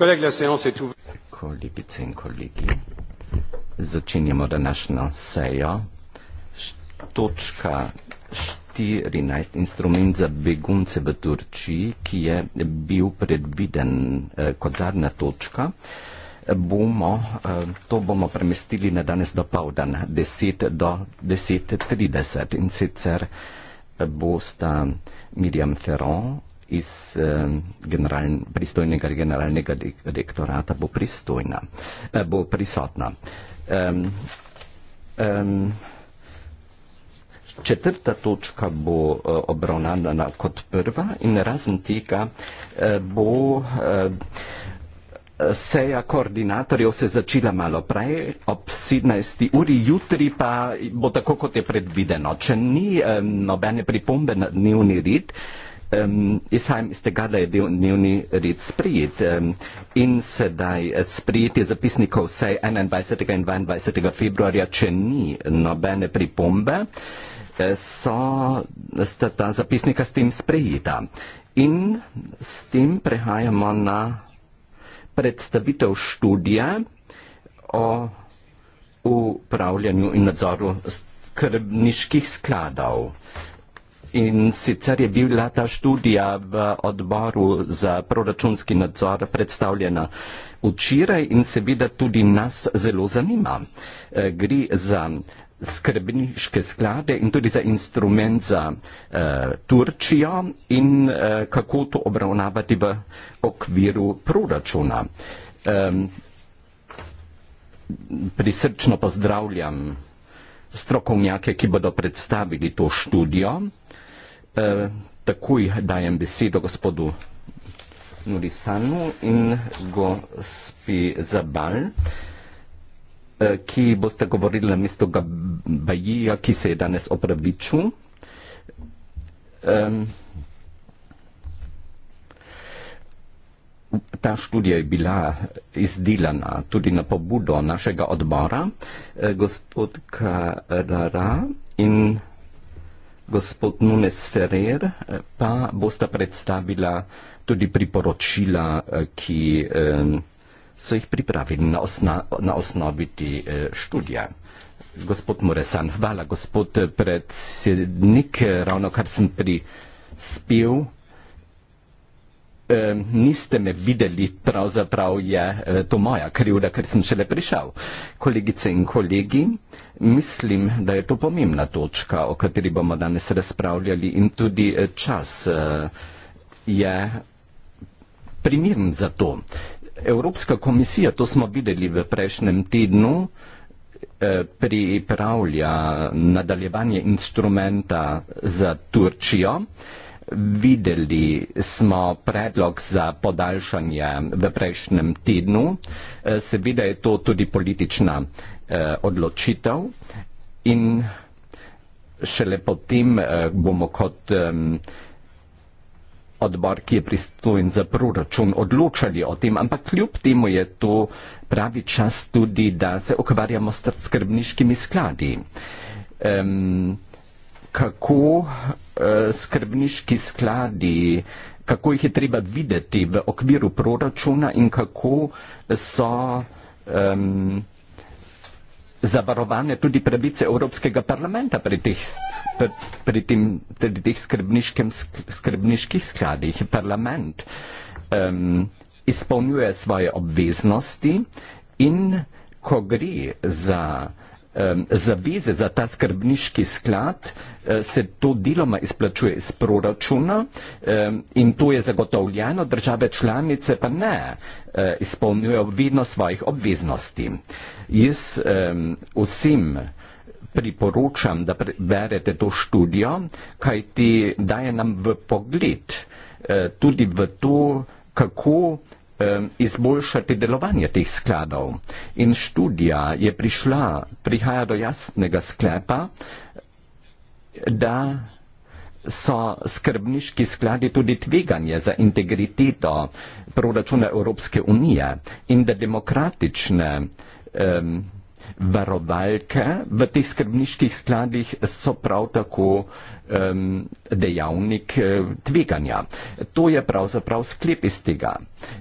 Kolegice in kolegi, začenjamo današnjo sejo. Točka 14, instrument za begunce v Turčiji, ki je bil predviden eh, kot zadnja točka, bomo, eh, to bomo premestili na danes do povdan, 10 do 10.30 in sicer eh, bosta Miriam Ferron, iz eh, generaln, pristojnega generalnega rektorata bo, pristojna, eh, bo prisotna. Um, um, četrta točka bo eh, obravnavana kot prva in razen tega eh, bo eh, seja koordinatorjev se začela malo prej, ob 17. uri, jutri pa bo tako, kot je predvideno. Če ni eh, nobene pripombe na dnevni red, eh, um, izhajam iz tega, da je bil dnevni red sprijet um, in sedaj eh, sprijeti zapisnikov vsej 21. in 22. februarja, če ni nobene pripombe, eh, so ta zapisnika s tem sprejeta. In s tem prehajamo na predstavitev študije o upravljanju in nadzoru skrbniških skladov. In sicer je bila ta študija v odboru za proračunski nadzor predstavljena včeraj in seveda tudi nas zelo zanima. E, gre za skrbniške sklade in tudi za instrument za uh, Turčijo in uh, kako to obravnavati v okviru proračuna. Um, prisrčno pozdravljam strokovnjake, ki bodo predstavili to študijo. Eh, takoj dajem besedo gospodu Nurisanu in gospi Zabal, eh, ki boste govorili na mesto Gabajija, ki se je danes opravičil. Ta študija je bila izdelana tudi na pobudo našega odbora, eh, gospodka Rara in gospodka Rara gospod Nunes Ferrer, eh, pa bosta predstavila tudi priporočila, eh, ki eh, so jih pripravili na, osno, na osnovi te študije. Gospod Muresan, hvala, gospod predsednik, ravno kar sem prispel eh, niste me videli, pravzaprav je eh, to moja krivda, ker sem šele prišel. Kolegice in kolegi, mislim, da je to pomembna točka, o kateri bomo danes razpravljali in tudi eh, čas eh, je primern za to. Evropska komisija, to smo videli v prejšnjem tednu, e, pripravlja nadaljevanje instrumenta za Turčijo. Videli smo predlog za podaljšanje v prejšnjem tednu, e, seveda je to tudi politična e, odločitev in šele potem e, bomo kot odbor, ki je pristojen za proračun, odločali o tem, ampak kljub temu je to pravi čas tudi, da se ukvarjamo s skrbniškimi skladi. Kako Eh, skrbniški skladi, kako jih je treba videti v okviru proračuna in kako so um, zavarovane tudi pravice Evropskega parlamenta pri, teh, pri, pri, tim, pri teh skrbniškem, skrbniških skladih. Parlament um, izpolnjuje svoje obveznosti in ko gre za zaveze za ta skrbniški sklad, eh, se to deloma izplačuje iz proračuna in to je zagotovljeno, države članice pa ne eh, izpolnjujejo vedno svojih obveznosti. Jaz vsem priporočam, da berete to študijo, kaj ti daje nam v pogled eh, tudi v to, kako Um, izboljšati delovanje teh skladov. In študija je prišla, prihaja do jasnega sklepa, da so skrbniški skladi tudi tveganje za integriteto proračuna Evropske unije in da demokratične um, varovalke v teh skrbniških skladih so prav tako um, dejavnik eh, tveganja. To je pravzaprav sklep iz tega.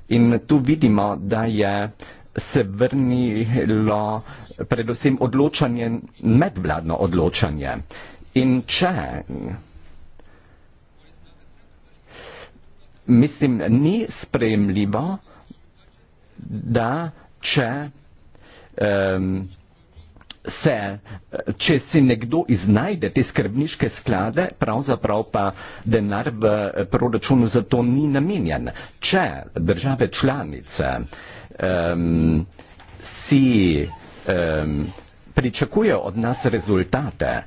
In tu vidimo, da je se vrnilo predvsem odločanje, medvladno odločanje. In če mislim, ni sprejemljivo, da če um, se, če si nekdo iznajde te skrbniške sklade, pravzaprav pa denar v eh, proračunu za to ni namenjen. Če države članice um, si um, pričakujejo od nas rezultate,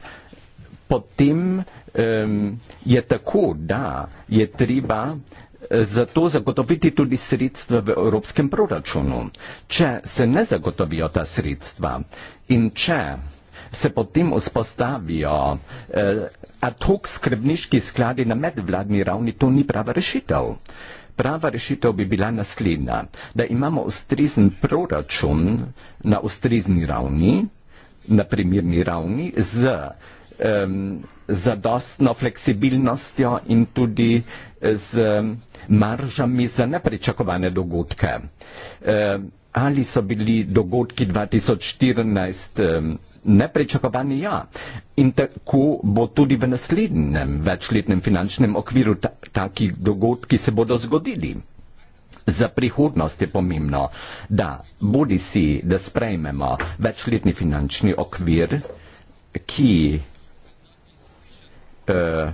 potem um, je tako, da je treba zato zagotoviti tudi sredstva v evropskem proračunu. Če se ne zagotovijo ta sredstva in če se potem vzpostavijo eh, ad hoc skrbniški skladi na medvladni ravni, to ni prava rešitev. Prava rešitev bi bila naslednja, da imamo ustrezen proračun na ustrezni ravni, na primirni ravni z um, zadostno fleksibilnostjo in tudi z maržami za nepričakovane dogodke. Um, ali so bili dogodki 2014 um, nepričakovani? Ja. In tako bo tudi v naslednjem večletnem finančnem okviru ta taki dogodki se bodo zgodili. Za prihodnost je pomembno, da bodi si, da sprejmemo večletni finančni okvir, ki Uh,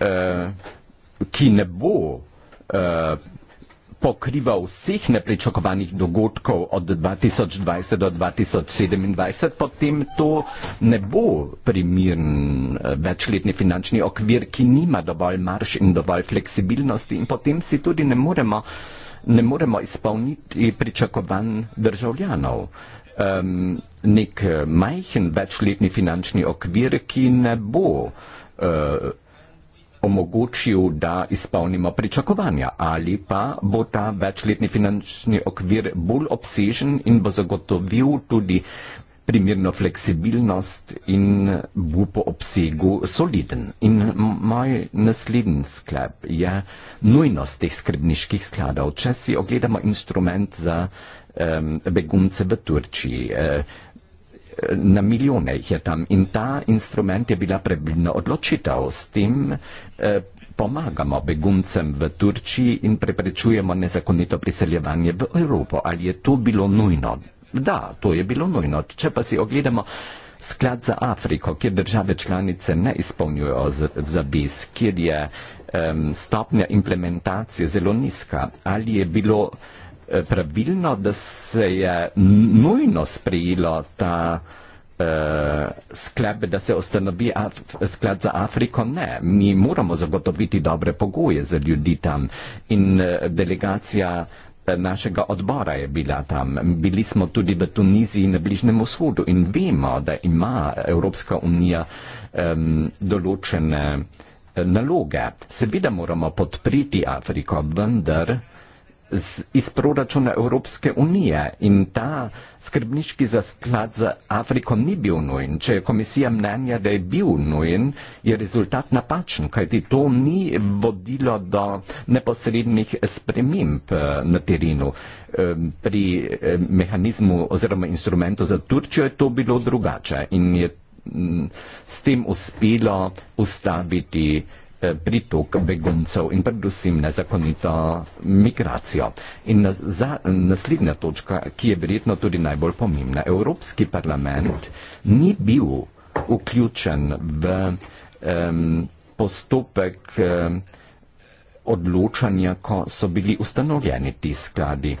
uh, ki ne bo uh, pokrival vseh nepričakovanih dogodkov od 2020 do 2027, potem to ne bo primern uh, večletni finančni okvir, ki nima dovolj marš in dovolj fleksibilnosti in potem si tudi ne moremo, ne moremo izpolniti pričakovanj državljanov. Uh, um, nek eh, majhen večletni finančni okvir, ki ne bo uh, omogočil, da izpolnimo pričakovanja ali pa bo ta večletni finančni okvir bolj obsežen in bo zagotovil tudi primerno fleksibilnost in bo po obsegu soliden. In moj naslednji sklep je nujnost teh skrbniških skladov. Če si ogledamo instrument za uh, begunce v Turčiji. E, na milijone jih je tam in ta instrument je bila prebilna odločitev s tem. E, pomagamo beguncem v Turčiji in preprečujemo nezakonito priseljevanje v Evropo. Ali je to bilo nujno? Da, to je bilo nujno. Če pa si ogledamo sklad za Afriko, kjer države članice ne izpolnjujo zaviz, kjer je um, stopnja implementacije zelo nizka, ali je bilo pravilno, da se je nujno sprejelo ta eh, sklep, da se ustanovi Af sklad za Afriko. Ne, mi moramo zagotoviti dobre pogoje za ljudi tam in eh, delegacija eh, našega odbora je bila tam. Bili smo tudi v Tuniziji na Bližnem vzhodu in vemo, da ima Evropska unija um, določene eh, naloge. Seveda moramo podpriti Afriko, vendar z, iz proračuna Evropske unije in ta skrbniški zasklad za Afriko ni bil nujen. Če je komisija mnenja, da je bil nujen, je rezultat napačen, kajti to ni vodilo do neposrednih sprememb eh, na terenu. Pri mehanizmu oziroma instrumentu za Turčijo je to bilo drugače in je s tem uspelo ustaviti Eh, pritok beguncev in predvsem nezakonito migracijo. In za naslednja točka, ki je verjetno tudi najbolj pomembna, Evropski parlament ni bil vključen v um, postopek um, odločanja, ko so bili ustanovljeni ti skladi.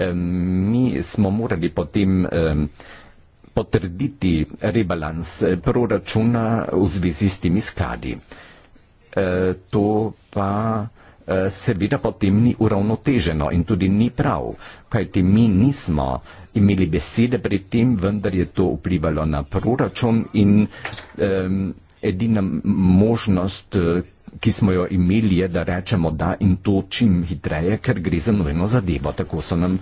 Um, mi smo morali potem um, potrditi rebalans eh, proračuna v zvezi s temi skladi. Eh, to pa eh, seveda potem ni uravnoteženo in tudi ni prav, kajti mi nismo imeli besede pred tem, vendar je to vplivalo na proračun in um, edina možnost, eh, ki smo jo imeli, je, da rečemo da in to čim hitreje, ker gre za nujno zadevo, tako so nam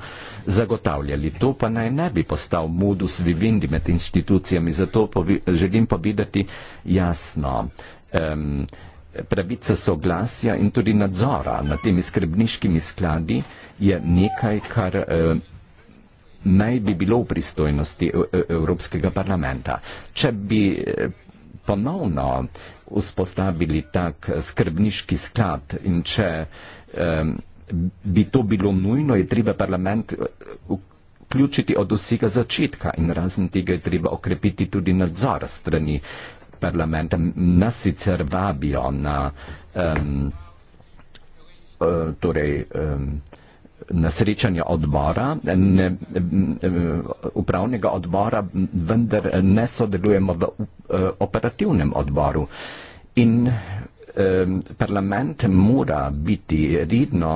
zagotavljali. To pa naj ne bi postal modus vivendi med institucijami, zato želim povedati jasno. Um, pravica soglasja in tudi nadzora nad temi skrbniškimi skladi je nekaj, kar eh, naj bi bilo v pristojnosti eh, eh, Evropskega parlamenta. Če bi ponovno vzpostavili tak skrbniški sklad in če bi to bilo nujno, je treba parlament vključiti od vsega začetka in razen tega je treba okrepiti tudi nadzor strani eh, parlament nas sicer vabijo na um, torej, um, na srečanje odbora, ne, e, upravnega odbora, vendar ne sodelujemo v e, operativnem odboru. In um, parlament mora biti redno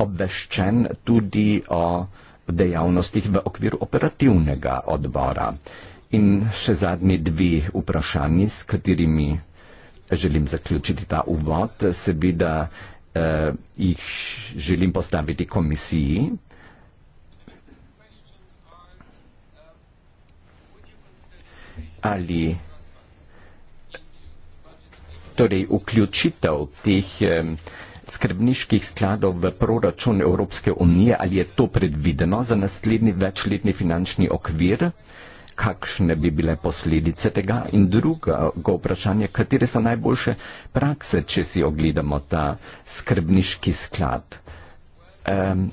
obveščen tudi o dejavnostih v okviru operativnega odbora. Uh, In še zadnji dve vprašanji, s katerimi želim zaključiti ta uvod, seveda eh, jih želim postaviti komisiji. Ali torej vključitev teh eh, skrbniških skladov v proračun Evropske unije, ali je to predvideno za naslednji večletni finančni okvir? Eh, kakšne bi bile posledice tega in drugo vprašanje, katere so najboljše prakse, če si ogledamo ta skrbniški sklad. Um,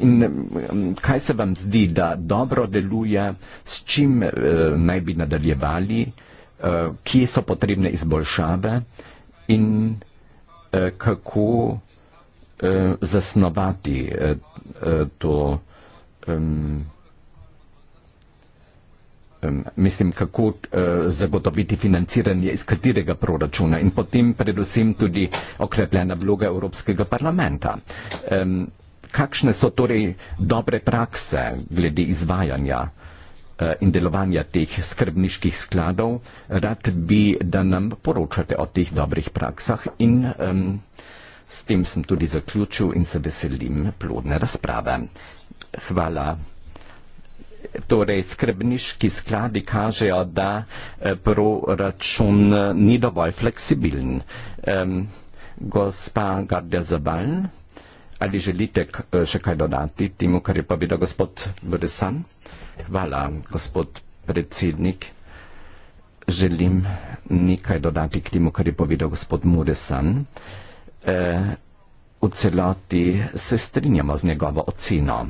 In kaj se vam zdi, da dobro deluje, s čim eh, naj bi nadaljevali, eh, kje so potrebne izboljšave in eh, kako eh, zasnovati eh, eh to. Eh, mislim, kako eh, zagotoviti financiranje iz katerega proračuna in potem predvsem tudi okrepljena vloga Evropskega parlamenta. Kakšne so torej dobre prakse glede izvajanja eh, in delovanja teh skrbniških skladov? Rad bi, da nam poročate o teh dobrih praksah in s tem sem tudi zaključil in se veselim plodne razprave. Hvala. Torej, skrbniški skladi kažejo, da eh, proračun eh, ni dovolj fleksibilen. Um, gospa Gardja Zabaln, ali želite eh, še kaj dodati temu, kar je povedal gospod Bresan? Hvala, gospod predsednik. Želim nekaj dodati k temu, kar je povedal gospod Muresan. Uh, v celoti se strinjamo z njegovo oceno.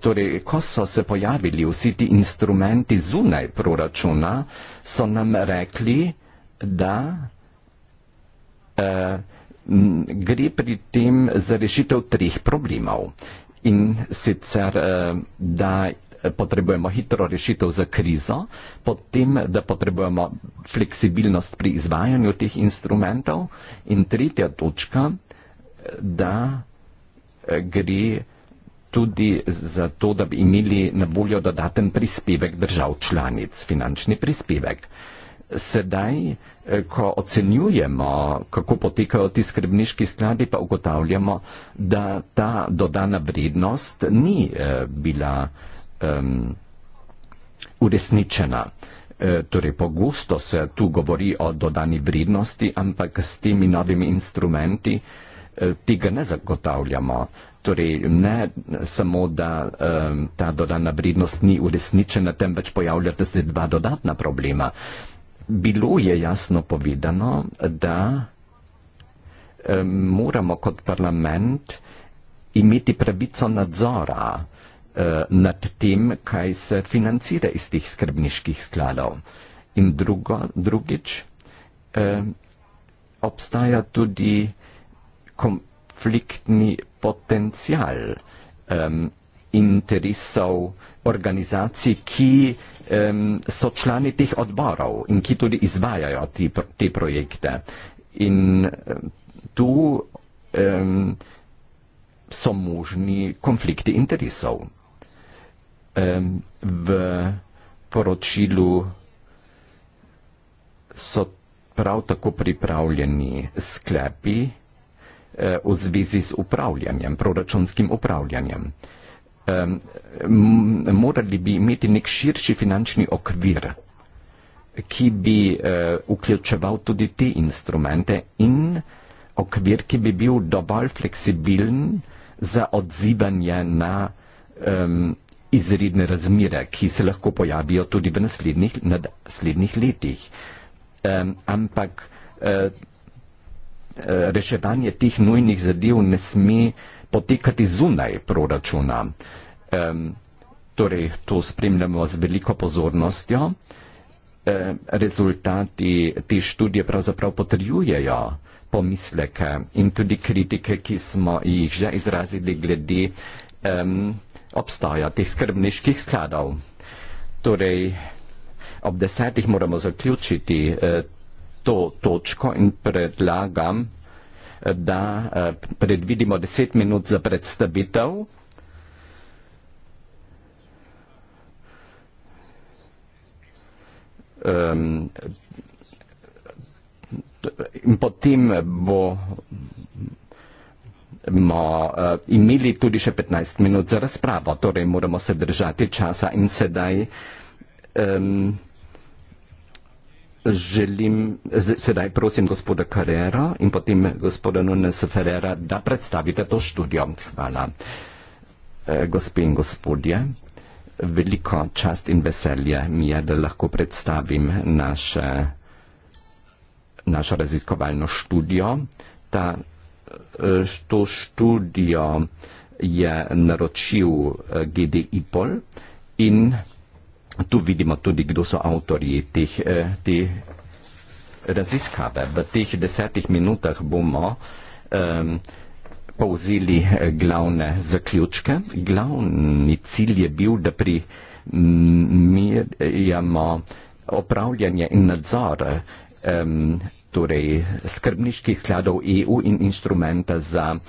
Torej, ko so se pojavili vsi ti instrumenti zunaj proračuna, so nam rekli, da eh, gre pri tem za rešitev treh problemov. In sicer, eh, da potrebujemo hitro rešitev za krizo, potem, da potrebujemo fleksibilnost pri izvajanju teh instrumentov in tretja točka, da eh, gre tudi zato, da bi imeli na voljo dodaten prispevek držav članic, finančni prispevek. Sedaj, eh, ko ocenjujemo, kako potekajo ti skrbniški skladi, pa ugotavljamo, da ta dodana vrednost ni eh, bila um, uresničena. Eh, torej, pogosto se tu govori o dodani vrednosti, ampak s temi novimi instrumenti tega ne zagotavljamo. Torej, ne samo, da um, ta dodana vrednost ni uresničena, temveč pojavljata se dva dodatna problema. Bilo je jasno povedano, da um, moramo kot parlament imeti pravico nadzora uh, nad tem, kaj se financira iz teh skrbniških skladov. In drugo, drugič, um, obstaja tudi konfliktni potencial um, interesov organizacij, ki um, so člani teh odborov in ki tudi izvajajo te, te projekte. In um, tu um, so možni konflikti interesov. Um, v poročilu so prav tako pripravljeni sklepi, Eh, v zvezi z upravljanjem, proračunskim upravljanjem. Morali bi imeti nek širši finančni okvir, ki bi eh, vključeval tudi te instrumente in okvir, ki bi bil dovolj fleksibilen za odzivanje na izredne razmere, ki se lahko pojavijo tudi v naslednjih letih. Ampak eh, Eh, reševanje teh nujnih zadev ne sme potekati zunaj proračuna. Um, torej, to spremljamo z veliko pozornostjo. Um, rezultati te študije pravzaprav potrjujejo pomisleke in tudi kritike, ki smo jih že izrazili glede um, obstoja teh skrbniških skladov. Torej, ob desetih moramo zaključiti. Uh, to točko in predlagam, da eh, predvidimo 10 minut za predstavitev. Ehm, in potem bomo eh, imeli tudi še 15 minut za razpravo, torej moramo se držati časa in sedaj. Um, želim sedaj prosim gospoda Carrera in potem gospoda Nunes Ferrera, da predstavite to študijo. Hvala. E, gospe in gospodje, veliko čast in veselje mi je, da lahko predstavim naše, našo raziskovalno študijo. Ta, e, to študijo je naročil e, GD Ipol in tu vidimo tudi, kdo so avtorji teh eh, te raziskave. V teh desetih minutah bomo um, povzeli eh, glavne zaključke. Glavni cilj je bil, da primerjamo opravljanje in nadzor um, torej skrbniških skladov EU in instrumenta za um,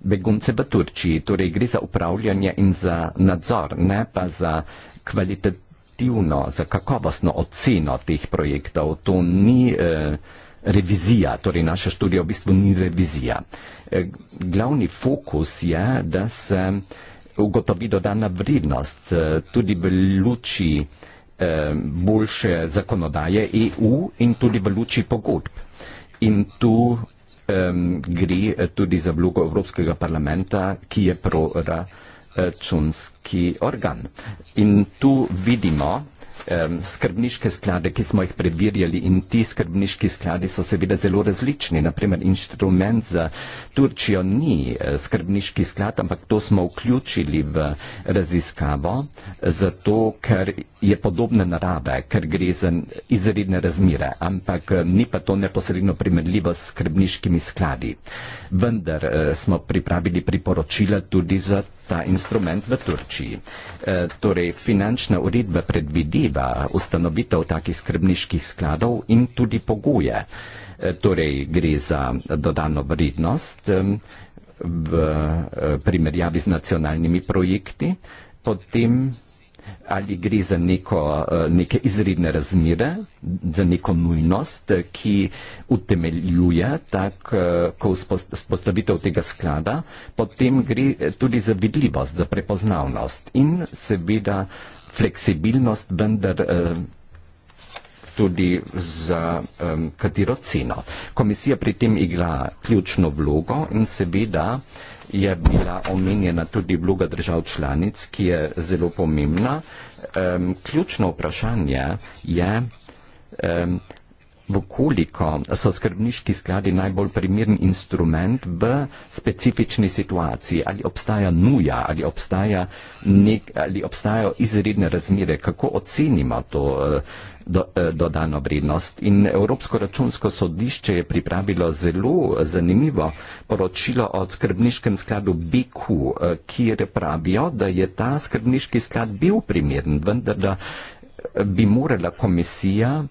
begunce v Turčiji. Torej gre za upravljanje in za nadzor, ne pa za kvalitativno, za kakovostno oceno teh projektov. To ni eh, revizija, torej naša študija v bistvu ni revizija. Eh, glavni fokus je, da se ugotovi dodana vrednost eh, tudi v luči eh, boljše zakonodaje EU in tudi v luči pogodb. In tu eh, gre eh, tudi za vlogo Evropskega parlamenta, ki je prora. Eh, proračunski eh, organ. In tu vidimo skrbniške sklade, ki smo jih preverjali in ti skrbniški skladi so seveda zelo različni. Naprimer, inštrument za Turčijo ni eh, skrbniški sklad, ampak to smo vključili v raziskavo, zato ker je podobne narave, ker gre za izredne razmire, ampak eh, ni pa to neposredno primerljivo s skrbniškimi skladi. Vendar smo pripravili priporočila tudi za ta instrument v Turčiji. E, torej, finančna uredba predvideva ustanovitev takih skrbniških skladov in tudi poguje. E, torej, gre za dodano vrednost e, v e, primerjavi z nacionalnimi projekti, potem ali gre za neko, eh, neke izredne razmere, za neko nujnost, ki utemeljuje tak, eh, ko spostavitev tega sklada, potem gre tudi za vidljivost, za prepoznavnost in seveda fleksibilnost, vendar eh, tudi za um, katero ceno. Komisija pri tem igra ključno vlogo in seveda uh, je bila omenjena tudi vloga držav članic, ki je zelo pomembna. Um, ključno vprašanje je, um, vkoliko so skrbniški skladi najbolj primern instrument v specifični situaciji, ali obstaja nuja, ali, obstaja nek, ali obstajajo izredne razmere, kako ocenimo to eh, eh, dodano do vrednost. In Evropsko računsko sodišče je pripravilo zelo zanimivo poročilo o skrbniškem skladu BQ, eh, kjer pravijo, da je ta skrbniški sklad bil primern, vendar da bi morala komisija um,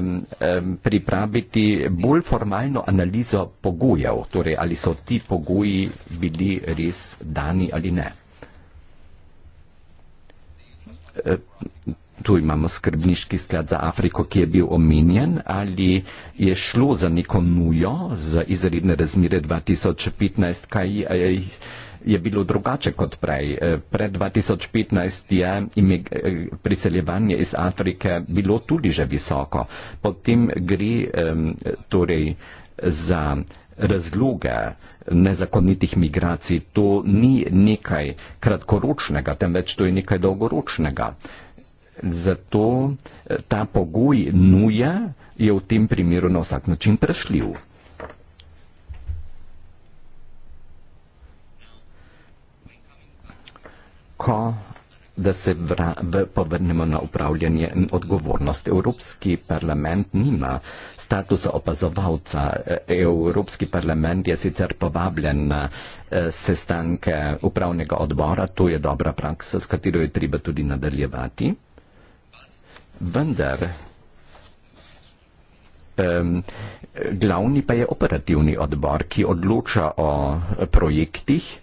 um, pripraviti bolj formalno analizo pogojev, torej ali so ti pogoji bili res dani ali ne. E, tu imamo skrbniški sklad za Afriko, ki je bil omenjen, ali je šlo za neko nujo, za izredne razmire 2015, kaj je. Eh, je bilo drugače kot prej. Eh, pred 2015 je eh, priseljevanje iz Afrike bilo tudi že visoko. Potem gre torej za razloge nezakonitih migracij. To ni nekaj kratkoročnega, temveč to je nekaj dolgoročnega. Zato eh, ta pogoj nuje je v tem primeru na vsak način prešljiv. lahko, da se vra, v, povrnemo na upravljanje in odgovornost. Evropski parlament nima statusa opazovalca. E, Evropski parlament je sicer povabljen na e, sestanke upravnega odbora, to je dobra praksa, s katero je treba tudi nadaljevati. Vendar. Um, glavni pa je operativni odbor, ki odloča o projektih.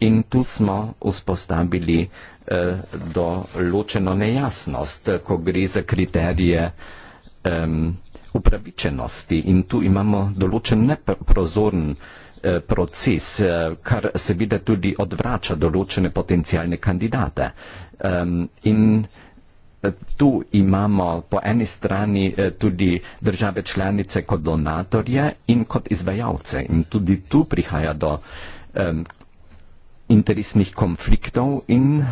In tu smo vzpostavili eh, določeno nejasnost, ko gre za kriterije eh, upravičenosti. In tu imamo določen neprozorn eh, proces, eh, kar seveda tudi odvrača določene potencijalne kandidate. Eh, in Tu imamo po eni strani eh, tudi države članice kot donatorje in kot izvajalce. In tudi tu prihaja do um, interesnih konfliktov in eh,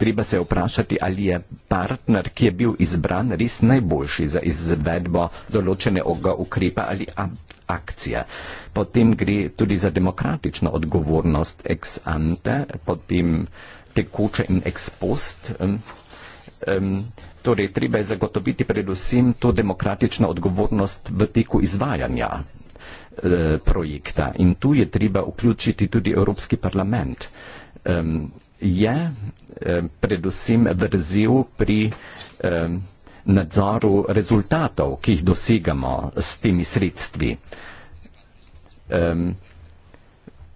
treba se vprašati, ali je partner, ki je bil izbran, res najboljši za izvedbo določenega ukrepa ali akcije. Potem gre tudi za demokratično odgovornost ex ante, potem tekoče in ex post. Um, torej, treba je zagotoviti predvsem to demokratično odgovornost v teku izvajanja Eh, projekta in tu je treba vključiti tudi Evropski parlament. Um, je um, predvsem vrzel pri um, nadzoru rezultatov, ki jih dosegamo s temi sredstvi. Um,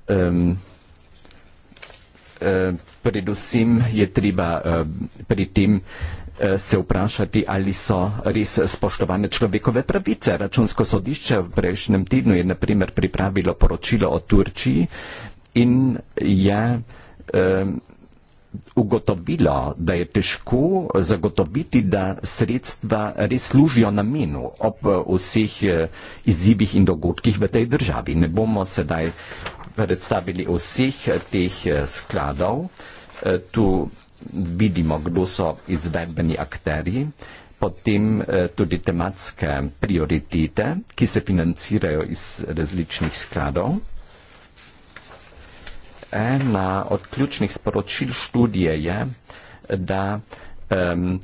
um, um, predvsem je treba um, pri tem Eh, se vprašati, ali so res spoštovane človekove pravice. Računsko sodišče v prejšnjem tednu je naprimer pripravilo poročilo o Turčiji in je eh, ugotovilo, da je težko zagotoviti, da sredstva res služijo namenu ob eh, vseh eh, izzivih in dogodkih v tej državi. Ne bomo sedaj predstavili vseh teh skladov. Eh, tu vidimo, kdo so izvedbeni akteri, potem eh, tudi tematske prioritete, ki se financirajo iz različnih skladov. Ena od ključnih sporočil študije je, da um,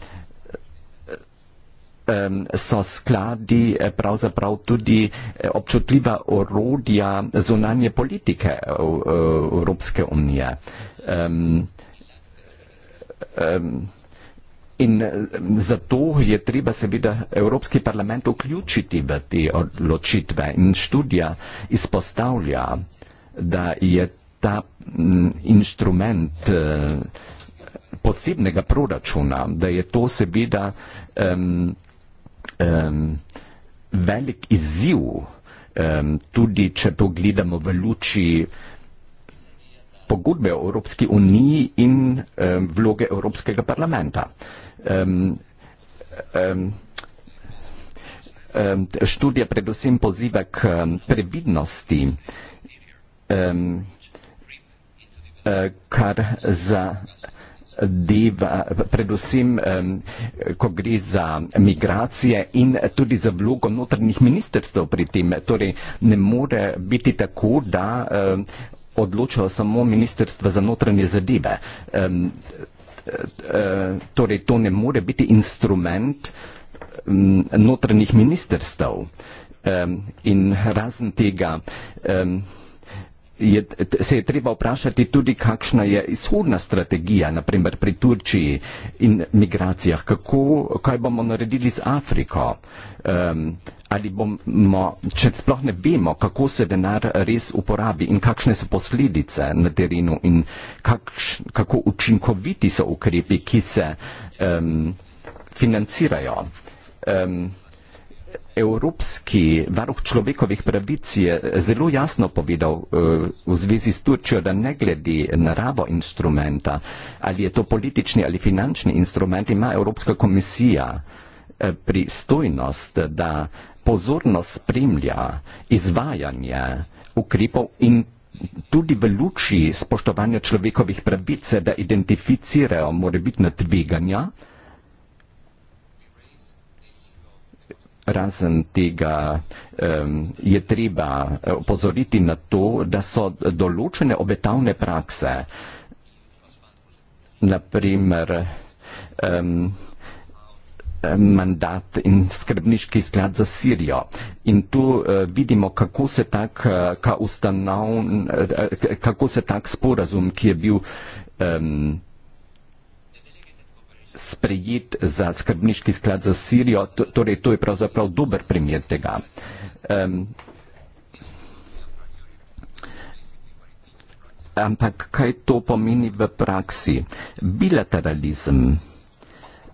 um, so skladi eh, pravzaprav tudi eh, občutljiva orodja zunanje politike Evropske unije. Um, Um, In ehm, zato je treba seveda Evropski parlament vključiti v te odločitve. In študija izpostavlja, da je ta mm, inštrument eh, posebnega proračuna, da je to seveda um, um, velik izziv, um, tudi če to gledamo v luči pogodbe o Evropski uniji in um, vloge Evropskega parlamenta. Um, um, um, študija predvsem poziva k um, previdnosti, um, kar za deva, predvsem, um, ko gre za migracije in tudi za vlogo notrnih ministerstv pri tem. Torej, ne more biti tako, da um, odločalo samo ministrstvo za notranje zadeve. Um, torej, to ne more biti instrument um, notranjih ministrstv. Um, in razen tega. Um, je, se je treba vprašati tudi, kakšna je izhodna strategija, naprimer pri Turčiji in migracijah, kako, kaj bomo naredili z Afriko. Um, ali bomo, če sploh ne vemo, kako se denar res uporabi in kakšne so posledice na terenu in kakš, kako učinkoviti so ukrepi, ki se um, financirajo. Um, Evropski varuh človekovih pravic je zelo jasno povedal eh, v zvezi s Turčjo, da ne glede naravo instrumenta, ali je to politični ali finančni instrument, ima Evropska komisija eh, pristojnost, da pozornost spremlja izvajanje ukrepov in tudi v luči spoštovanja človekovih pravice, da identificirajo morebitna tveganja, razen tega um, je treba opozoriti na to, da so določene obetavne prakse, naprimer um, mandat in skrbniški sklad za Sirijo. In tu uh, vidimo, kako se, tak, uh, ka ustanov, uh, eh, kako se tak sporazum, ki je bil um, sprejet za skrbniški sklad za Sirijo, torej to je pravzaprav dober primer tega. Um, ampak kaj to pomeni v praksi? Bilateralizem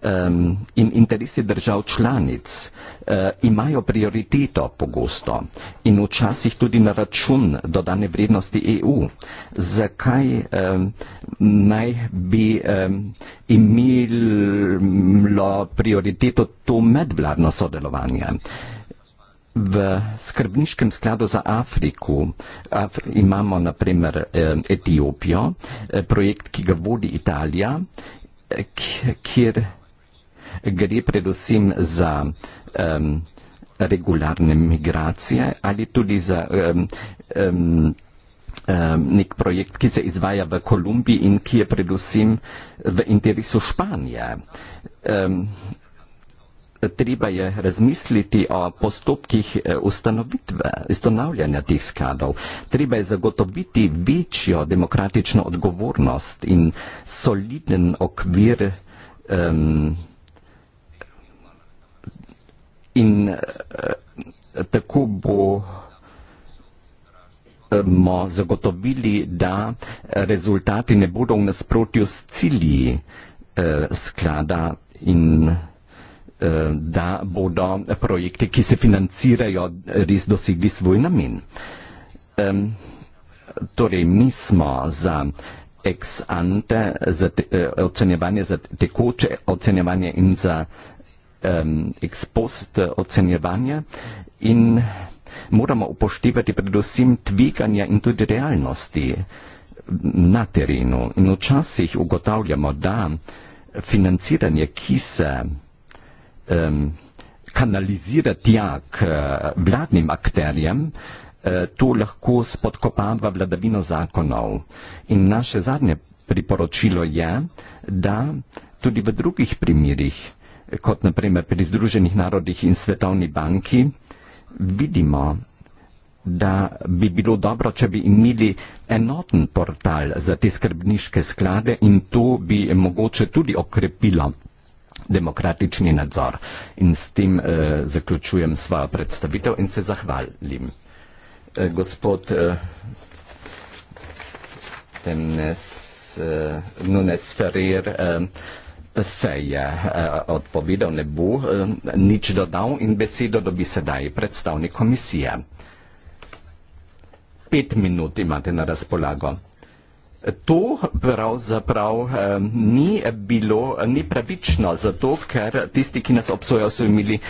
um, in interesi držav članic uh, imajo prioriteto pogosto in včasih tudi na račun dodane vrednosti EU. Zakaj um, naj bi um, imelo prioriteto to medvladno sodelovanje? V skrbniškem skladu za Afriko Afri imamo naprimer Etiopijo, eh, projekt, ki ga vodi Italija, kjer gre predvsem za um, regularne migracije ali tudi za um, um, um, nek projekt, ki se izvaja v Kolumbiji in ki je predvsem v interesu Španije. Um, treba je razmisliti o postopkih eh, ustanovitve, ustanavljanja teh skladov. Treba je zagotoviti večjo demokratično odgovornost in soliden okvir um, in uh, tako bo zagotovili, da rezultati ne bodo v nasprotju s cilji eh, sklada in eh, da bodo projekti, ki se financirajo, res dosegli svoj namen. Eh, torej, mi smo za ex ante, za te, eh, ocenjevanje za tekoče ocenjevanje in za um, ex post eh, ocenjevanja in moramo upoštevati predvsem tveganja in tudi realnosti na terenu. In včasih ugotavljamo, da financiranje, ki se um, kanalizira tja k eh, vladnim akterjem, eh, to lahko spodkopava vladavino zakonov. In naše zadnje priporočilo je, da tudi v drugih primerjih kot naprimer pri Združenih narodih in Svetovni banki, vidimo, da bi bilo dobro, če bi imeli enoten portal za te skrbniške sklade in to bi mogoče tudi okrepilo demokratični nadzor. In s tem eh, zaključujem svojo predstavitev in se zahvalim. Eh, gospod eh, Temnes eh, Nunes Ferrer. Eh, se je eh, od pobido nebu eh, nič dodal in besedo dobi sedaj predstavnik komisije. Pet minut imate na razpolago. To pravzaprav eh, ni bilo, ni pravično, zato ker tisti, ki nas obsojajo, so imeli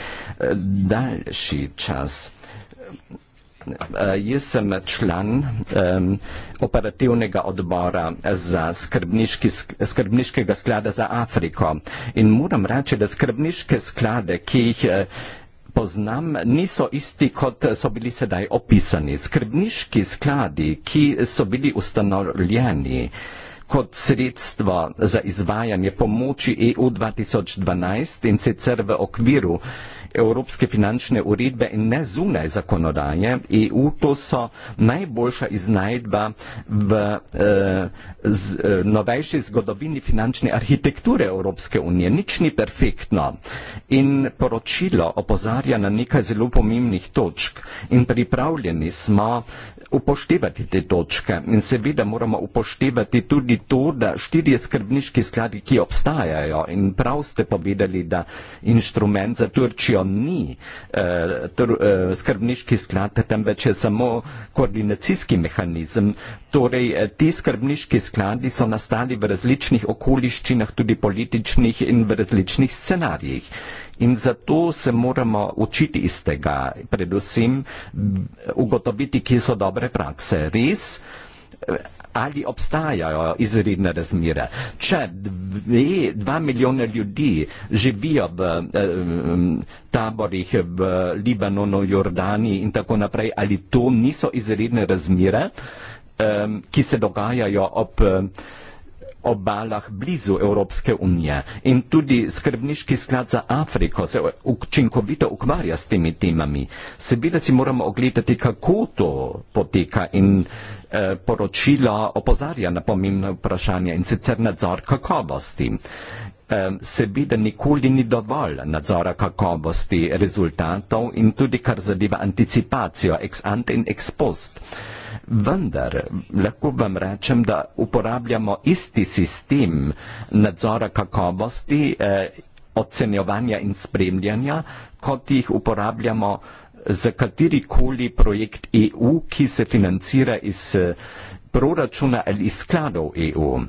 daljši čas. Uh, jaz sem član um, operativnega odbora za skrbniški, skrbniškega sklada za Afriko in moram reči, da skrbniške sklade, ki jih eh, poznam, niso isti, kot so bili sedaj opisani. Skrbniški skladi, ki so bili ustanovljeni kot sredstvo za izvajanje pomoči EU 2012 in sicer v okviru evropske finančne uredbe in ne zunaj zakonodaje EU, to so najboljša iznajdba v eh, z, eh, novejši zgodovini finančne arhitekture Evropske unije. Nič ni perfektno. In poročilo opozarja na nekaj zelo pomembnih točk. In pripravljeni smo upoštevati te točke in seveda moramo upoštevati tudi to, da štirje skrbniški skladi, ki obstajajo in prav ste povedali, da inštrument za Turčijo ni eh, tr, eh, skrbniški sklad, temveč je samo koordinacijski mehanizem. Torej, eh, ti skrbniški skladi so nastali v različnih okoliščinah, tudi političnih in v različnih scenarijih. Eh, In zato se moramo učiti iz tega, predvsem ugotoviti, kje so dobre prakse. Res, ali obstajajo izredne razmere. Če dve, dva milijona ljudi živijo v eh, taborih v Libanonu, Jordani in tako naprej, ali to niso izredne razmere, eh, ki se dogajajo ob. Eh, o balah blizu Evropske unije in tudi skrbniški sklad za Afriko se učinkovito ukvarja s temi temami. Seveda si moramo ogledati, kako to poteka in eh, poročilo opozarja na pomembne vprašanja in sicer nadzor kakovosti. Seveda nikoli ni dovolj nadzora kakovosti rezultatov in tudi kar zadeva anticipacijo ex ante in ex post. Eh, vendar lahko vam rečem, da uporabljamo isti sistem nadzora kakovosti, eh, ocenjevanja in spremljanja, kot jih uporabljamo za katerikoli projekt EU, ki se financira iz eh, proračuna ali iz skladov EU.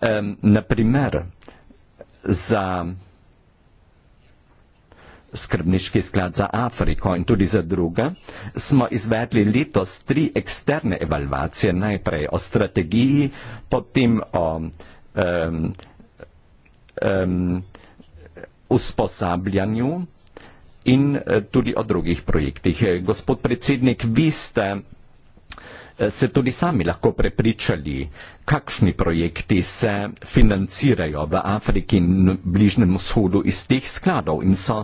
Eh, naprimer, za skrbniški sklad za Afriko in tudi za druga, smo izvedli letos tri eksterne evalvacije, najprej o strategiji, potem o um, um, usposabljanju in eh, tudi o drugih projektih. Gospod predsednik, vi ste Eh, se tudi sami lahko prepričali, kakšni projekti se financirajo v Afriki in bližnjem vzhodu iz teh skladov in so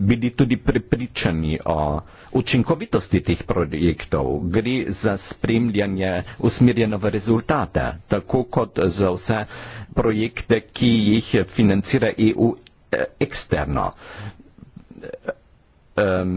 bili tudi prepričani o učinkovitosti teh projektov. Gre za spremljanje usmerjeno v rezultate, tako kot za vse projekte, ki jih financira EU eh, eksterno. Um,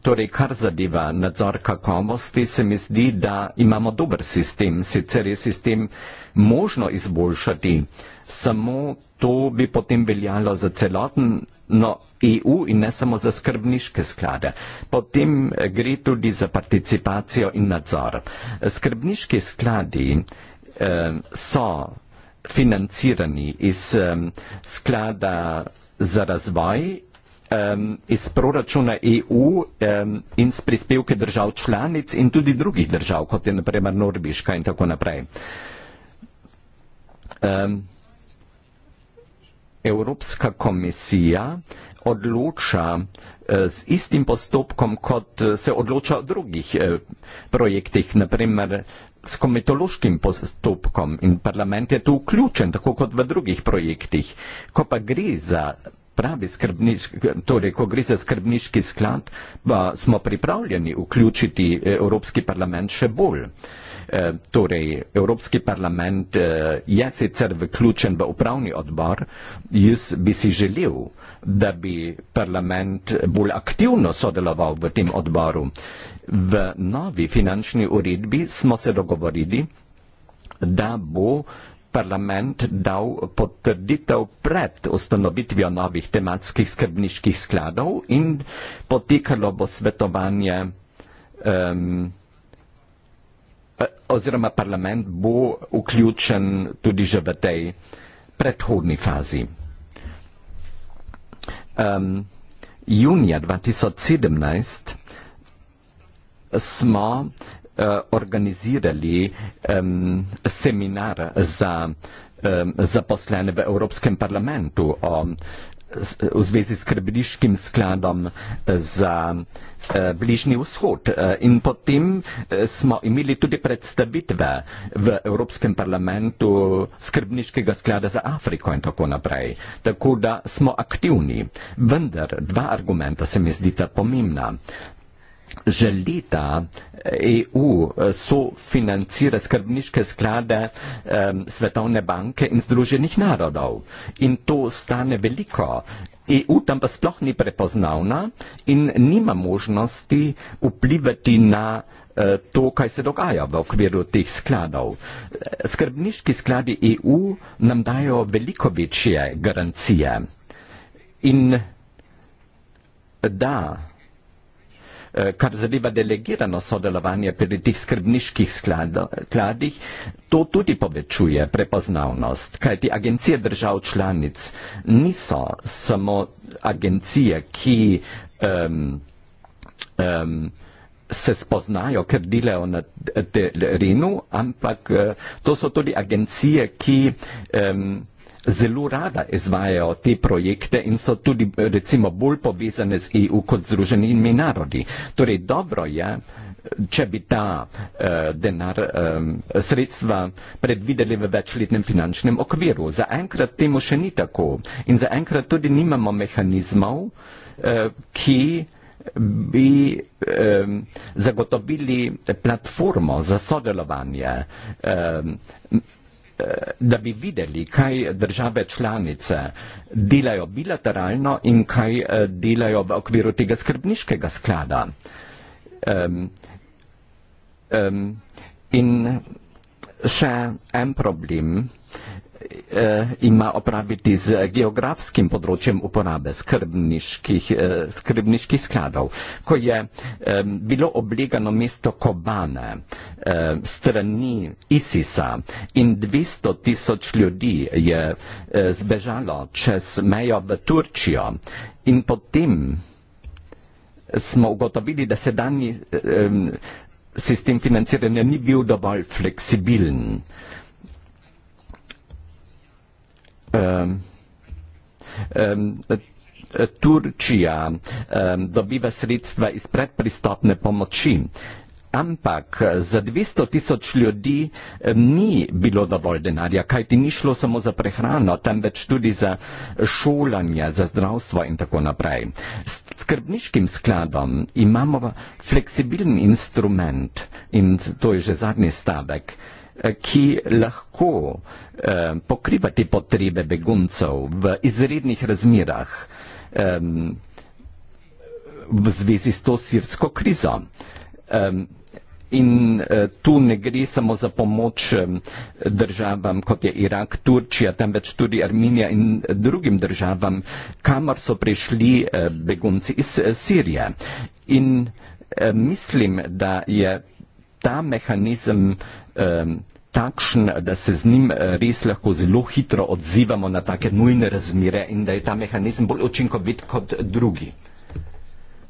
Torej, kar zadeva nadzor kakovosti, se mi zdi, da imamo dober sistem. Sicer je sistem možno izboljšati, samo to bi potem veljalo za celoten no, EU in ne samo za skrbniške sklade. Potem eh, gre tudi za participacijo in nadzor. Skrbniški skladi eh, so financirani iz eh, sklada za razvoj um, iz proračuna EU um, in s prispevke držav članic in tudi drugih držav, kot je naprimer Norbiška in tako naprej. Um, Evropska komisija odloča e, z istim postopkom, kot e, se odloča o drugih e, projektih, naprimer s kometološkim postopkom in parlament je tu vključen, tako kot v drugih projektih. Ko pa gre za pravi skrbniški, torej, ko gre za skrbniški sklad, pa smo pripravljeni vključiti eh, Evropski parlament še bolj. Eh, torej, Evropski parlament eh, je sicer vključen v upravni odbor, jaz bi si želel, da bi parlament bolj aktivno sodeloval v tem odboru. V novi finančni uredbi smo se dogovorili, da bo parlament dal potrditev pred ustanovitvijo novih tematskih skrbniških skladov in potekalo bo svetovanje um, oziroma parlament bo vključen tudi že v tej predhodni fazi. Um, junija 2017 smo Eh, organizirali um, seminar za um, zaposlene v Evropskem parlamentu o, v zvezi s krbiškim skladom za uh, bližnji vzhod. Eh, in potem smo imeli tudi predstavitve v Evropskem parlamentu skrbniškega sklada za Afriko in tako naprej. Tako da smo aktivni. Vendar dva argumenta se mi zdita pomembna. Uh, želita EU eh, sofinancirati skrbniške sklade um, Svetovne banke in Združenih narodov. In to stane veliko. EU tam pa sploh ni prepoznavna in nima možnosti vplivati na eh, to, kaj se dogaja v okviru teh skladov. Eh, skrbniški skladi EU nam dajo veliko večje garancije. In da, Eh, kar zadeva delegirano sodelovanje pri tih skrbniških skladih, to tudi povečuje prepoznavnost, kajti agencije držav članic niso samo agencije, ki um, um, se spoznajo, ker delajo na terenu, ampak eh, to so tudi agencije, ki um, zelo rada izvajajo te projekte in so tudi recimo bolj povezane z EU kot združenimi narodi. Torej dobro je, če bi ta eh, denar, eh, sredstva predvideli v večletnem finančnem okviru. Zaenkrat temu še ni tako in zaenkrat tudi nimamo mehanizmov, eh, ki bi eh, zagotovili platformo za sodelovanje. Eh, Eh, da bi videli, kaj države članice delajo bilateralno in kaj eh, delajo v okviru tega skrbniškega sklada. Um, um, in še en problem. Eh, ima opraviti z geografskim področjem uporabe skrbniških, eh, skrbniških skladov, ko je bilo oblegano mesto Kobane strani Isisa in 200 tisoč ljudi je eh, zbežalo čez mejo v Turčijo in potem smo ugotovili, da se danji sistem financiranja ni bil dovolj fleksibilen. Ehm, ehm, Turčija ehm, dobiva sredstva iz predpristopne pomoči, ampak za 200 tisoč ljudi ni bilo dovolj denarja, kajti ni šlo samo za prehrano, temveč tudi za šolanje, za zdravstvo in tako naprej. S skrbniškim skladom imamo fleksibilni instrument in to je že zadnji stavek. Eh, ki lahko eh, pokriva te potrebe beguncev v izrednih razmirah eh, v zvezi s to sirsko krizo. Eh, in eh, tu ne gre samo za pomoč eh, državam, kot je Irak, Turčija, temveč tudi Arminija in eh, drugim državam, kamor so prišli eh, begunci iz eh, Sirije. In eh, mislim, da je ta mehanizem eh, takšen, da se z njim eh, res lahko zelo hitro odzivamo na take nujne razmire in da je ta mehanizem bolj učinkovit kot drugi.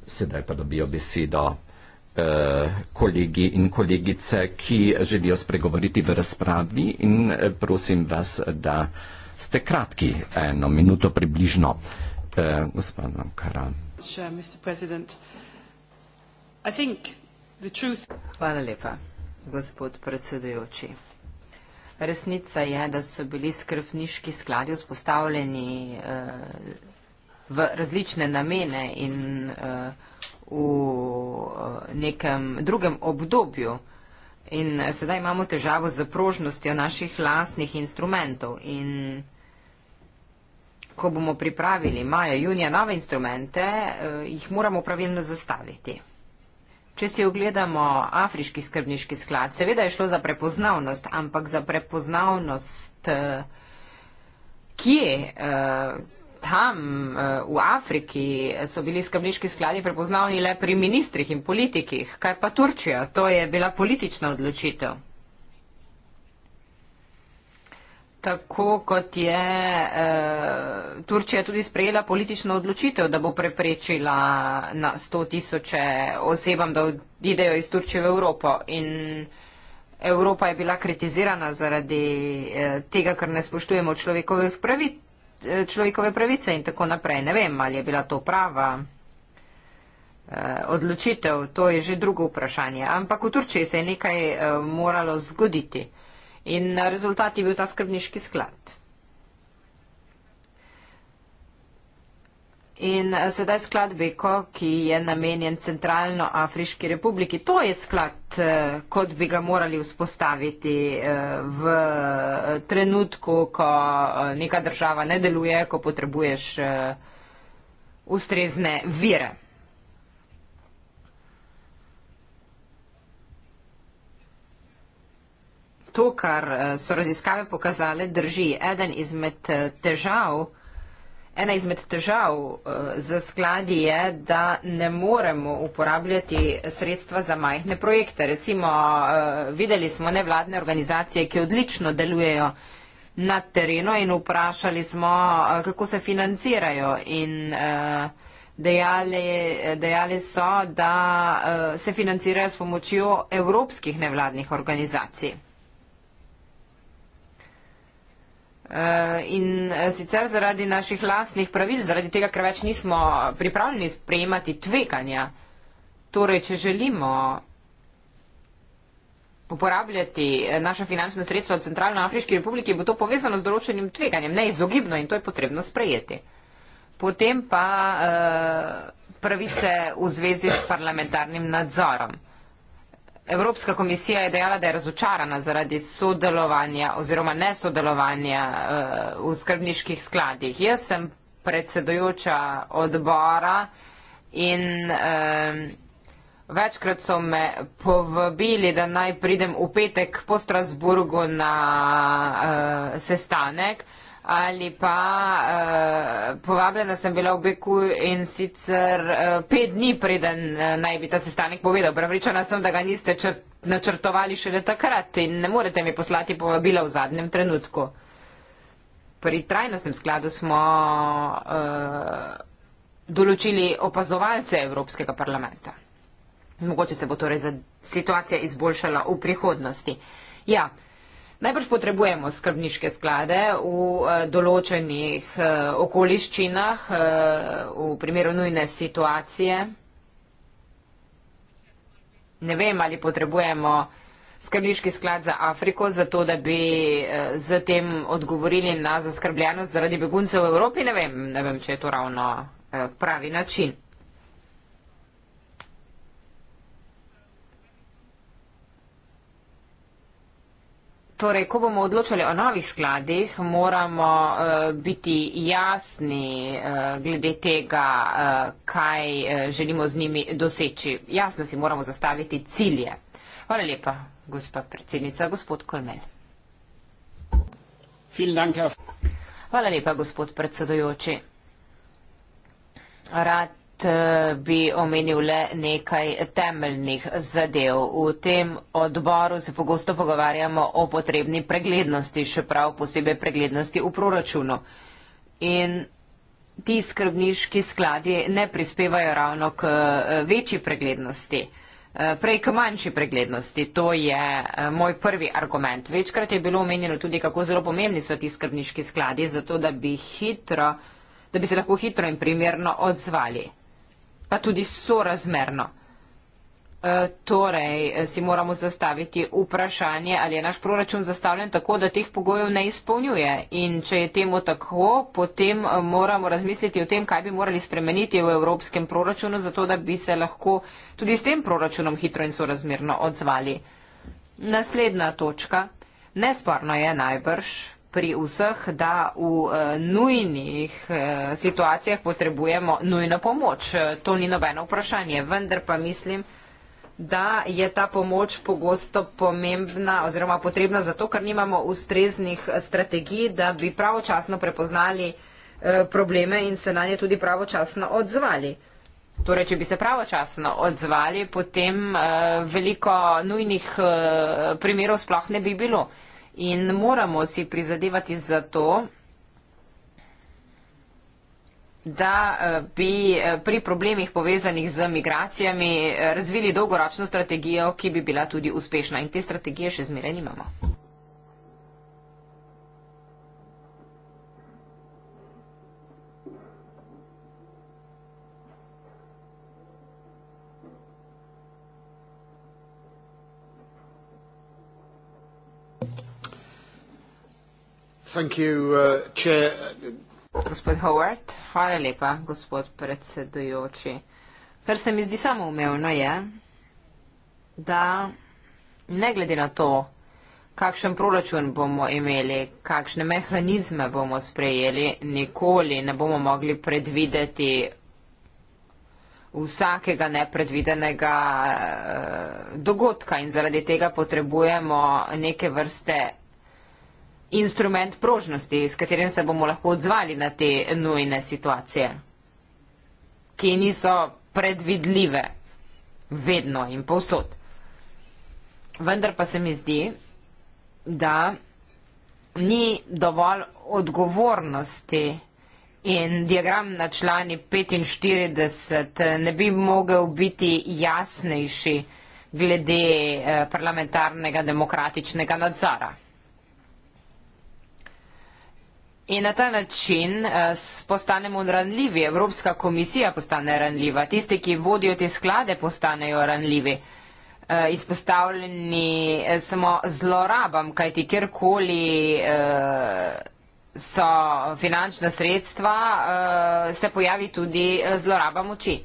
Sedaj pa dobijo besedo eh, kolegi in kolegice, ki želijo spregovoriti v razpravi in eh, prosim vas, da ste kratki, eno minuto približno. Gospodno Kara. Hvala lepa, gospod predsedujoči. Resnica je, da so bili skrbniški skladi vzpostavljeni eh, v različne namene in eh, v eh, nekem drugem obdobju. In sedaj imamo težavo z prožnostjo naših lasnih instrumentov. In ko bomo pripravili maja, junija nove instrumente, jih moramo pravilno zastaviti. Če si ogledamo afriški skrbniški sklad, seveda je šlo za prepoznavnost, ampak za prepoznavnost eh, kje? Eh, tam eh, v Afriki so bili skrbniški skladi prepoznavni le pri ministrih in politikih. Kaj pa Turčija? To je bila politična odločitev. tako kot je eh, Turčija tudi sprejela politično odločitev, da bo preprečila na 100 tisoče osebam, da odidejo iz Turčije v Evropo. In Evropa je bila kritizirana zaradi eh, tega, ker ne spoštujemo pravi, eh, človekove pravice in tako naprej. Ne vem, ali je bila to prava eh, odločitev, to je že drugo vprašanje. Ampak v Turčiji se je nekaj eh, moralo zgoditi in rezultat je bil ta skrbniški sklad. In eh, sedaj sklad Beko, ki je namenjen Centralno Afriški republiki. To je sklad, eh, kot bi ga morali vzpostaviti eh, v trenutku, ko neka država ne deluje, ko potrebuješ ustrezne vire. to, kar eh, so raziskave pokazale, drži. Eden izmed eh, težav, ena izmed težav eh, za skladi je, da ne moremo uporabljati sredstva za majhne projekte. Recimo, videli smo nevladne organizacije, ki odlično delujejo na terenu in vprašali smo, kako se financirajo in dejali, dejali so, da se financirajo s pomočjo evropskih nevladnih organizacij. Eh, in eh, sicer zaradi naših lastnih pravil, zaradi tega, ker več nismo pripravljeni sprejemati tveganja. Torej, če želimo uporabljati eh, naša finančna sredstva v Centralnoafriški republiki, bo to povezano z določenim tveganjem, neizogibno in to je potrebno sprejeti. Potem pa uh, pravice v zvezi s parlamentarnim nadzorom. Evropska komisija je dejala, da je razočarana zaradi sodelovanja oziroma nesodelovanja eh, v skrbniških skladih. Jaz sem predsedojoča odbora in eh, večkrat so me povabili, da naj pridem v petek po Strasburgu na eh, sestanek, ali pa uh, povabljena sem bila v Beku in sicer uh, pet dni preden uh, naj bi ta sestanek povedal. Pravičena sem, da ga niste čr načrtovali šele takrat in ne morete mi poslati povabila v zadnjem trenutku. Pri trajnostnem skladu smo uh, določili opazovalce Evropskega parlamenta. Mogoče se bo torej situacija izboljšala v prihodnosti. Ja, Najbrž potrebujemo skrbniške sklade v eh, določenih eh, okoliščinah, eh, v primeru nujne situacije. Ne vem, ali potrebujemo skrbniški sklad za Afriko, zato da bi z tem odgovorili na zaskrbljenost zaradi beguncev v Evropi. Ne vem, ne vem če je to ravno pravi način. Torej, ko bomo odločali o novih skladih, moramo uh, biti jasni uh, glede tega, uh, kaj uh, želimo z njimi doseči. Jasno si moramo zastaviti cilje. Hvala lepa, gospa predsednica, gospod Kolmel. Hvala lepa, gospod predsedujoči. Rad Eh, bi omenil le nekaj temeljnih zadev. V tem odboru se pogosto pogovarjamo o potrebni preglednosti, še prav posebej preglednosti v proračunu. In ti skrbniški skladi ne prispevajo ravno k eh, večji preglednosti, eh, prej k manjši preglednosti. To je moj prvi argument. Večkrat je bilo omenjeno tudi, kako zelo pomembni so ti skrbniški skladi, zato da bi hitro da bi se lahko hitro in primerno odzvali pa tudi sorazmerno. E, torej, e, si moramo zastaviti vprašanje, ali je naš proračun zastavljen tako, da teh pogojev ne izpolnjuje. In če je temu tako, potem e, moramo razmisliti o tem, kaj bi morali spremeniti v evropskem proračunu, zato da bi se lahko tudi s tem proračunom hitro in sorazmerno odzvali. Naslednja točka. Nesporno je najbrž, pri vseh, da v eh, nujnih eh, situacijah potrebujemo nujno pomoč. To ni nobeno vprašanje, vendar pa mislim da je ta pomoč pogosto pomembna oziroma potrebna zato, ker nimamo ustreznih strategij, da bi pravočasno prepoznali eh, probleme in se na nje tudi pravočasno odzvali. Torej, če bi se pravočasno odzvali, potem veliko nujnih primerov sploh ne bi bilo. In moramo si prizadevati za to, da eh, bi eh, pri problemih povezanih z migracijami eh, razvili dolgoročno strategijo, ki bi bila tudi uspešna. In te strategije še zmeraj nimamo. Uh, gospod Howard, hvala lepa, gospod predsedujoči. Kar se mi zdi samoumevno je, da ne glede na to, kakšen proračun bomo imeli, kakšne mehanizme bomo sprejeli, nikoli ne bomo mogli predvideti vsakega nepredvidenega eh, dogodka in zaradi tega potrebujemo neke vrste instrument prožnosti, s katerim se bomo lahko odzvali na te nujne situacije, ki niso predvidljive vedno in povsod. Vendar pa se mi zdi, da ni dovolj odgovornosti in diagram na člani 45 ne bi mogel biti jasnejši glede eh, parlamentarnega demokratičnega nadzora. In na ta način eh, postanemo ranljivi, Evropska komisija postane ranljiva, tisti, ki vodijo te sklade, postanejo ranljivi, eh, izpostavljeni eh, samo zlorabam, kajti kjerkoli so finančna sredstva, se pojavi tudi zloraba moči.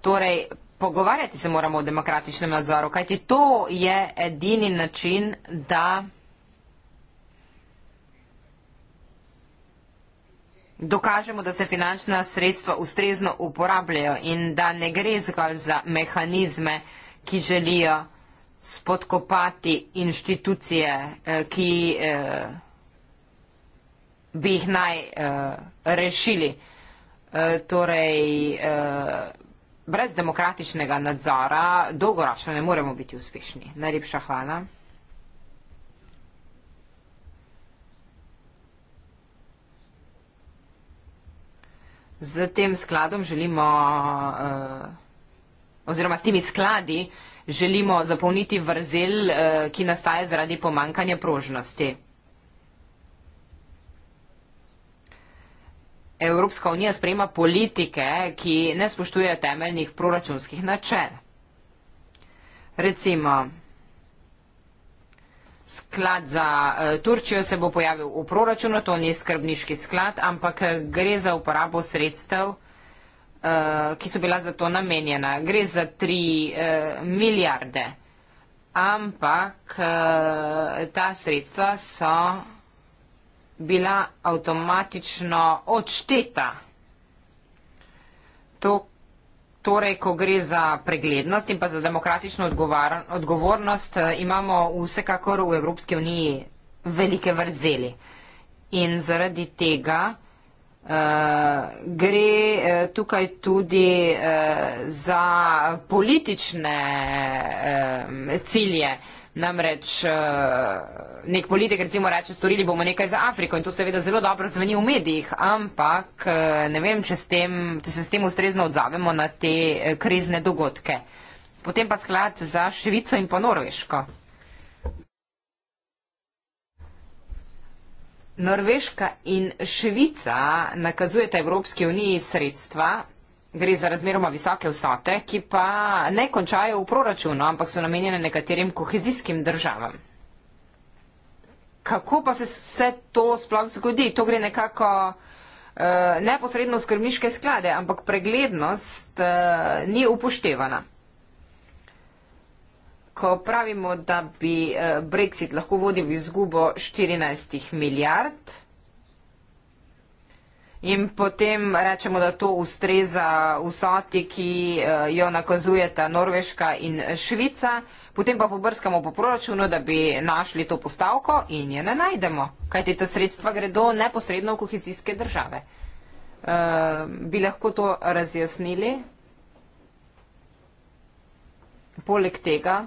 Torej, pogovarjati se moramo o demokratičnem nadzoru, kajti to je edini način, da... dokažemo, da se finančna sredstva ustrezno uporabljajo in da ne gre zgolj za mehanizme, ki želijo spodkopati inštitucije, eh, ki eh, bi jih naj eh, rešili. Torej, brez demokratičnega nadzora dolgoročno ne moremo biti uspešni. Najlepša hvala. z tem skladom želimo, uh, oziroma s temi skladi želimo zapolniti vrzel, uh, ki nastaja zaradi pomankanja prožnosti. Evropska unija sprejema politike, ki ne spoštujejo temeljnih proračunskih načel. Recimo, Sklad za eh, Turčijo se bo pojavil v proračunu, to ni skrbniški sklad, ampak eh, gre za uporabo sredstev, eh, ki so bila za to namenjena. Gre za 3 milijarde, ampak ta sredstva so bila avtomatično odšteta. To, Torej, ko gre za preglednost in pa za demokratično odgovar, odgovornost, eh, imamo vsekakor v Evropski uniji velike vrzeli. In zaradi tega uh, gre uh, tukaj tudi uh, za politične uh, cilje. Uh, Namreč eh, nek politik recimo reče, storili bomo nekaj za Afriko in to seveda zelo dobro zveni v medijih, ampak eh, ne vem, če, s tem, če se s tem ustrezno odzavemo na te eh, krizne dogodke. Potem pa sklad za Švico in pa Norveško. Norveška in Švica nakazujeta Evropske unije sredstva gre za razmeroma visoke vsote, ki pa ne končajo v proračunu, ampak so namenjene nekaterim kohezijskim državam. Kako pa se vse to sploh zgodi? To gre nekako eh, neposredno v skrbniške sklade, ampak preglednost eh, ni upoštevana. Ko pravimo, da bi eh, Brexit lahko vodil v izgubo 14 milijard, eh, In potem rečemo, da to ustreza vsoti, ki eh, jo nakazujeta Norveška in Švica. Potem pa pobrskamo po proračunu, da bi našli to postavko in je ne najdemo, kajti ta sredstva gredo neposredno v kohezijske države. Uh, bi lahko to razjasnili? Poleg tega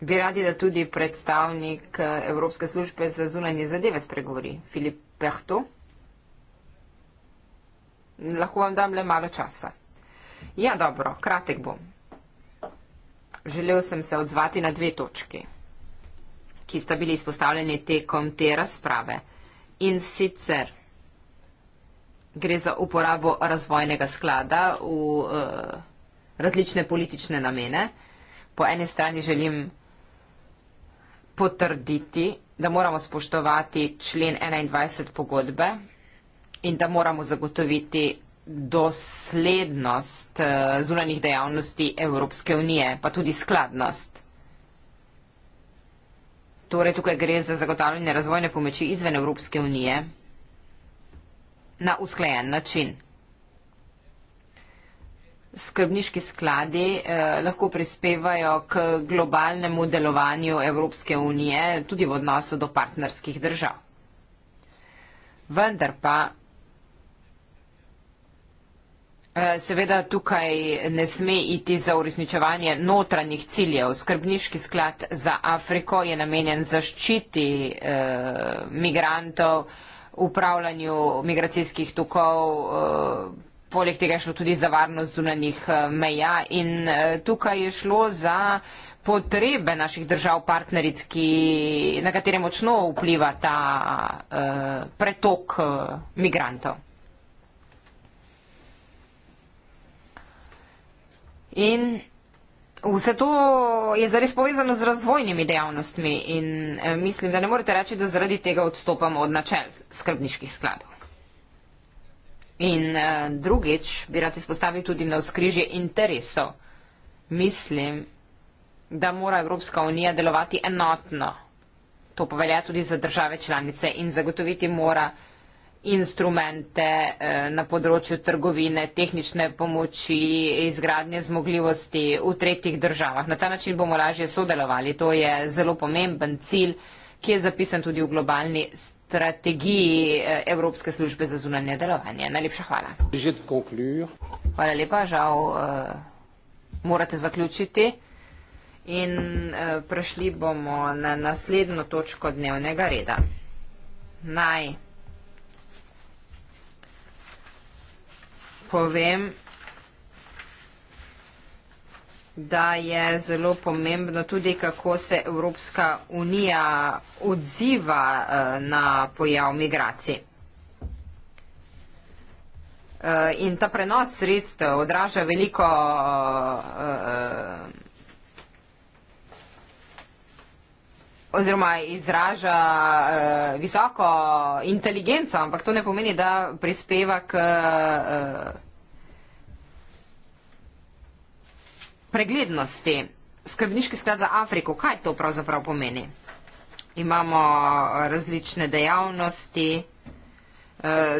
bi radi, da tudi predstavnik eh, Evropske službe za zunanje zadeve spregovori, Filip Pertu. Lahko vam dam le malo časa. Ja, dobro, kratek bom. Želel sem se odzvati na dve točki, ki sta bili izpostavljeni tekom te razprave. In sicer gre za uporabo razvojnega sklada v uh, različne politične namene. Po eni strani želim potrditi da moramo spoštovati člen 21 pogodbe in da moramo zagotoviti doslednost eh, zunanih dejavnosti Evropske unije, pa tudi skladnost. Torej, tukaj gre za zagotavljanje razvojne pomoči izven Evropske unije na usklajen način skrbniški skladi eh, lahko prispevajo k globalnemu delovanju Evropske unije tudi v odnosu do partnerskih držav. Vendar pa eh, seveda tukaj ne sme iti za uresničevanje notranjih ciljev. Skrbniški sklad za Afriko je namenjen zaščiti eh, migrantov, upravljanju migracijskih tukov. Eh, Poleg tega je šlo tudi za varnost zunanih eh, meja in eh, tukaj je šlo za potrebe naših držav partneric, ki, na katere močno vpliva ta uh, pretok uh, migrantov. In vse to je zares povezano z razvojnimi dejavnostmi in mislim, da ne morete reči, da zaradi tega odstopamo od načel skrbniških skladov. In uh, drugič, bi rad izpostavil tudi na vzkrižje interesov. Mislim, da mora Evropska unija delovati enotno. To povelja tudi za države članice in zagotoviti mora instrumente uh, na področju trgovine, tehnične pomoči, izgradnje zmogljivosti v tretjih državah. Na ta način bomo lažje sodelovali. To je zelo pomemben cilj, ki je zapisan tudi v globalni strategiji strategiji eh, Evropske službe za zunanje delovanje. Najlepša hvala. Hvala lepa, žal uh, morate zaključiti. In uh, prešli bomo na naslednjo točko dnevnega reda. Naj povem, da je zelo pomembno tudi, kako se Evropska unija odziva eh, na pojav migracij. Eh, in ta prenos sredstev odraža veliko eh, oziroma izraža visoko inteligenco, ampak to ne pomeni, da prispeva k preglednosti. Skrbniški sklad za Afriko, kaj to pravzaprav pomeni? Imamo eh, različne dejavnosti eh,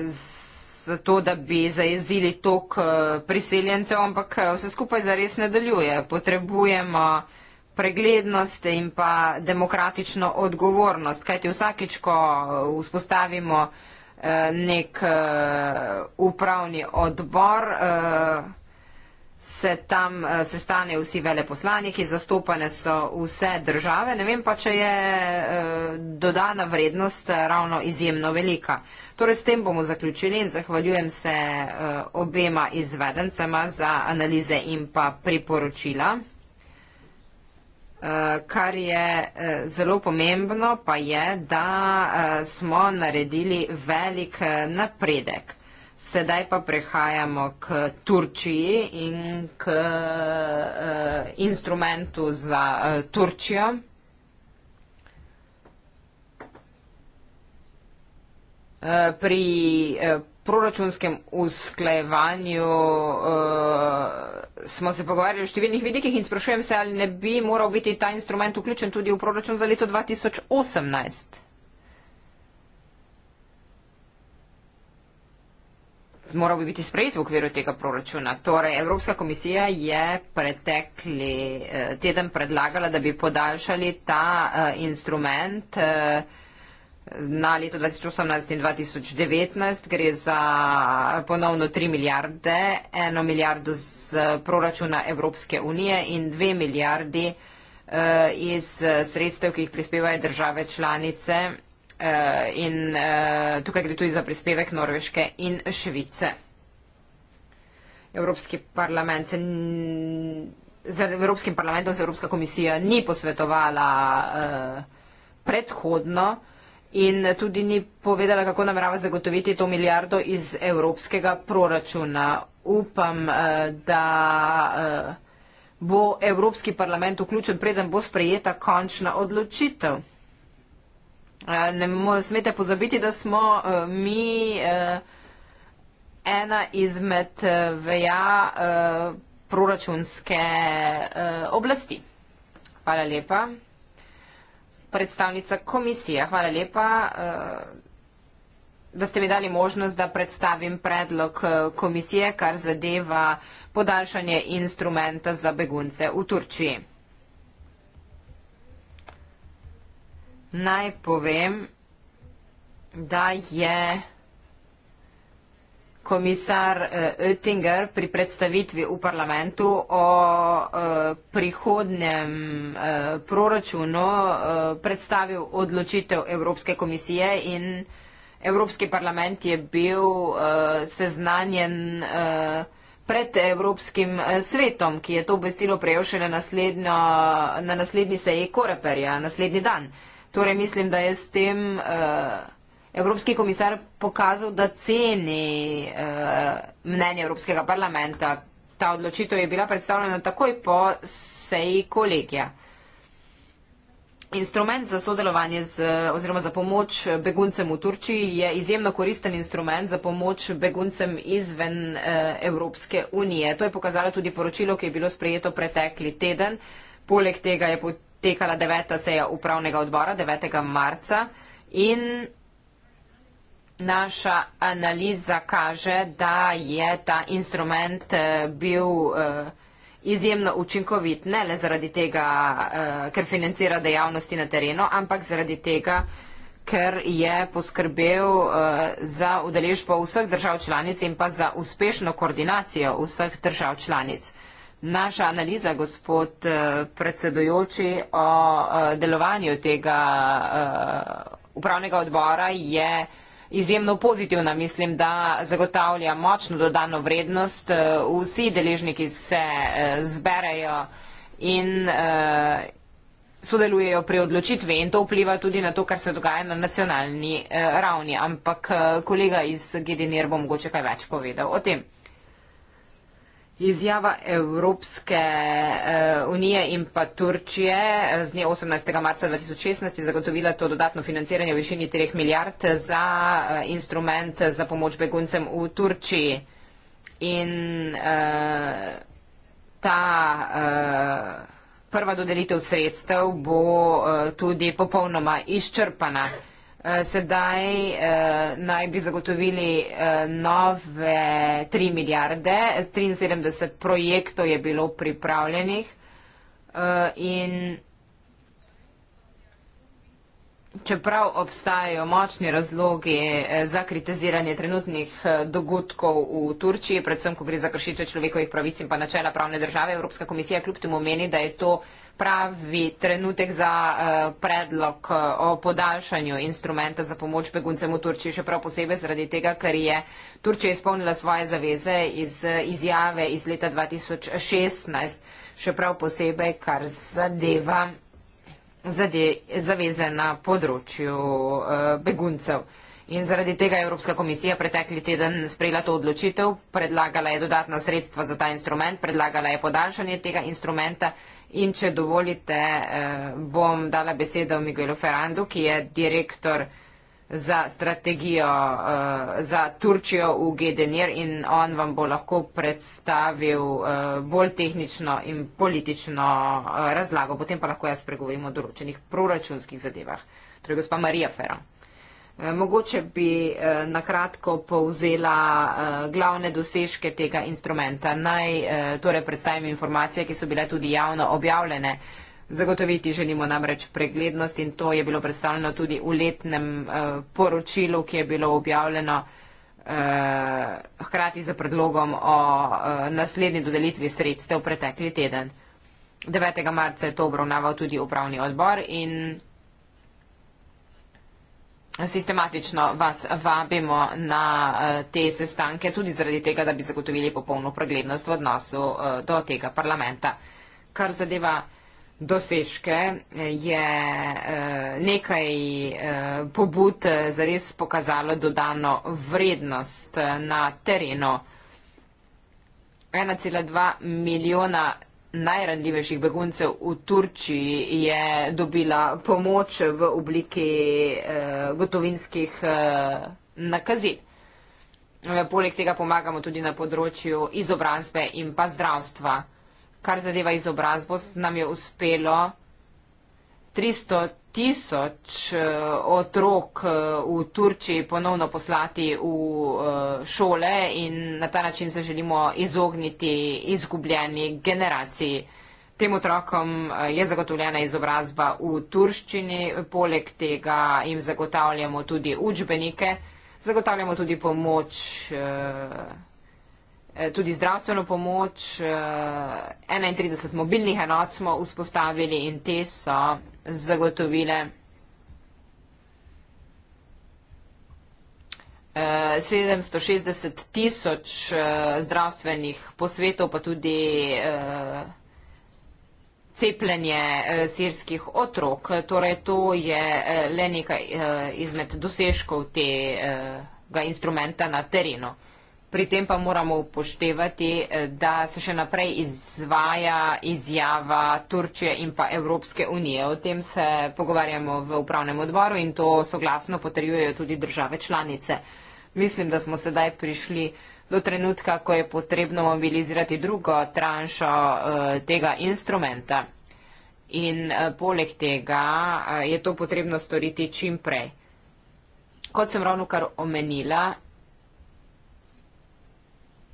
za to, da bi zajezili tok eh, priseljencev, ampak vse skupaj zares ne deluje. Potrebujemo preglednost in pa demokratično odgovornost, kajti vsakič, ko vzpostavimo nek upravni odbor, se tam eh, sestane vsi veleposlaniki, zastopane so vse države. Ne vem pa, če je eh, dodana vrednost eh, ravno izjemno velika. Torej, s tem bomo zaključili in zahvaljujem se obema izvedencema za analize in pa priporočila. Kar je zelo pomembno, pa je, da smo naredili velik napredek. Sedaj pa prehajamo k Turčiji in k uh, instrumentu za uh, Turčijo. Uh, pri uh, proračunskem usklajevanju uh, smo se pogovarjali o številnih vidikih in sprašujem se, ali ne bi moral biti ta instrument vključen tudi v proračun za leto 2018. moral bi biti sprejet v okviru tega proračuna. Torej, Evropska komisija je pretekli eh, teden predlagala, da bi podaljšali ta eh, instrument eh, na leto 2018 in 2019. Gre za ponovno 3 milijarde, eno milijardo z proračuna Evropske unije in dve milijardi iz sredstev, ki jih prispevajo države članice Eh, in eh, tukaj gre tudi za prispevek Norveške in Švice. Evropski parlament se z Evropskim parlamentom se Evropska komisija ni posvetovala eh, predhodno in tudi ni povedala, kako namerava zagotoviti to milijardo iz evropskega proračuna. Upam, da bo Evropski parlament vključen, preden bo sprejeta končna odločitev ne smete pozabiti, da smo e, mi e, ena izmed e, veja proračunske oblasti. Hvala lepa. Predstavnica komisije, hvala lepa, da ste mi dali možnost, da predstavim predlog komisije, kar zadeva podaljšanje instrumenta za begunce v Turčiji. naj povem, da je komisar eh, Oettinger pri predstavitvi v parlamentu o eh, prihodnem eh, proračunu predstavil odločitev Evropske komisije in Evropski parlament je bil seznanjen pred Evropskim svetom, ki je to obvestilo prejel šele na naslednji seji Koreperja, naslednji dan. Torej mislim, da je s tem uh, Evropski komisar pokazal, da ceni uh, mnenje Evropskega parlamenta. Ta odločitev je bila predstavljena takoj po seji kolegija. Instrument za sodelovanje z, oziroma za pomoč beguncem v Turčiji je izjemno koristen instrument za pomoč beguncem izven e, Evropske unije. To je pokazalo tudi poročilo, ki je bilo sprejeto pretekli teden. Poleg tega je tekala deveta seja upravnega odbora 9. marca in naša analiza kaže, da je ta instrument eh, bil eh, izjemno učinkovit, ne le zaradi tega, eh, ker financira dejavnosti na terenu, ampak zaradi tega, ker je poskrbel za udeležbo vseh držav članic in pa za uspešno koordinacijo vseh držav članic naša analiza, gospod eh, predsedujoči, o eh, delovanju tega eh, upravnega odbora je izjemno pozitivna. Mislim, da zagotavlja močno dodano vrednost. Vsi deležniki se zberejo in sodelujejo pri odločitvi in to vpliva tudi na to, kar se dogaja na nacionalni ravni. Ampak kolega iz GDNR bo mogoče kaj več povedal o tem. Izjava Evropske eh, unije in pa Turčije eh, z dne 18. marca 2016 je zagotovila to dodatno financiranje v višini 3 milijard za eh, instrument za pomoč beguncem v Turčiji. In ta prva dodelitev sredstev bo tudi popolnoma izčrpana. Eh, sedaj eh, naj bi zagotovili eh, nove 3 milijarde, 73 projektov je bilo pripravljenih eh, in čeprav obstajajo močni razlogi eh, za kritiziranje trenutnih eh, dogodkov v Turčiji, predvsem ko gre za kršitve človekovih pravic in pa načela pravne države, Evropska komisija kljub temu meni, da je to eh, pravi trenutek za eh, predlog eh, o podaljšanju instrumenta za pomoč beguncem v Turčiji, še prav posebej zaradi tega, ker je Turčija izpolnila svoje zaveze iz eh, izjave iz leta 2016, še prav posebej, kar zadeva zaveze na področju beguncev. In zaradi tega je Evropska komisija pretekli teden sprejela to odločitev, predlagala je dodatna sredstva za ta instrument, predlagala je podaljšanje tega instrumenta. In če dovolite, eh, bom dala besedo Miguelu Ferrandu, ki je direktor za strategijo eh, za Turčijo v Gedenir in on vam bo lahko predstavil eh, bolj tehnično in politično razlago. Potem pa lahko jaz spregovorim o določenih proračunskih zadevah. Torej, gospa Marija Ferrand. Eh, mogoče bi eh, na kratko povzela eh, glavne dosežke tega instrumenta. Naj torej predstavim informacije, ki so bile tudi javno objavljene. Zagotoviti želimo namreč preglednost in to je bilo predstavljeno tudi v letnem poročilu, ki je bilo objavljeno hkrati za predlogom o naslednji dodelitvi sredstev v pretekli teden. 9. marca je to obravnaval tudi upravni odbor in sistematično vas vabimo na eh, te sestanke, tudi zaradi tega, da bi zagotovili popolno preglednost v odnosu eh, do tega parlamenta. Kar zadeva dosežke, eh, je nekaj pobud zares pokazalo dodano vrednost na terenu. 1,2 milijona najranljivejših beguncev v Turčiji je dobila pomoč v obliki eh, gotovinskih eh, nakazil. Eh, poleg tega pomagamo tudi na področju izobrazbe in pa zdravstva. Kar zadeva izobrazbost, nam je uspelo 300 tisoč eh, otrok eh, v Turčiji ponovno poslati v eh, šole in na ta način se želimo izogniti izgubljeni generaciji. Tem otrokom je zagotovljena izobrazba v turščini, poleg tega jim zagotavljamo tudi učbenike, zagotavljamo tudi pomoč, tudi zdravstveno pomoč. 31 mobilnih enot smo vzpostavili in te so zagotovile. E, eh, 760 tisoč e, zdravstvenih posvetov, pa tudi e, cepljenje e, sirskih otrok. Torej, to je e, le nekaj e, izmed dosežkov tega e, instrumenta na terenu. Pri tem pa moramo upoštevati, eh, da se še naprej izvaja izjava Turčije in pa Evropske unije. O tem se pogovarjamo v upravnem odboru in to soglasno potrjujejo tudi države članice. Mislim, da smo sedaj prišli do trenutka, ko je potrebno mobilizirati drugo tranšo eh, tega instrumenta. In eh, poleg tega je to potrebno storiti čim prej. Kot sem ravno kar omenila,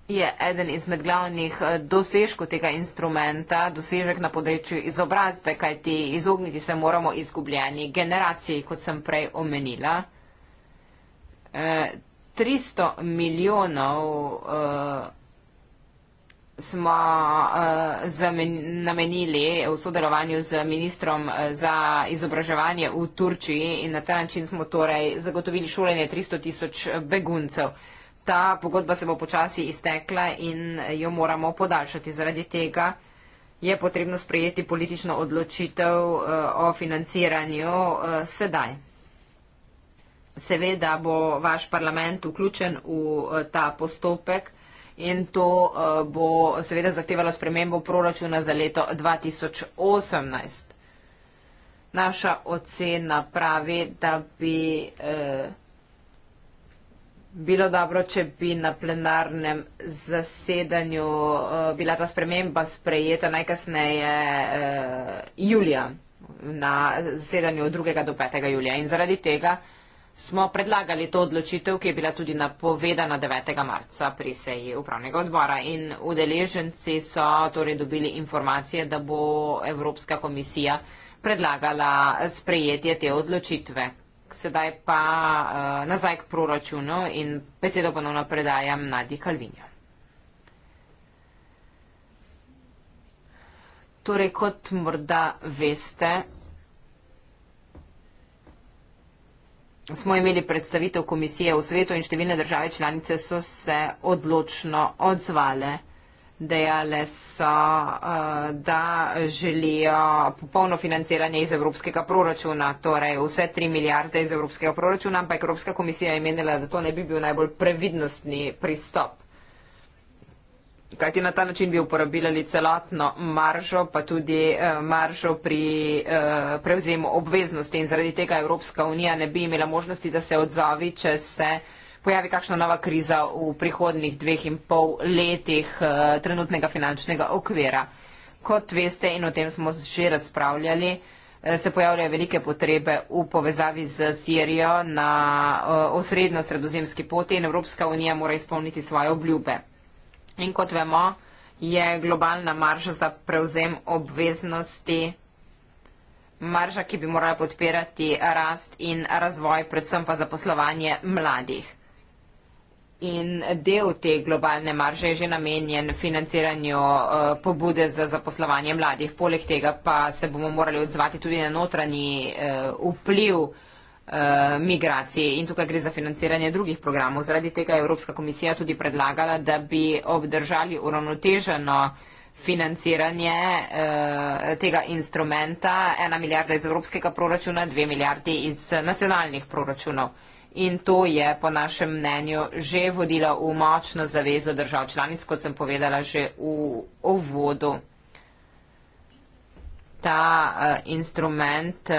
je eden izmed glavnih eh, dosežkov tega instrumenta, dosežek na področju izobrazbe, kajti izogniti se moramo izgubljeni generaciji, kot sem prej omenila. 300 eh, milijonov eh, smo namenili v sodelovanju z ministrom za izobraževanje v Turčiji in na ta način smo torej zagotovili šolenje 300 tisoč beguncev ta pogodba se bo počasi iztekla in jo moramo podaljšati. Zaradi tega je potrebno sprejeti politično odločitev eh, o financiranju eh, sedaj. Seveda bo vaš parlament vključen v eh, ta postopek in to bo seveda zahtevalo spremembo proračuna za leto 2018. Naša ocena pravi, da bi eh, bilo dobro, če bi na plenarnem zasedanju eh, bila ta sprememba sprejeta najkasneje eh, julija, na zasedanju 2. do 5. julija. In zaradi tega smo predlagali to odločitev, ki je bila tudi napovedana 9. marca pri seji upravnega odbora. In udeleženci so torej dobili informacije, da bo Evropska komisija predlagala sprejetje te odločitve, sedaj pa uh, nazaj k proračunu in besedo ponovno predajam Nadji Kalvinjo. Torej, kot morda veste, smo imeli predstavitev komisije v svetu in številne države članice so se odločno odzvale dejale so, eh, da želijo popolno financiranje iz evropskega proračuna, torej vse tri milijarde iz evropskega proračuna, ampak Evropska komisija je menila, da to ne bi bil najbolj previdnostni pristop. Kajti na ta način bi uporabili celotno maržo, pa tudi eh, maržo pri eh, prevzemu obveznosti in zaradi tega Evropska unija ne bi imela možnosti, da se odzovi, če se pojavi kakšna nova kriza v prihodnih dveh in pol letih eh, trenutnega finančnega okvira. Kot veste in o tem smo že razpravljali, eh, se pojavljajo velike potrebe v povezavi z Sirijo na eh, osrednjo sredozemski poti in Evropska unija mora izpolniti svoje obljube. In kot vemo, je globalna marža za prevzem obveznosti marža, ki bi morala podpirati rast in razvoj, predvsem pa zaposlovanje mladih in del te globalne marže je že namenjen financiranju eh, pobude za zaposlovanje mladih. Poleg tega pa se bomo morali odzvati tudi na notranji eh, vpliv eh, migracije in tukaj gre za financiranje drugih programov. Zaradi tega je Evropska komisija tudi predlagala, da bi obdržali uravnoteženo financiranje eh, tega instrumenta, ena milijarda iz evropskega proračuna, dve milijarde iz nacionalnih proračunov in to je po našem mnenju že vodilo v močno zavezo držav članic, kot sem povedala že v uvodu. Ta uh, instrument uh,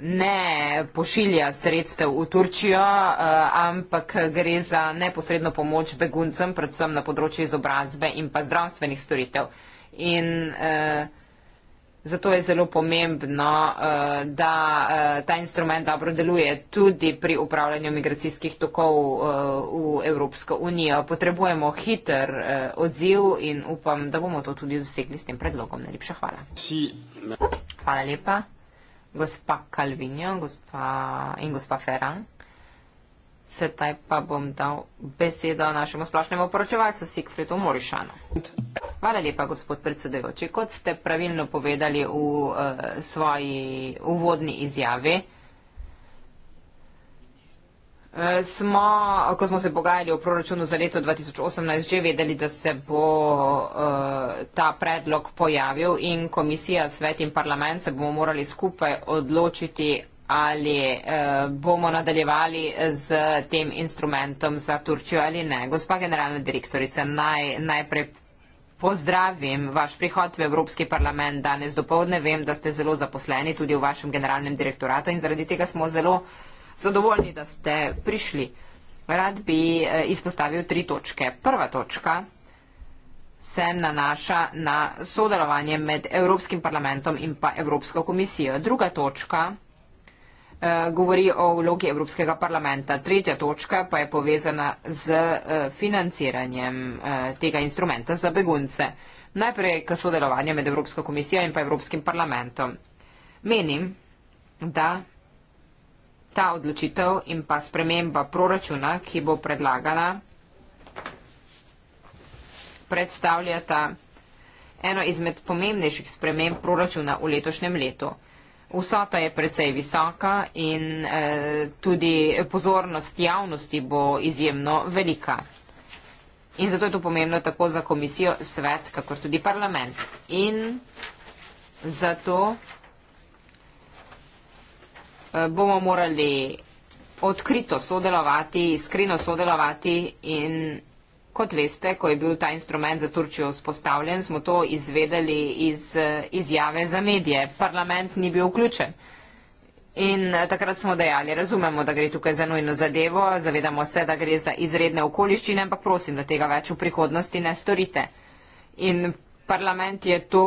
ne pošilja sredstev v Turčijo, uh, ampak gre za neposredno pomoč beguncem, predvsem na področju izobrazbe in pa zdravstvenih storitev. In uh, Zato je zelo pomembno, eh, da eh, ta instrument dobro deluje tudi pri upravljanju migracijskih tokov eh, v Evropsko unijo. Potrebujemo hiter odziv in upam, da bomo to tudi dosegli s tem predlogom. Najlepša hvala. Hvala lepa, gospa Kalvinjo gospa in gospa Ferran. Sedaj pa bom dal besedo našemu splošnemu poročevalcu Sigfridu Morišanu. Hvala lepa, gospod predsedujoči. Kot ste pravilno povedali v uh, svoji uvodni izjavi, eh, Smo, ko smo se pogajali o proračunu za leto 2018, že vedeli, da se bo uh, ta predlog pojavil in komisija, svet in parlament se bomo morali skupaj odločiti, ali eh, bomo nadaljevali z tem instrumentom za Turčijo ali ne. Gospa generalna direktorica, naj, najprej pozdravim vaš prihod v Evropski parlament danes dopovdne. Vem, da ste zelo zaposleni tudi v vašem generalnem direktoratu in zaradi tega smo zelo zadovoljni, da ste prišli. Rad bi eh, izpostavil tri točke. Prva točka se nanaša na sodelovanje med Evropskim parlamentom in pa Evropsko komisijo. Druga točka Eh, govori o vlogi Evropskega parlamenta. Tretja točka pa je povezana z eh, financiranjem eh, tega instrumenta za begunce. Najprej k sodelovanju med Evropsko komisijo in pa Evropskim parlamentom. Menim, da ta odločitev in pa sprememba proračuna, ki bo predlagana, predstavljata eno izmed pomembnejših sprememb proračuna v letošnjem letu. Vsa ta je precej visoka in eh, tudi pozornost javnosti bo izjemno velika. In zato je to pomembno tako za komisijo, svet, kakor tudi parlament. In zato eh, bomo morali odkrito sodelovati, iskreno sodelovati in Kot veste, ko je bil ta instrument za Turčijo vzpostavljen, smo to izvedeli iz eh, izjave za medije. Parlament ni bil vključen. In eh, takrat smo dejali, razumemo, da gre tukaj za nujno zadevo, zavedamo se, da gre za izredne okoliščine, ampak prosim, da tega več v prihodnosti ne storite. In parlament je to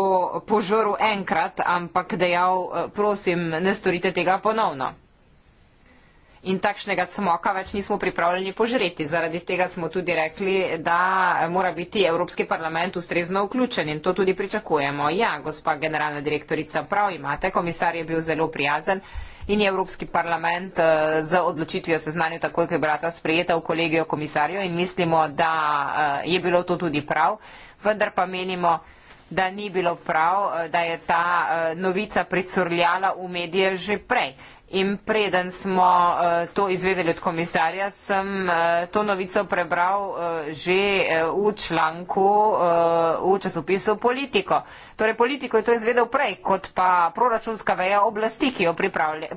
požoril enkrat, ampak dejal, eh, prosim, ne storite tega ponovno in takšnega cmoka več nismo pripravljeni požreti. Zaradi tega smo tudi rekli, da mora biti Evropski parlament ustrezno vključen in to tudi pričakujemo. Ja, gospa generalna direktorica, prav imate, komisar je bil zelo prijazen. In je Evropski parlament eh, z odločitvijo seznanil takoj, ko je brata sprejeta v kolegijo komisarjo in mislimo, da eh, je bilo to tudi prav, vendar pa menimo, da ni bilo prav, eh, da je ta novica pricurljala v medije že prej. In preden smo uh, to izvedeli od komisarja, sem uh, to novico prebral uh, že uh, v članku uh, v časopisu Politiko. Torej, Politiko je to izvedel prej, kot pa proračunska veja oblasti, ki jo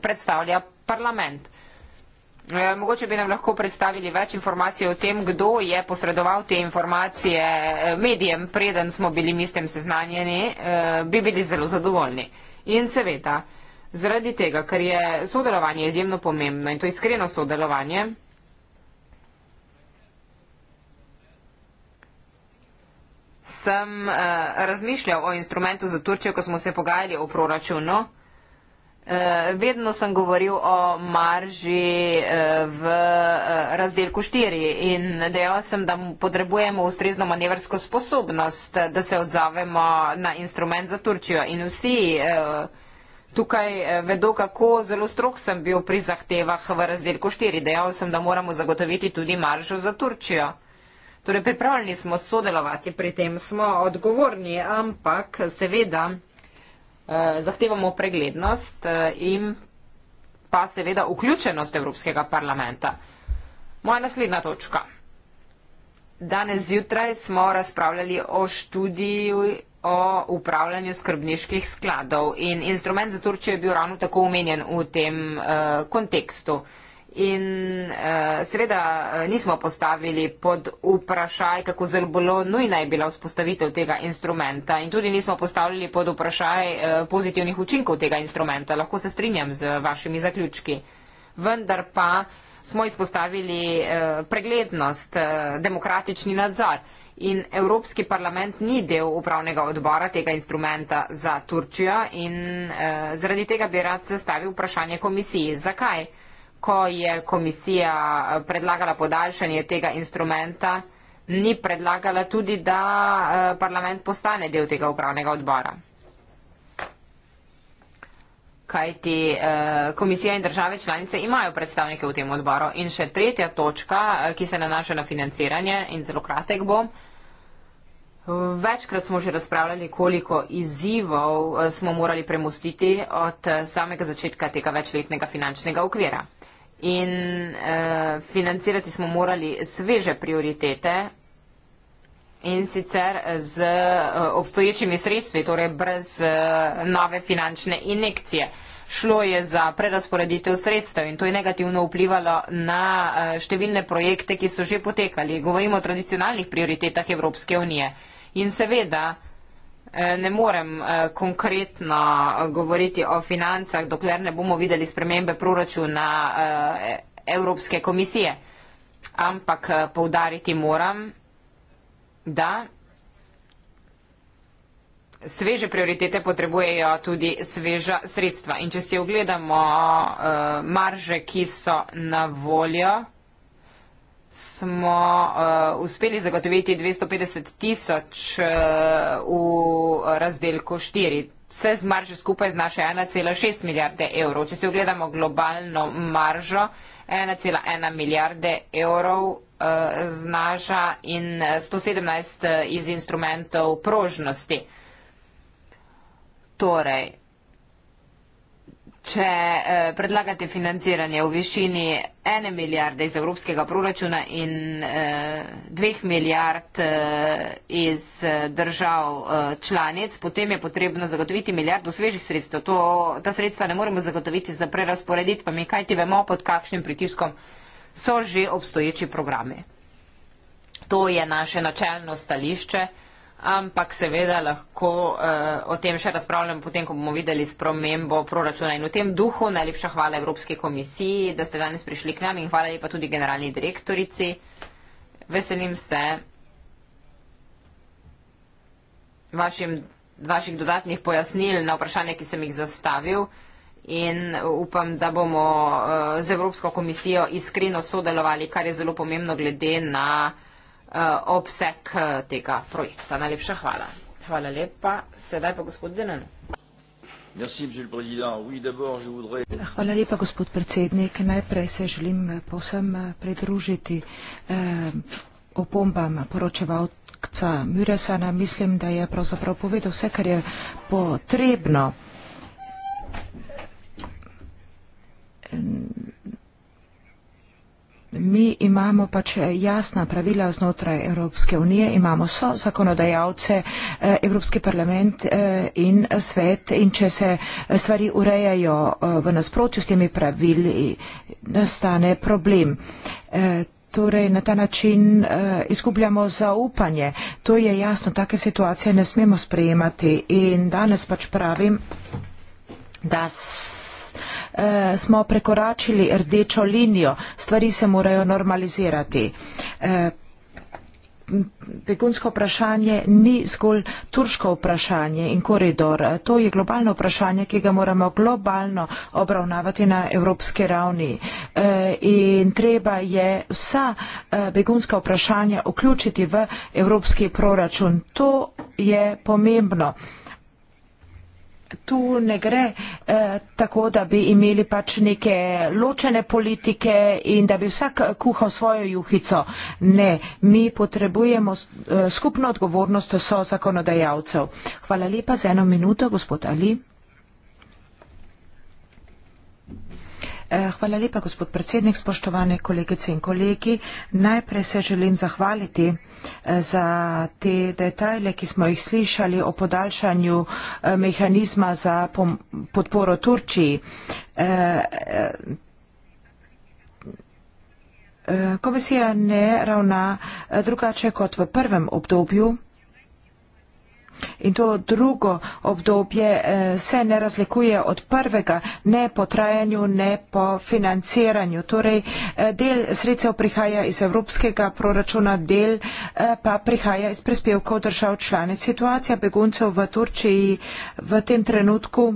predstavlja parlament. Mogoče bi nam lahko predstavili več informacij o tem, kdo je posredoval te informacije medijem, preden smo bili mi s tem seznanjeni, bi bili zelo zadovoljni. In seveda, zaradi tega, ker je sodelovanje izjemno pomembno in to je iskreno sodelovanje, sem uh, razmišljal o instrumentu za Turčijo, ko smo se pogajali o proračunu. Uh, vedno sem govoril o marži uh, v uh, razdelku 4 in dejal sem, da potrebujemo ustrezno manevrsko sposobnost, da se odzovemo na instrument za Turčijo. In vsi uh, tukaj eh, vedo, kako zelo strok sem bil pri zahtevah v razdelku 4. Dejal sem, da moramo zagotoviti tudi maržo za Turčijo. Torej, pripravljeni smo sodelovati, pri tem smo odgovorni, ampak seveda eh, zahtevamo preglednost eh, in pa seveda vključenost Evropskega parlamenta. Moja naslednja točka. Danes zjutraj smo razpravljali o študiju o upravljanju skrbniških skladov in instrument za Turčijo je bil ravno tako omenjen v tem uh, kontekstu. In uh, seveda uh, nismo postavili pod vprašaj, kako zelo bilo nujna je bila vzpostavitev tega instrumenta in tudi nismo postavili pod vprašaj uh, pozitivnih učinkov tega instrumenta. Lahko se strinjam z vašimi zaključki. Vendar pa smo izpostavili uh, preglednost, uh, demokratični nadzor. Uh, in Evropski parlament ni del upravnega odbora tega instrumenta za Turčijo in eh, zaradi tega bi rad zastavil vprašanje komisiji. Zakaj, ko je komisija eh, predlagala podaljšanje tega instrumenta, ni predlagala tudi, da eh, parlament postane del tega upravnega odbora? kajti eh, komisija in države članice imajo predstavnike v tem odboru. In še tretja točka, eh, ki se nanaša na financiranje in zelo kratek bom. Večkrat smo že razpravljali, koliko izzivov eh, smo morali premustiti od eh, samega začetka tega večletnega finančnega okvira. In eh, financirati smo morali sveže prioritete in sicer z eh, obstoječimi sredstvi, torej brez eh, nove finančne injekcije. Šlo je za prerasporeditev sredstev in to je negativno vplivalo na eh, številne projekte, ki so že potekali. Govorimo o tradicionalnih prioritetah Evropske unije. In seveda ne morem konkretno govoriti o financah, dokler ne bomo videli spremembe proračuna Evropske komisije. Ampak poudariti moram, da sveže prioritete potrebujejo tudi sveža sredstva. In če si ogledamo uh, marže, ki so na voljo, smo uh, uspeli zagotoviti 250 tisoč uh, v razdelku 4. Vse z marže skupaj znaše 1,6 milijarde evrov. Če si ogledamo globalno maržo, uh, 1,1 milijarde evrov eh, znaža in 117 eh, eh, iz instrumentov prožnosti. Torej, Če eh, predlagate financiranje v višini ene milijarde iz evropskega proračuna in eh, dveh milijard eh, iz držav članic, potem je potrebno zagotoviti milijardo svežih sredstev. To, ta sredstva ne moremo zagotoviti za prerasporedit, pa mi kajti vemo, pod kakšnim pritiskom so že obstoječi programe. To je naše načelno stališče ampak seveda lahko uh, o tem še razpravljam potem, ko bomo videli spremembo proračuna. In v tem duhu najlepša hvala Evropske komisiji, da ste danes prišli k nam in hvala lepa tudi generalni direktorici. Veselim se vašim, vaših dodatnih pojasnil na vprašanje, ki sem jih zastavil. In upam, da bomo eh, z Evropsko komisijo iskreno sodelovali, kar je zelo pomembno glede na Eh, obseg eh, tega projekta. Najlepša hvala. Hvala lepa. Sedaj pa gospod Denan. Hvala lepa, gospod predsednik. Najprej se želim eh, posem pridružiti eh, opombam poročevalca Müresana. Mislim, da je pravzaprav povedal vse, kar je potrebno mi imamo pač eh, jasna pravila znotraj Evropske unije, imamo so zakonodajalce, eh, Evropski parlament eh, in svet in če se stvari urejajo v nasprotju s temi pravili, nastane problem. Torej na ta način uh, izgubljamo zaupanje. To je jasno, take situacije ne smemo sprejemati. In danes pač pravim, da eh, smo prekoračili rdečo linijo, stvari se morajo normalizirati. Eh, Begunsko vprašanje ni zgolj turško vprašanje in koridor. To je globalno vprašanje, ki ga moramo globalno obravnavati na evropski ravni. Eh, in treba je vsa eh, begunska vprašanja vključiti v evropski proračun. To je pomembno. Tu ne gre eh, tako, da bi imeli pač neke ločene politike in da bi vsak kuhal svojo juhico. Ne, mi potrebujemo eh, skupno odgovornost so zakonodajalcev. Hvala lepa za eno minuto, gospod Ali. Eh, hvala lepa, gospod predsednik, spoštovane kolegice in kolegi. Najprej se želim zahvaliti eh, za te detajle, ki smo jih slišali o podaljšanju eh, mehanizma za podporo Turčiji. Komisija ne ravna drugače kot v prvem obdobju In to drugo obdobje eh, se ne razlikuje od prvega, ne po trajanju, ne po financiranju. Torej, eh, del sredstev prihaja iz evropskega proračuna, del eh, pa prihaja iz prispevkov držav članic. Situacija beguncev v Turčiji v tem trenutku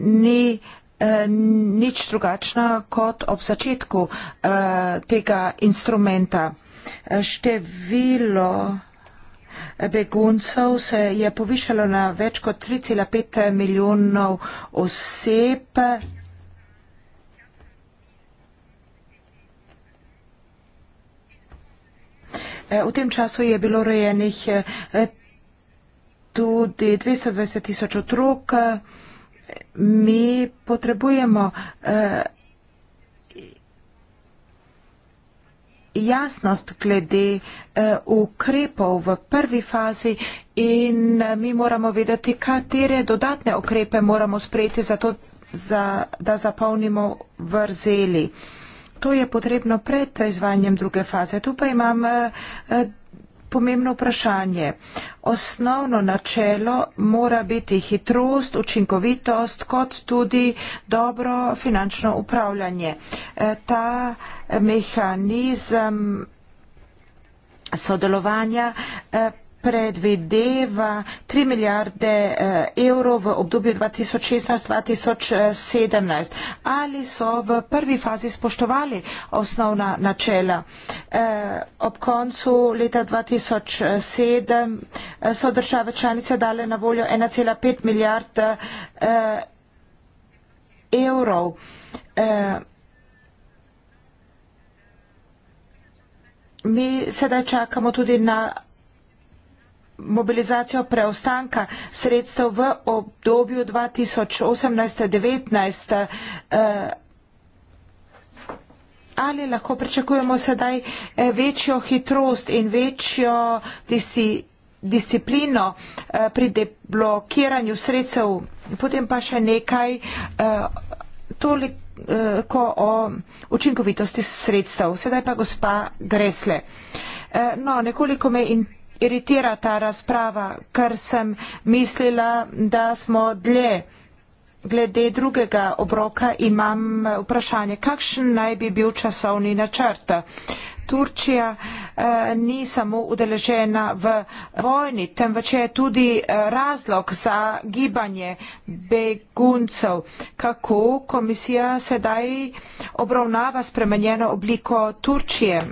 ni nič drugačna kot ob začetku tega instrumenta. Število beguncev se je povišalo na več kot 3,5 milijonov oseb. E, v tem času je bilo rojenih e, tudi 220 tisoč otrok. Mi potrebujemo e, jasnost glede eh, ukrepov v prvi fazi in eh, mi moramo vedeti, katere dodatne ukrepe moramo sprejeti, zato, za, da zapolnimo vrzeli. To je potrebno pred izvanjem druge faze. Tu pa imam eh, pomembno vprašanje. Osnovno načelo mora biti hitrost, učinkovitost, kot tudi dobro finančno upravljanje. E, ta mehanizem sodelovanja e, predvideva 3 milijarde eh, evrov v obdobju 2016-2017. Ali so v prvi fazi spoštovali osnovna načela? Eh, ob koncu leta 2007 eh, so države članice dale na voljo 1,5 milijarde evrov. Mi sedaj čakamo tudi na mobilizacijo preostanka sredstev v obdobju 2018-2019. Eh, ali lahko pričakujemo sedaj eh, večjo hitrost in večjo disi, disciplino eh, pri deblokiranju sredstev? Potem pa še nekaj eh, toliko eh, o učinkovitosti sredstev. Sedaj pa gospa Gresle. Eh, no, nekoliko me interesuje iritira ta razprava, ker sem mislila, da smo dlje. Glede drugega obroka imam vprašanje, kakšen naj bi bil časovni načrt. Turčija eh, ni samo udeležena v vojni, temveč je tudi eh, razlog za gibanje beguncev. Kako komisija sedaj obravnava spremenjeno obliko Turčije?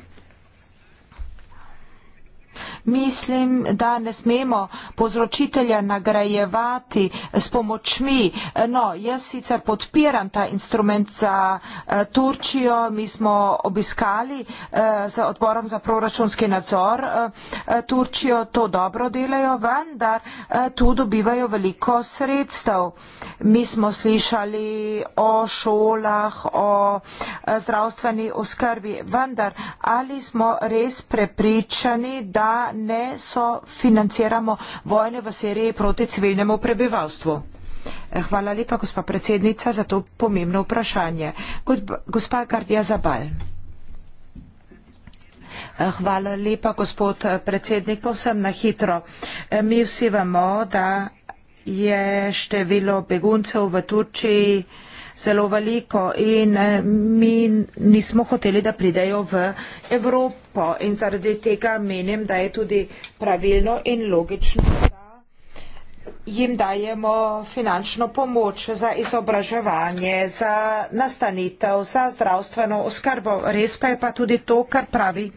Mislim, da ne smemo povzročitelja nagrajevati s pomočmi. No, jaz sicer podpiram ta instrument za eh, Turčijo. Mi smo obiskali eh, z odborom za proračunski nadzor eh, eh Turčijo. To dobro delajo, vendar eh, tu dobivajo veliko sredstev. Mi smo slišali o šolah, o eh, zdravstveni oskrbi, vendar ali smo res prepričani, da da ne sofinanciramo vojne v Siriji proti civilnemu prebivalstvu. Eh, hvala lepa, gospa predsednica, za to pomembno vprašanje. Gospa Gardija Zabal. Eh, hvala lepa, gospod eh, predsednik, povsem na hitro. Mi vsi vemo, da je število beguncev v Turčiji zelo veliko in eh, mi nismo hoteli, da pridejo v Evropo in zaradi tega menim, da je tudi pravilno in logično, da jim dajemo finančno pomoč za izobraževanje, za nastanitev, za zdravstveno oskrbo. Res pa je pa tudi to, kar pravi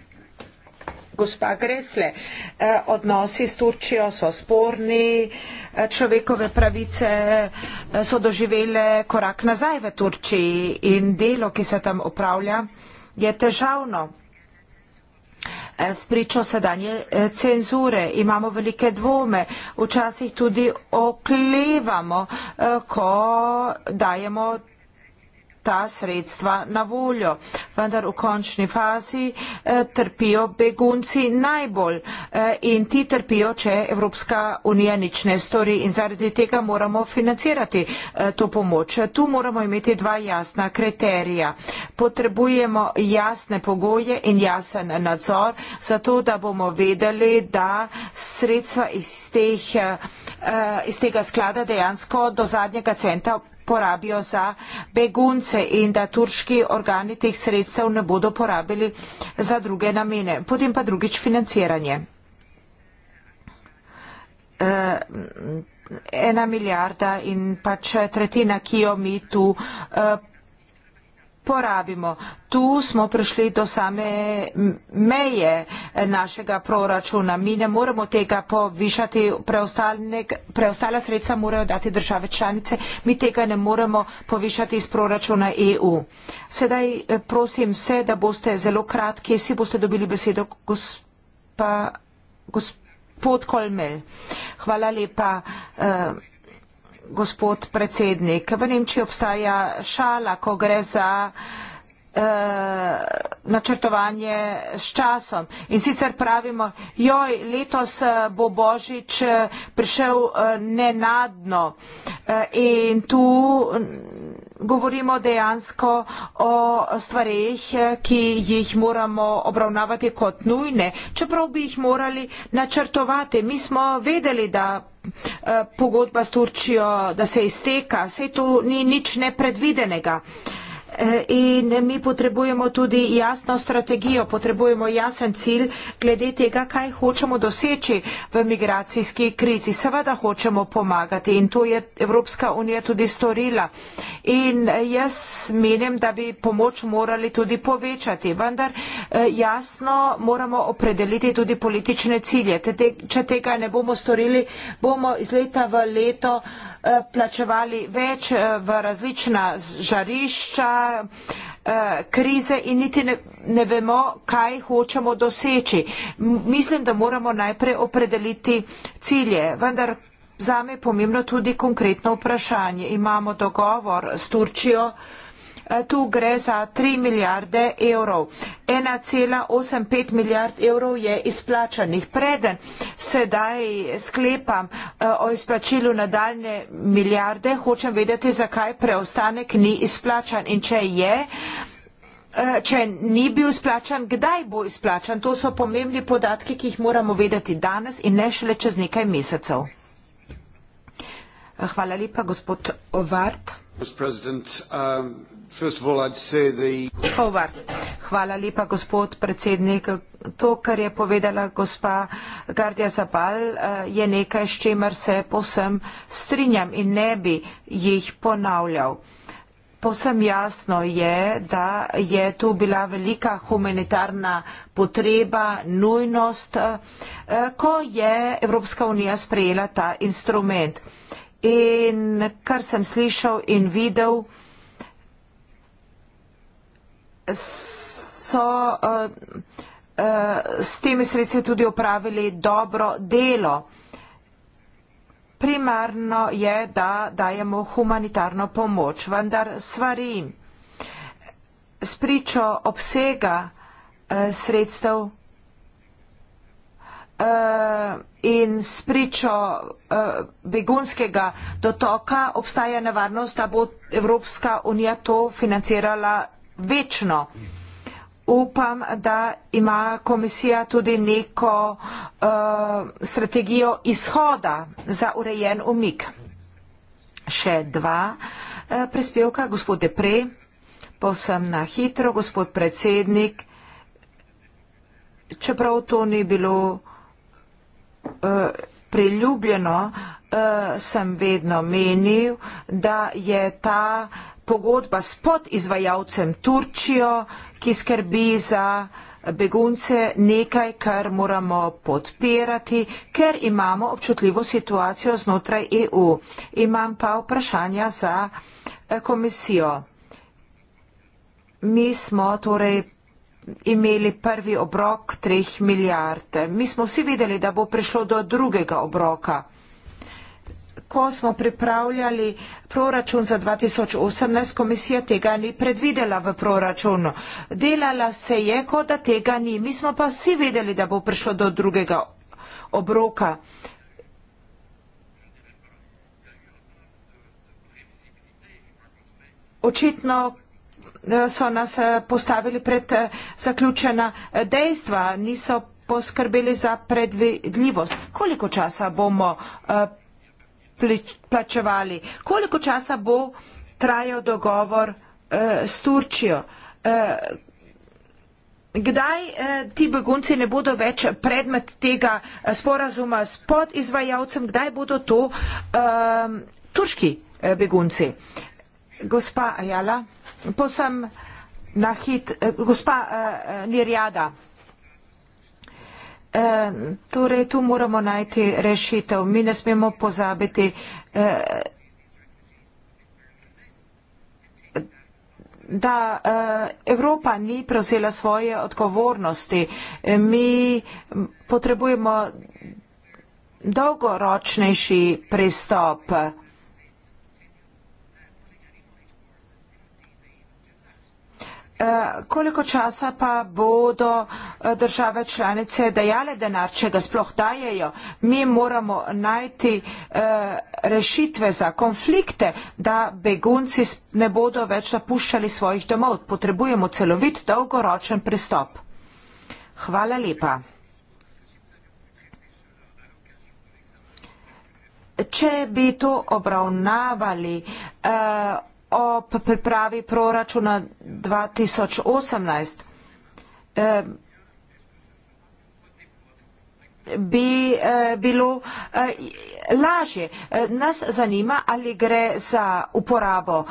Gospa Gresle, eh, odnosi s Turčijo so sporni, eh, človekove pravice eh, so doživele korak nazaj v Turčiji in delo, ki se tam upravlja, je težavno. Spričo sedanje cenzure imamo velike dvome, včasih tudi oklevamo, ko dajemo ta sredstva na voljo. Vendar v končni fazi eh, trpijo begunci najbolj eh, in ti trpijo, če Evropska unija nič ne stori in zaradi tega moramo financirati eh, to pomoč. Tu moramo imeti dva jasna kriterija. Potrebujemo jasne pogoje in jasen nadzor, zato da bomo vedeli, da sredstva iz, teh, eh, iz tega sklada dejansko do zadnjega centa porabijo za begunce in da turški organi teh sredstev ne bodo porabili za druge namene. Potem pa drugič financiranje. Eh, ena milijarda in pač tretjina, ki jo mi tu eh, porabimo. Tu smo prišli do same meje našega proračuna. Mi ne moremo tega povišati, preostala sredstva morajo dati države članice. Mi tega ne moremo povišati iz proračuna EU. Sedaj eh, prosim vse, da boste zelo kratki, vsi boste dobili besedo, gospa, gospod Kolmel. Hvala lepa. Uh, gospod predsednik. V Nemčiji obstaja šala, ko gre za eh, načrtovanje s časom. In sicer pravimo, joj, letos eh, bo Božič eh, prišel nenadno. In tu govorimo dejansko o stvarih, ki jih moramo obravnavati kot nujne, čeprav bi jih morali načrtovati. Mi smo vedeli, da eh, pogodba s Turčijo, da se izteka, vse to ni nič nepredvidenega in mi potrebujemo tudi jasno strategijo, potrebujemo jasen cilj glede tega, kaj hočemo doseči v migracijski krizi. Seveda hočemo pomagati in to je Evropska unija tudi storila. In eh, jaz menim, da bi pomoč morali tudi povečati, vendar eh, jasno moramo opredeliti tudi politične cilje. Če tega ne bomo storili, bomo iz leta v leto eh, plačevali več v različna žarišča, Eh, krize in niti ne, ne vemo, kaj hočemo doseči. Mislim, da moramo najprej opredeliti cilje, vendar zame je pomembno tudi konkretno vprašanje. Imamo dogovor s Turčijo. Eh, tu gre za 3 milijarde evrov. 1,85 milijard evrov je izplačanih. Preden sedaj sklepam eh, o izplačilu nadaljne milijarde, hočem vedeti, zakaj preostanek ni izplačan in če je. Eh, če ni bil izplačan, kdaj bo izplačan? To so pomembni podatki, ki jih moramo vedeti danes in ne šele čez nekaj mesecev. Hvala lepa, gospod Ovart. Hovar. Hvala lepa, gospod predsednik. To, kar je povedala gospa Gardja Zabal, eh, je nekaj, s čemer se povsem strinjam in ne bi jih ponavljal. Povsem jasno je, da je tu bila velika humanitarna potreba, nujnost, eh, ko je Evropska unija sprejela ta instrument. In kar sem slišal in videl, so eh, eh, s temi sredstvi tudi opravili dobro delo. Primarno je, da dajemo humanitarno pomoč, vendar svari s pričo obsega eh, sredstev in s pričo begunskega dotoka obstaja nevarnost, da bo Evropska unija to financirala večno. Upam, da ima komisija tudi neko uh, strategijo izhoda za urejen umik. Še dva uh, prispevka, gospod Depre, posem na hitro, gospod predsednik, čeprav to ni bilo uh, priljubljeno, uh, sem vedno menil, da je ta uh, pogodba s podizvajalcem Turčijo, ki skrbi za begunce nekaj, kar moramo podpirati, ker imamo občutljivo situacijo znotraj EU. Imam pa vprašanja za eh, komisijo. Mi smo torej imeli prvi obrok treh milijard. Mi smo vsi videli, da bo prišlo do drugega obroka ko smo pripravljali proračun za 2018, komisija tega ni predvidela v proračunu. Delala se je, kot da tega ni. Mi smo pa vsi vedeli, da bo prišlo do drugega obroka. Očitno eh, so nas eh, postavili pred eh, zaključena dejstva, niso poskrbeli za predvidljivost. Koliko časa bomo plačevali. Koliko časa bo trajal dogovor eh, s Turčijo? Eh, kdaj eh, ti begunci ne bodo več predmet tega eh, sporazuma s podizvajalcem? Kdaj bodo to eh, turški eh, begunci? Gospa Ajala, posem na hit, eh, gospa eh, eh Nirjada. Eh, torej, tu moramo najti rešitev. Mi ne smemo pozabiti, eh, da eh, Evropa ni prevzela svoje odgovornosti. Mi potrebujemo dolgoročnejši pristop. Eh, koliko časa pa bodo eh, države članice dajale denar, če ga sploh dajejo? Mi moramo najti eh, rešitve za konflikte, da begunci ne bodo več zapuščali svojih domov. Potrebujemo celovit dolgoročen pristop. Hvala lepa. Če bi to obravnavali, uh, ob pripravi proračuna 2018 eh, bi eh, bilo eh, lažje. Nas zanima, ali gre za uporabo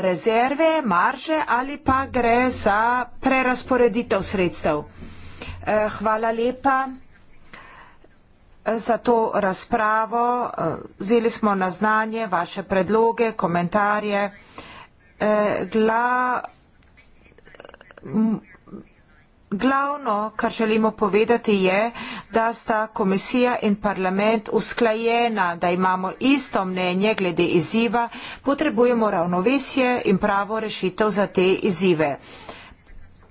rezerve, marže ali pa gre za prerasporeditev sredstev. Hvala lepa za to razpravo. Eh, vzeli smo na znanje vaše predloge, komentarje. Eh, gla... Glavno, kar želimo povedati, je, da sta komisija in parlament usklajena, da imamo isto mnenje glede izziva, potrebujemo ravnovesje in pravo rešitev za te izzive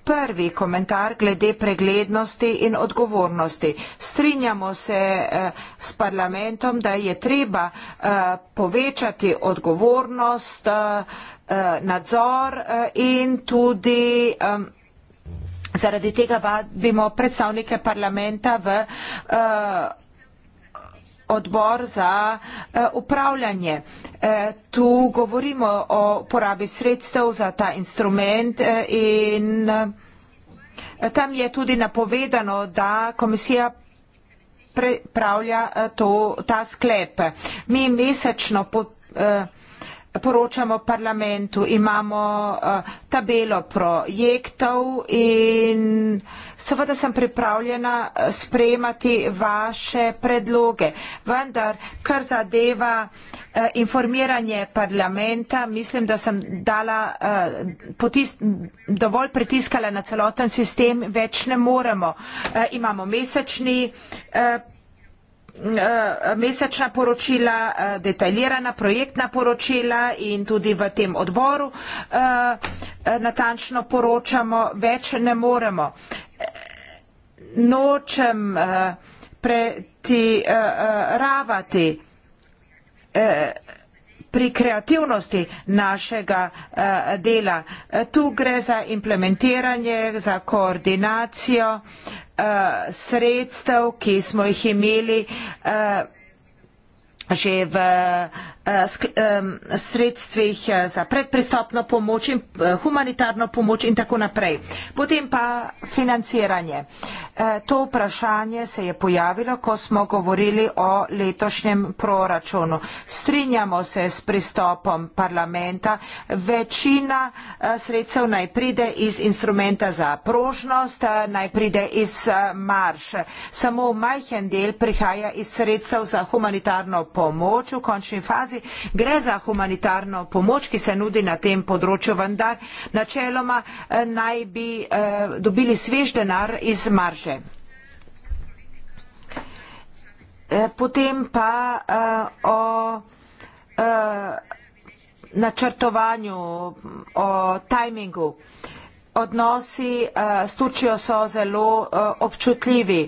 prvi komentar glede preglednosti in odgovornosti. Strinjamo se eh, s parlamentom, da je treba eh, povečati odgovornost, eh, nadzor in tudi zaradi tega vabimo predstavnike parlamenta v odgovornosti odbor za eh, upravljanje. Eh, tu govorimo o porabi sredstev za ta instrument eh, in tam je tudi napovedano, da komisija pripravlja ta sklep. Mi mesečno potrebujemo poročamo parlamentu, imamo uh, tabelo projektov in seveda sem pripravljena eh, sprejemati vaše predloge. Vendar, kar zadeva uh, informiranje parlamenta, mislim, da sem dala, uh, potis, dovolj pritiskala na celoten sistem, več ne moremo. Uh, imamo mesečni. Uh, Eh, mesečna poročila, eh, detaljirana projektna poročila in tudi v tem odboru eh, natančno poročamo, več ne moremo. Nočem pretiravati pri kreativnosti našega dela. Tu gre za implementiranje, za koordinacijo, Eh, sredstev, ki smo jih imeli uh, že v uh, Eh, sredstvih eh, za predpristopno pomoč in eh, humanitarno pomoč in tako naprej. Potem pa financiranje. To vprašanje se je pojavilo, ko smo govorili o letošnjem proračunu. Strinjamo se s pristopom parlamenta. Večina sredstev naj pride iz instrumenta za prožnost, naj pride iz marš. Samo majhen del prihaja iz sredstev za humanitarno pomoč v končni fazi Gazi. Gre za humanitarno pomoč, ki se nudi na tem področju, vendar načeloma eh, naj bi eh, dobili svež denar iz marže. Eh, potem pa o načrtovanju, o tajmingu. Odnosi s Turčijo so zelo občutljivi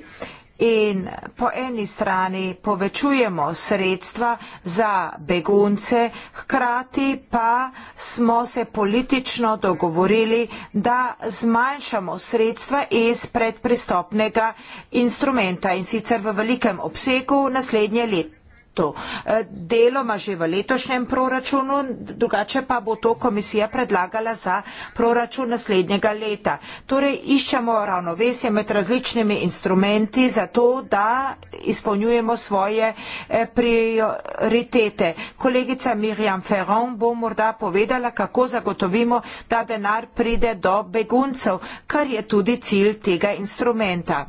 in po eni strani povečujemo sredstva za begunce, hkrati pa smo se politično dogovorili, da zmanjšamo sredstva iz predpristopnega instrumenta in sicer v velikem obsegu naslednje leto letu. E, deloma že v letošnjem proračunu, drugače pa bo to komisija predlagala za proračun naslednjega leta. Torej iščemo ravnovesje med različnimi instrumenti za to, da izpolnjujemo svoje e, prioritete. Kolegica Mirjam Ferron bo morda povedala, kako zagotovimo, da denar pride do beguncev, kar je tudi cilj tega instrumenta.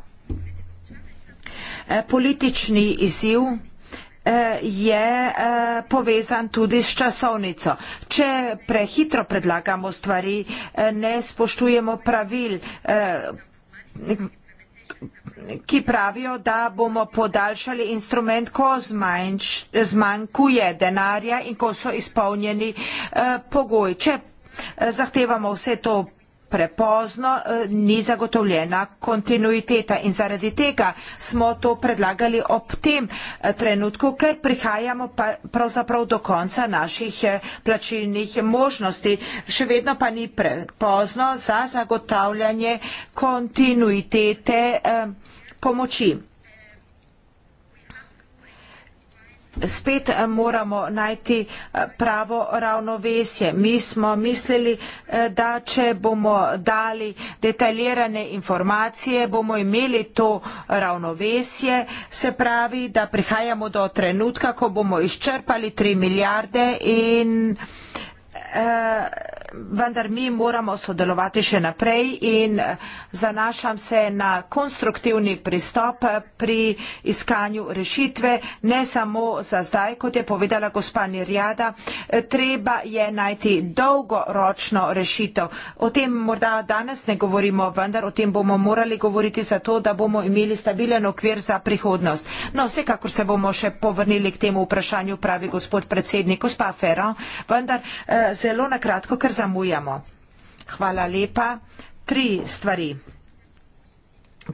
E, politični izziv Eh, je eh, povezan tudi s časovnico. Če prehitro predlagamo stvari, eh, ne spoštujemo pravil, ki pravijo, da bomo podaljšali instrument, ko zmanjš, zmanjkuje denarja in ko so izpolnjeni eh, pogoji. Če eh, zahtevamo vse to prepozno eh, ni zagotovljena kontinuiteta in zaradi tega smo to predlagali ob tem eh, trenutku, ker prihajamo pa pravzaprav do konca naših eh, plačilnih možnosti. Še vedno pa ni prepozno za zagotavljanje kontinuitete pomoči. spet eh, moramo najti eh, pravo ravnovesje. Mi smo mislili, eh, da če bomo dali detaljirane informacije, bomo imeli to ravnovesje, se pravi, da prihajamo do trenutka, ko bomo izčrpali 3 milijarde in vendar mi moramo sodelovati še naprej in eh, zanašam se na konstruktivni pristop eh, pri iskanju rešitve, ne samo za zdaj, kot je povedala gospa Nirjada, eh, treba je najti dolgoročno rešitev. O tem morda danes ne govorimo, vendar o tem bomo morali govoriti zato, da bomo imeli stabilen okvir za prihodnost. No, vsekakor se bomo še povrnili k temu vprašanju, pravi gospod predsednik, gospa Fero, vendar zelo nakratko, ker za zamujamo. Hvala lepa. Tri stvari.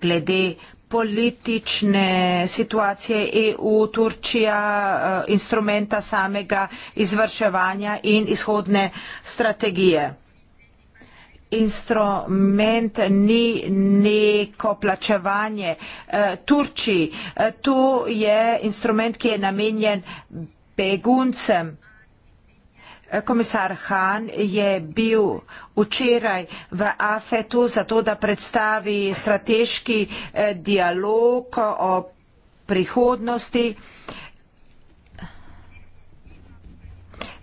Glede politične situacije EU, Turčija, eh, instrumenta samega izvrševanja in izhodne strategije. Instrument ni neko plačevanje eh, Turčiji. Eh, to je instrument, ki je namenjen beguncem Komisar Han je bil včeraj v AFET-u zato, da predstavi strateški eh, dialog o prihodnosti.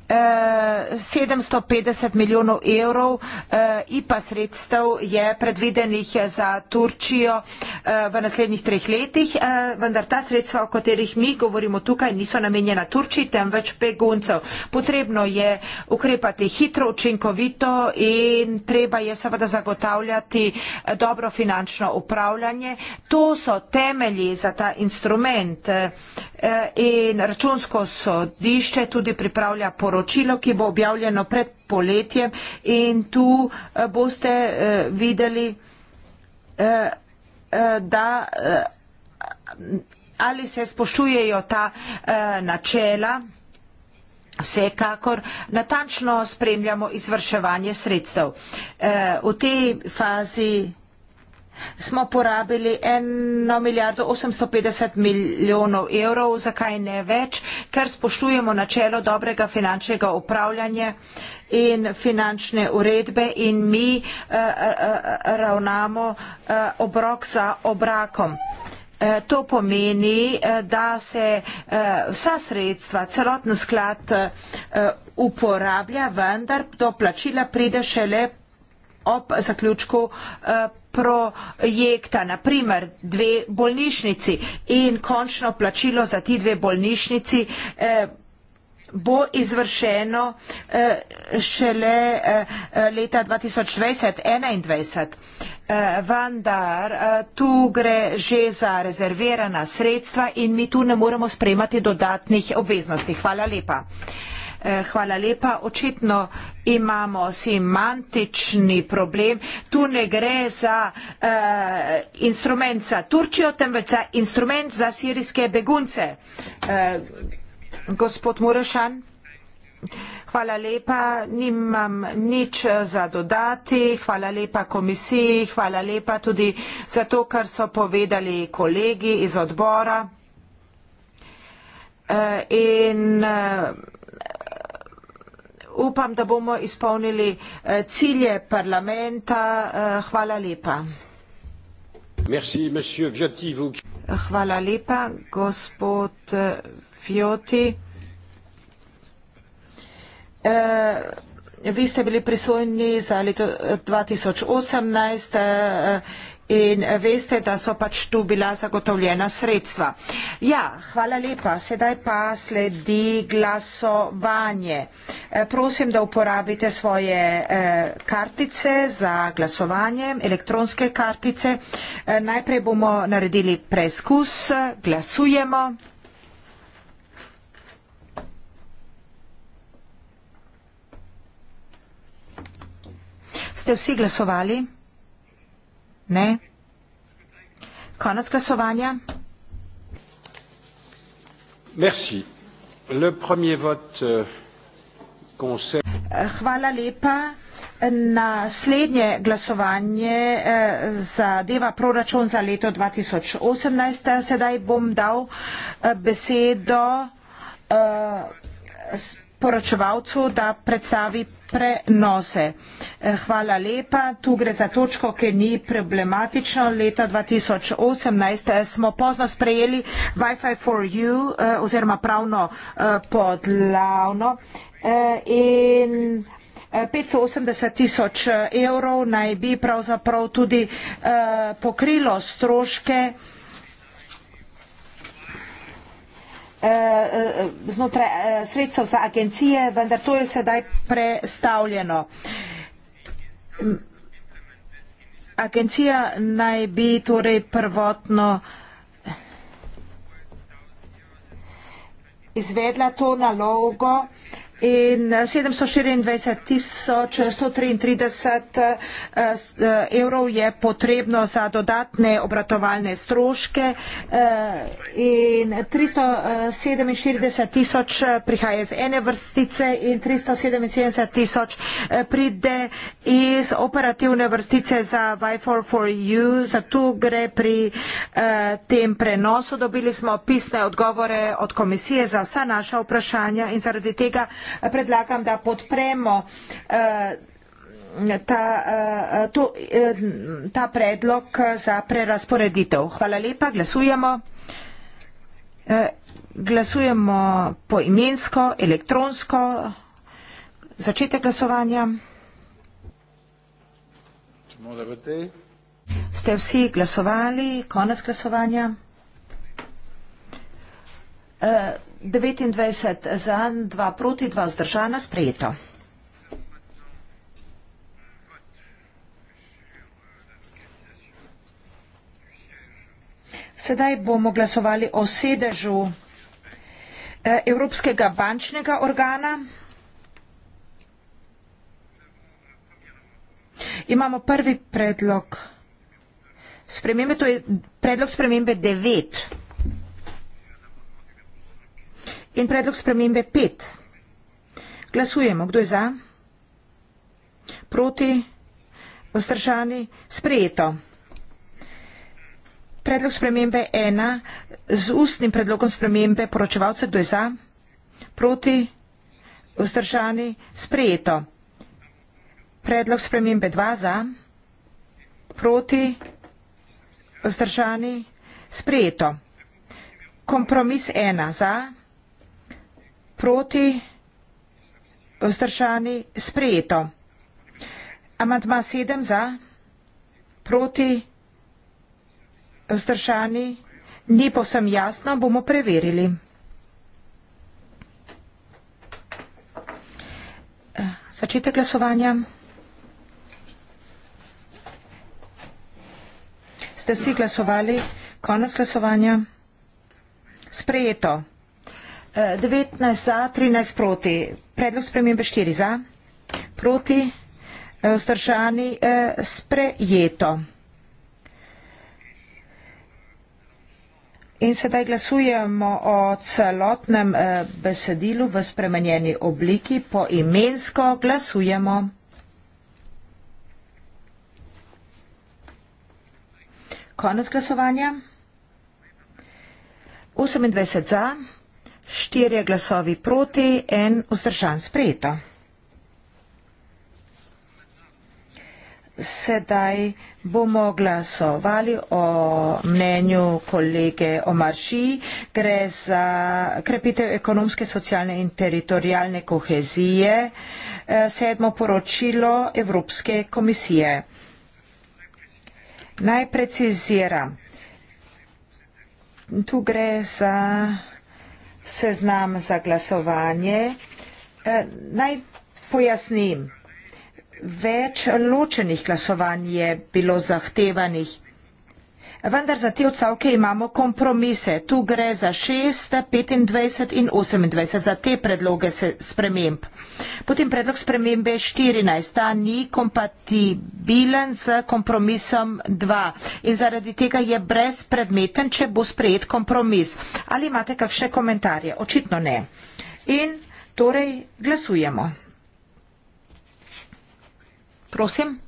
750 eh, milijonov evrov eh, IPA sredstev je predvidenih za Turčijo eh, v naslednjih treh letih, vendar ta sredstva, o katerih mi govorimo tukaj, niso namenjena Turčiji, temveč beguncev. Potrebno je ukrepati hitro, učinkovito in treba je seveda zagotavljati dobro finančno upravljanje. To so temelji za ta instrument in računsko sodišče tudi pripravlja poročilo poročilo, ki bo objavljeno pred poletjem in tu eh, boste eh, videli, eh, da ali se spoštujejo ta načela. Vsekakor natančno spremljamo izvrševanje sredstev. V tej fazi smo porabili 1 milijardo 850 milijonov evrov, zakaj ne več, ker spoštujemo načelo dobrega finančnega upravljanja in finančne uredbe in mi uh, uh, ravnamo uh, obrok za obrakom. To pomeni, da se vsa sredstva, celoten sklad uporablja, vendar do plačila pride šele ob zaključku projekta, naprimer dve bolnišnici in končno plačilo za ti dve bolnišnici eh, bo izvršeno eh, šele eh, leta 2020-2021. Vendar tu gre že za rezervirana sredstva in mi tu ne moremo spremati dodatnih obveznosti. Hvala lepa. Eh, hvala lepa. Očitno imamo semantični problem. Tu ne gre za uh, instrument za Turčijo, temveč za instrument za sirijske begunce. Uh, gospod Murošan. Hvala lepa, nimam nič za dodati. Hvala lepa komisiji, hvala lepa tudi za to, kar so povedali kolegi iz odbora. Uh, in, uh, upam, da bomo izpolnili eh, cilje parlamenta. Eh, hvala lepa. Merci, Vjoti, vuk. Hvala lepa, gospod eh, Vjoti. Vi ste bili prisojni za leto 2018 in eh, veste, da so pač tu bila zagotovljena sredstva. Ja, hvala lepa. Sedaj pa sledi glasovanje. Eh, prosim, da uporabite svoje eh, kartice za glasovanje, elektronske kartice. Najprej bomo naredili preskus, glasujemo. Ste vsi glasovali? Ne. Konec glasovanja. Merci. Le premier vote euh, concerne... Eh, hvala lepa. Naslednje glasovanje eh, zadeva proračun za leto 2018. Sedaj bom dal eh, besedo poročevalcu, da predstavi prenose. Eh, hvala lepa. Tu gre za točko, ki ni problematično. Leta 2018 eh, smo pozno sprejeli Wi-Fi for you eh, oziroma pravno podlavno in 580 tisoč evrov naj bi pravzaprav tudi pokrilo stroške Eh, eh, znotraj eh, sredstev za agencije, vendar to je sedaj prestavljeno. Agencija naj bi torej prvotno izvedla to nalogo eh, in 724 eh, tisoč 133 eh, eh, evrov je potrebno za dodatne obratovalne stroške in 347 tisoč prihaja iz ene vrstice in 377 tisoč pride iz operativne vrstice za Y44U, zato gre pri tem prenosu. Dobili smo pisne odgovore od komisije za vsa naša vprašanja in zaradi tega predlagam, da podpremo eh, ta, eh, to, eh, ta predlog za prerasporeditev. Hvala lepa, glasujemo. Glasujemo poimensko, elektronsko. Začetek glasovanja. Ste vsi glasovali, konec glasovanja? 29 za, 2 proti, 2 zdržana, sprejeto. Sedaj bomo glasovali o sedežu eh, Evropskega bančnega organa. Imamo prvi predlog spremembe, to je predlog spremembe 9. In predlog spremembe 5. Glasujemo, kdo je za, proti, vzdržani, sprejeto. Predlog spremembe 1 z ustnim predlogom spremembe poročevalce, kdo je za, proti, vzdržani, sprejeto. Predlog spremembe 2 za, proti, vzdržani, sprejeto. Kompromis 1 za, proti, vzdržani, sprejeto proti, vzdržani, sprejeto. Amantma 7 za, proti, vzdržani, ni posem jasno, bomo preverili. Začete glasovanja. Ste vsi glasovali, konec glasovanja. Sprejeto. 19 za, 13 proti. Predlog spremembe 4 za, proti, eh, vzdržani, eh, sprejeto. In sedaj glasujemo o celotnem eh, besedilu v spremenjeni obliki. Po imensko glasujemo. Konec glasovanja. 28 za. Štirje glasovi proti, en vzdržan sprejeto. Sedaj bomo glasovali o mnenju kolege Omarši, gre za krepitev ekonomske, socialne in teritorijalne kohezije, eh, sedmo poročilo Evropske komisije. Naj preciziram. Tu gre za seznam za glasovanje. Eh, naj pojasnim, več ločenih glasovanj je bilo zahtevanih Vendar za te odstavke imamo kompromise. Tu gre za 6, 25 in 28 za te predloge sprememb. Potem predlog spremembe 14. Ta ni kompatibilen z kompromisom 2 in zaradi tega je brezpredmeten, če bo sprejet kompromis. Ali imate kakšne komentarje? Očitno ne. In torej glasujemo. Prosim.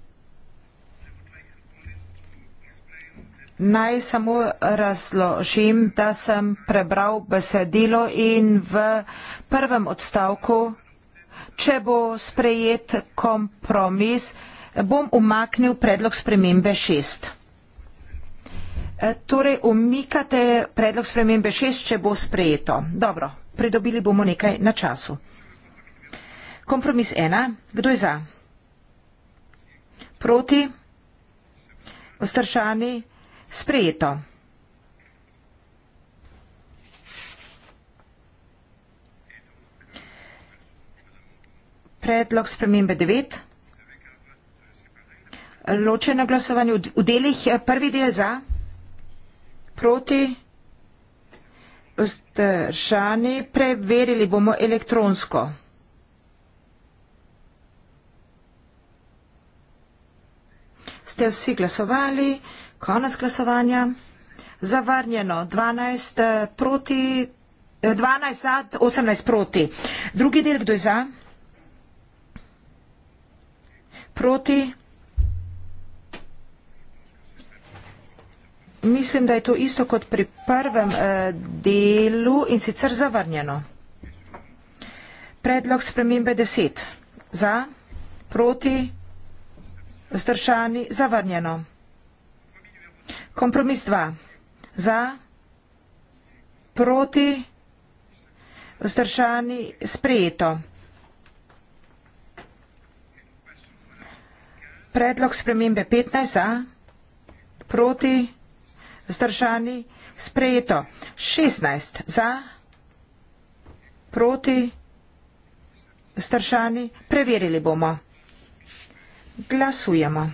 Naj samo razložim, da sem prebral besedilo in v prvem odstavku, če bo sprejet kompromis, bom umaknil predlog spremembe šest. E, torej, umikate predlog spremembe šest, če bo sprejeto. Dobro, pridobili bomo nekaj na času. Kompromis ena, kdo je za? Proti? Ostršani? Proti? Sprejeto. Predlog spremembe 9. Ločeno glasovanje v delih. Prvi del za, proti, vzdržani. Preverili bomo elektronsko. Ste vsi glasovali? Konec glasovanja. Zavrnjeno 12 eh, proti. 12 eh, za, 18 proti. Drugi del, kdo je za? Proti. Mislim, da je to isto kot pri prvem eh, delu in sicer zavrnjeno. Predlog spremembe 10. Za, proti, vzdržani, zavrnjeno. Kompromis 2. Za, proti, vzdržani, sprejeto. Predlog spremembe 15. Za, proti, vzdržani, sprejeto. 16. Za, proti, vzdržani, preverili bomo. Glasujemo.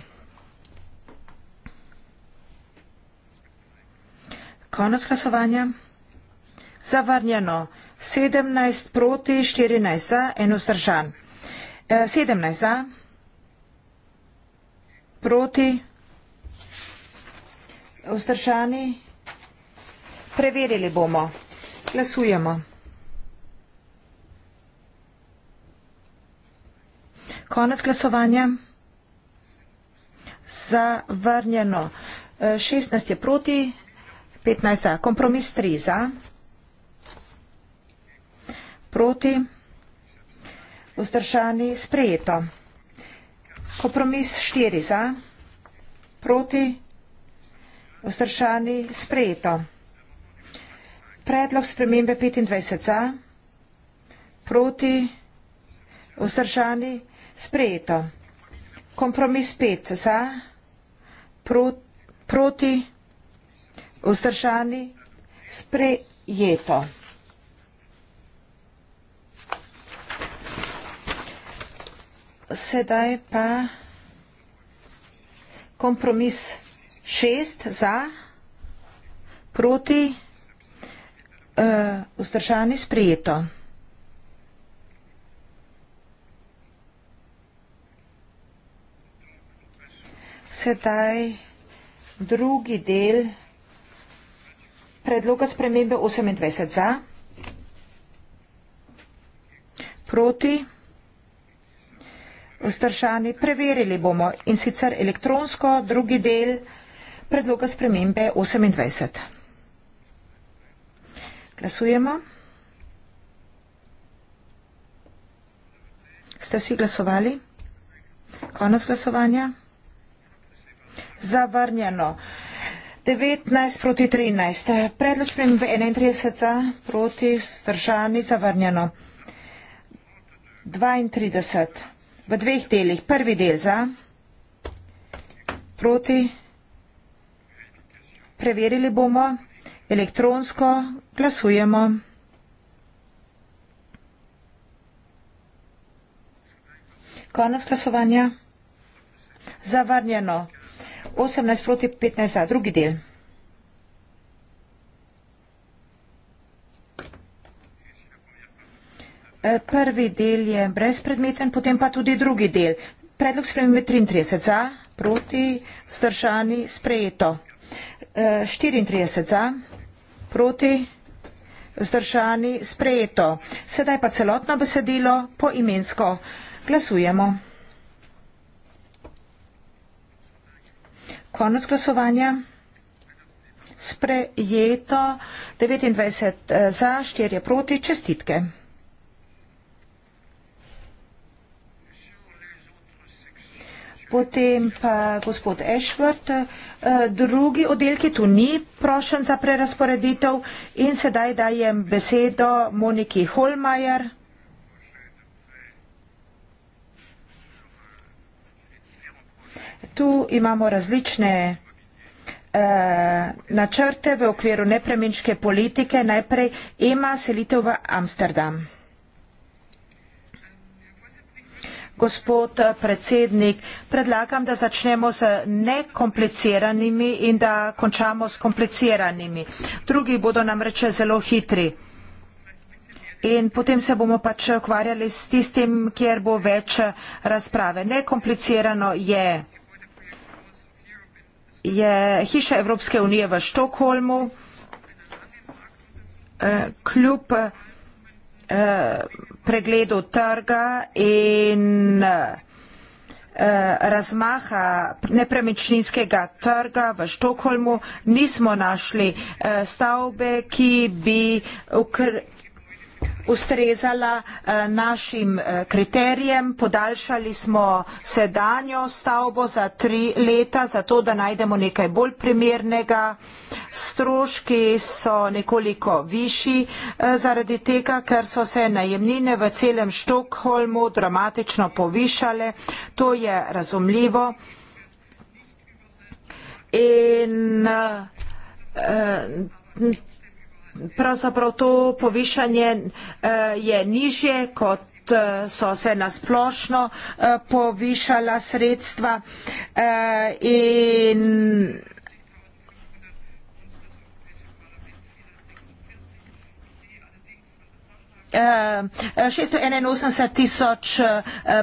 Konec glasovanja. Zavrnjeno. 17 proti 14 za, eno zdržan. 17 e, za, proti, vzdržani. Preverili bomo. Glasujemo. Konec glasovanja. Zavrnjeno. 16 e, je proti, 15. Kompromis 3 za, proti, vzdržani, sprejeto. Kompromis 4 za, proti, vzdržani, sprejeto. Predlog spremembe 25 za, proti, vzdržani, sprejeto. Kompromis 5 za, proti, vzdržani, sprejeto. Vzdržani? Sprejeto. Sedaj pa kompromis šest za, proti, eh, vzdržani sprejeto. Sedaj drugi del vzdržani predloga spremembe 28 za, proti, vzdržani, preverili bomo in sicer elektronsko drugi del predloga spremembe 28. Glasujemo. Ste vsi glasovali? Konec glasovanja? Zavrnjeno. 19 proti 13. Predlog sprem v 31 proti stržani zavrnjeno. 32. V dveh delih. Prvi del za. Proti. Preverili bomo. Elektronsko glasujemo. Konec glasovanja. Zavrnjeno. 18 proti 15 za drugi del. E, prvi del je brezpredmeten, potem pa tudi drugi del. Predlog spremembe 33 za, proti, vzdržani, sprejeto. 34 e, za, proti, vzdržani, sprejeto. Sedaj pa celotno besedilo po imensko. Glasujemo. Konec glasovanja. Sprejeto 29 eh, za, 4 proti. Čestitke. Potem pa gospod Ešvrt, eh, drugi oddelek je tu ni prošen za prerasporeditev in sedaj dajem besedo Moniki Holmajer. tu imamo različne eh, načrte v okviru nepremičke politike. Najprej ima e selitev v Amsterdam. Gospod eh, predsednik, predlagam, da začnemo z nekompliciranimi in da končamo s kompliciranimi. Drugi bodo namreč zelo hitri. In potem se bomo pač ukvarjali s tistim, kjer bo več eh, razprave. Nekomplicirano je je hiša Evropske unije v Štokholmu eh, kljub eh, pregledu trga in eh, razmaha nepremičninskega trga v Štokholmu nismo našli stavbe, ki bi ustrezala eh, našim eh, kriterijem. Podaljšali smo sedanjo stavbo za tri leta, zato da najdemo nekaj bolj primernega. Stroški so nekoliko višji eh, zaradi tega, ker so se najemnine v celem Štokholmu dramatično povišale. To je razumljivo. In, uh, uh, pravzaprav to povišanje eh, je nižje, kot eh, so se nasplošno eh, povišala sredstva in Uh, 681 tisoč uh,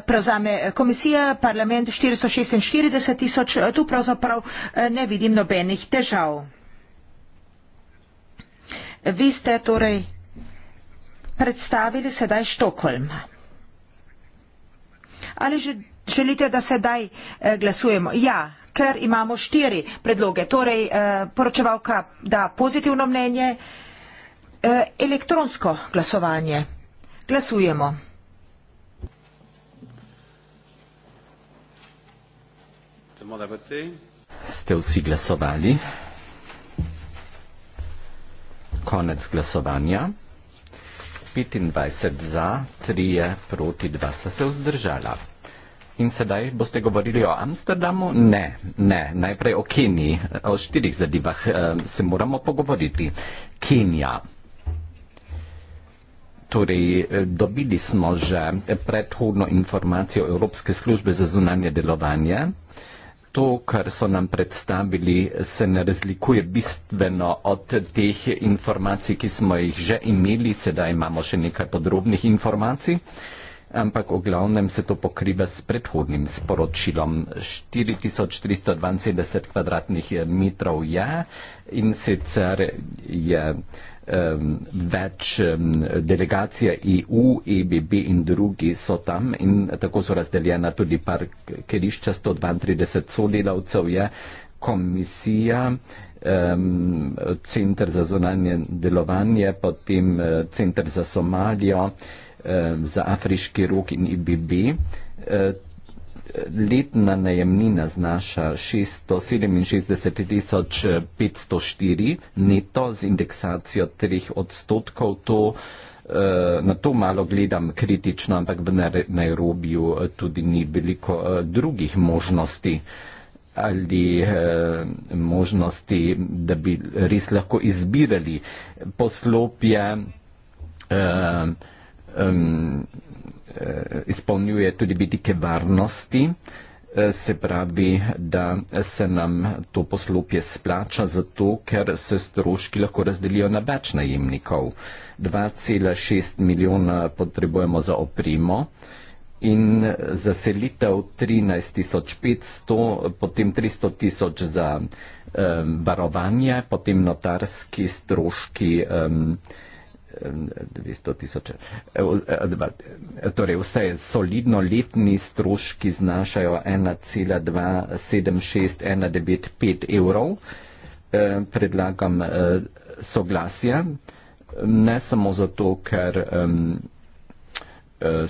prevzame komisija, parlament 446 tisoč, uh, tu pravzaprav uh, ne vidim nobenih težav. Vi ste torej predstavili sedaj Štokholm. Ali že želite, da sedaj eh, glasujemo? Ja, ker imamo štiri predloge. Torej, eh, poročevalka da pozitivno mnenje, eh, elektronsko glasovanje. Glasujemo. Ste vsi glasovali? konec glasovanja. 25 za, 3 proti, 2 sta se vzdržala. In sedaj boste govorili o Amsterdamu? Ne, ne, najprej o Keniji. O štirih zadevah eh, se moramo pogovoriti. Kenija. Torej, eh, dobili smo že predhodno informacijo Evropske službe za zunanje delovanje. Eh, to, kar so nam predstavili, se ne razlikuje bistveno od teh informacij, ki smo jih že imeli, sedaj imamo še nekaj podrobnih informacij, ampak v glavnem se to pokriva s predhodnim sporočilom. 4372 kvadratnih metrov je in sicer je um, več um, delegacija EU, EBB in drugi so tam in tako so razdeljena tudi par kerišča, 132 sodelavcev je komisija, um, centr za zunanje delovanje, potem uh, eh, centr za Somalijo, uh, za afriški rok in IBB. Uh, letna najemnina znaša 667 tisoč 504 neto z indeksacijo 3 odstotkov. To, eh, na to malo gledam kritično, ampak v Nairobiju eh, tudi ni veliko eh, drugih možnosti ali možnosti, da bi res lahko izbirali poslopje. Um, Eh, izpolnjuje tudi vidike varnosti, eh, se pravi, da se nam to poslopje splača zato, ker se stroški lahko razdelijo na več najemnikov. 2,6 milijona potrebujemo za opremo in za selitev eh, 13.500, potem 300.000 za um, varovanje, potem notarski stroški. Um, 200 tisoč. E, e, e, torej, vse solidno letni stroški znašajo 1,276195 evrov. Predlagam soglasje, ne samo zato, ker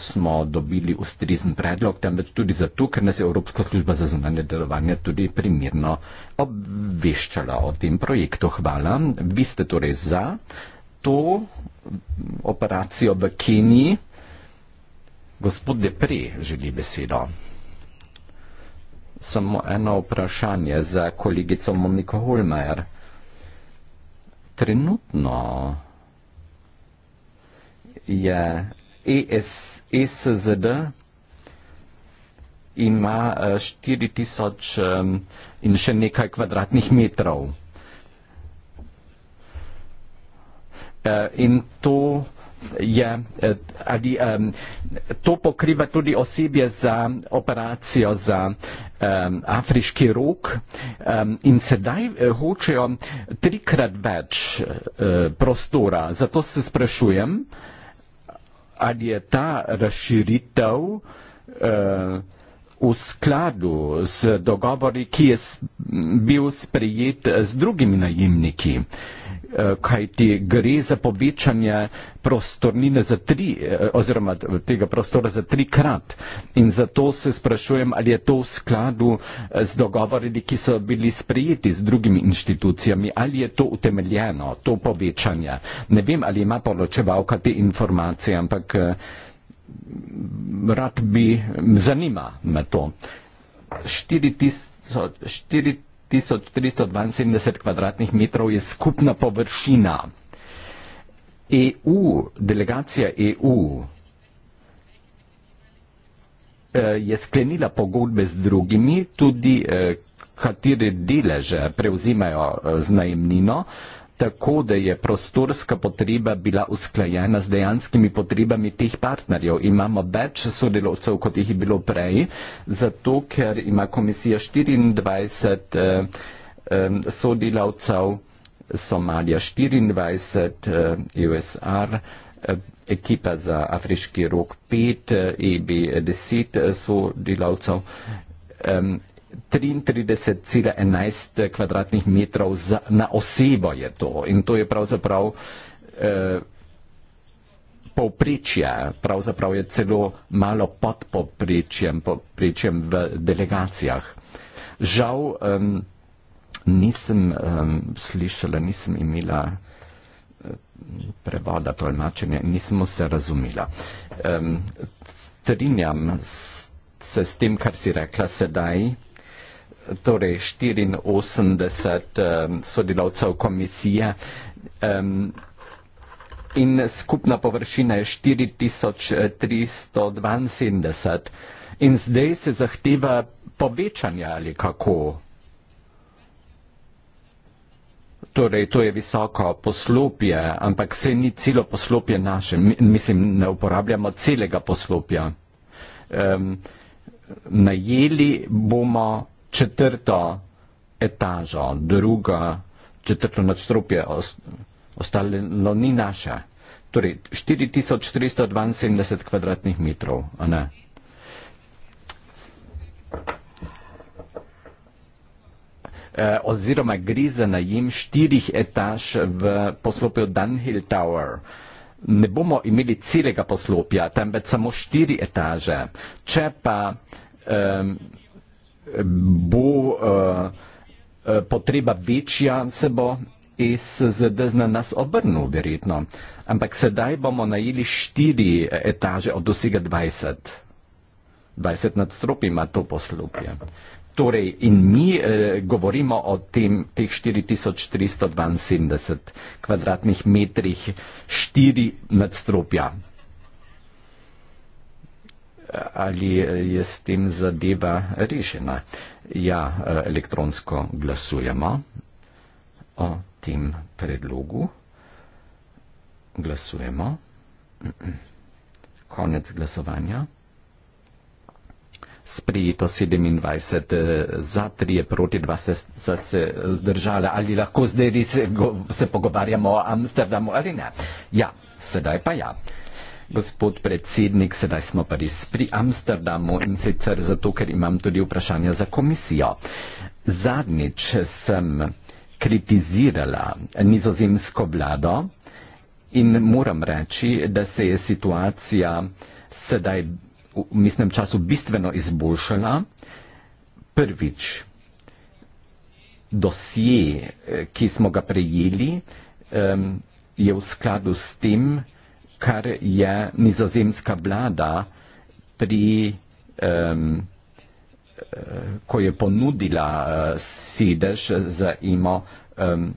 smo dobili ustrezen predlog, temveč tudi zato, ker nas je Evropska služba za zunanje delovanje tudi primirno obveščala o tem projektu. Hvala. Vi ste torej za. To operacijo v Keniji. Gospod Depri želi besedo. Samo eno vprašanje za kolegico Moniko Holmer. Trenutno je ES, ESZD ima 4000 eh, in še nekaj kvadratnih metrov. Eh, in to je eh, ali um, to pokriva tudi osebje za operacijo za um, afriški rok um, in sedaj eh, hočejo trikrat več uh, prostora. Zato se sprašujem, ali je ta razširitev uh, v skladu z dogovori, ki je bil sprejet z drugimi najemniki. Uh, Eh, kajti gre za povečanje prostornine za tri eh, oziroma tega prostora za trikrat. In zato se sprašujem, ali je to v skladu eh, z dogovori, ki so bili sprejeti z drugimi inštitucijami, ali je to utemeljeno, to povečanje. Ne vem, ali ima poločevalka te informacije, ampak rad bi, zanima me to. 4000, 4000 1372 kvadratnih metrov je skupna površina. EU, delegacija EU eh, je sklenila pogodbe z drugimi, tudi eh, kateri deleže prevzimajo eh, z najemnino, tako, da je prostorska potreba bila usklajena z dejanskimi potrebami teh partnerjev. Imamo več sodelovcev, kot jih je bilo prej, zato ker ima komisija 24 eh, eh, sodelovcev, Somalija 24, eh, USR, eh, ekipa za afriški rok 5, e eh, EB 10 eh, sodelovcev. 33,11 kvadratnih metrov za, na osebo je to in to je pravzaprav eh, povprečje, pravzaprav je celo malo pod povprečjem, povprečjem v delegacijah. Žal eh, nisem eh, slišala, nisem imela eh, prevoda, tolmačenja, nisem se razumela. Eh, strinjam se s tem, kar si rekla sedaj torej 84 um, sodelavcev komisije um, in skupna površina je 4372 in zdaj se zahteva povečanje ali kako. Torej, to je visoko poslopje, ampak se ni celo poslopje naše. Mislim, ne uporabljamo celega poslopja. Um, najeli bomo četrto etažo, drugo, četrto nadstropje, ostale no, ni naše. Torej, 4472 kvadratnih metrov, a ne? E, oziroma gre za najem štirih etaž v poslopju Dunhill Tower. Ne bomo imeli celega poslopja, temveč samo štiri etaže. Če pa um, bo eh, eh, potreba večja, se bo SZD na nas obrnil, verjetno. Ampak sedaj bomo najeli štiri etaže od dosega 20. 20 nad stropi ima to poslopje. Torej, in mi eh, govorimo o tem, teh 4372 kvadratnih metrih, štiri nadstropja ali eh, je s tem zadeva rešena. Ja, eh, elektronsko glasujemo o tem predlogu. Glasujemo. Konec glasovanja. Sprijeto 27 eh, za, 3 proti, 2 se, se zdržale. Ali lahko zdaj se, go, se pogovarjamo o Amsterdamu ali ne? Ja, sedaj pa ja gospod predsednik, sedaj smo pa res pri Amsterdamu in sicer zato, ker imam tudi vprašanja za komisijo. Zadnjič sem kritizirala nizozemsko vlado in moram reči, da se je situacija sedaj v mislim času bistveno izboljšala. Prvič, dosje, eh, ki smo ga prejeli, ehm, je v skladu s tem, kar je nizozemska vlada pri um, ko je ponudila uh, sedež za IMO, um,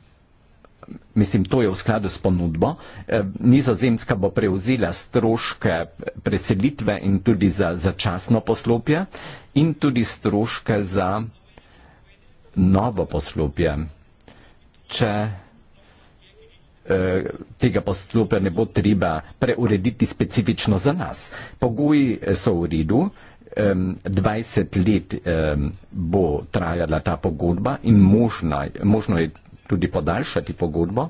mislim, to je v skladu s ponudbo, um, Nizozemska bo prevzela stroške preselitve in tudi za začasno poslopje in tudi stroške za novo poslopje. Če Eh, tega postopka ne bo treba preurediti specifično za nas. Pogoji eh, so v redu, 20 let bo trajala ta pogodba in možno, možno je tudi podaljšati pogodbo.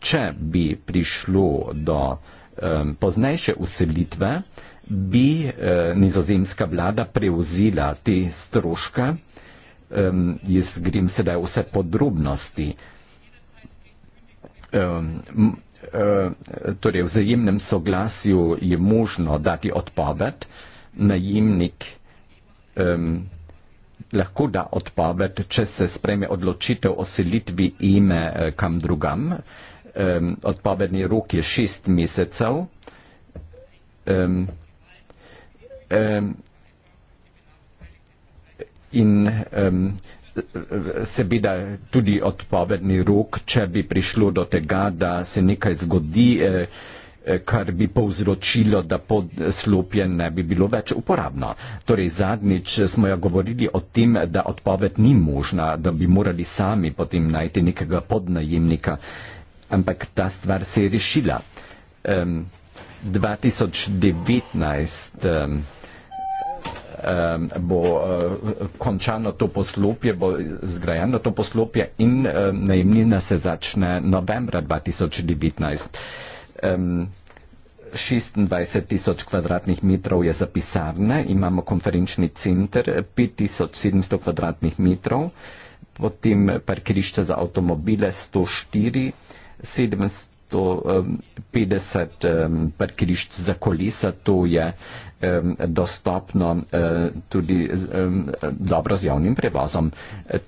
Če bi prišlo do poznejše uselitve, bi eh, nizozemska vlada prevzela te stroške. Jaz grem sedaj vse podrobnosti torej v vzajemnem soglasju je možno dati odpoved, najemnik um, lahko da odpoved, če se spreme odločitev o selitvi ime eh, kam drugam. Um, odpovedni rok je šest mesecev. Um, um, in um, seveda tudi odpovedni rok, če bi prišlo do tega, da se nekaj zgodi, eh, eh, kar bi povzročilo, da podslopje ne bi bilo več uporabno. Torej zadnjič smo jo ja govorili o tem, da odpoved ni možna, da bi morali sami potem najti nekega podnajemnika, ampak ta stvar se je rešila. Um, 2019. Um, eh, bo eh, končano to poslopje, bo zgrajeno to poslopje in eh, najemnina se začne novembra 2019. Eh, 26 tisoč kvadratnih metrov je za pisarne, imamo konferenčni center 5700 kvadratnih metrov, potem parkirišče za avtomobile 104, 700 to um, 50 um, parkirišč za kolesa, to je um, dostopno uh, tudi um, dobro z javnim prevozom.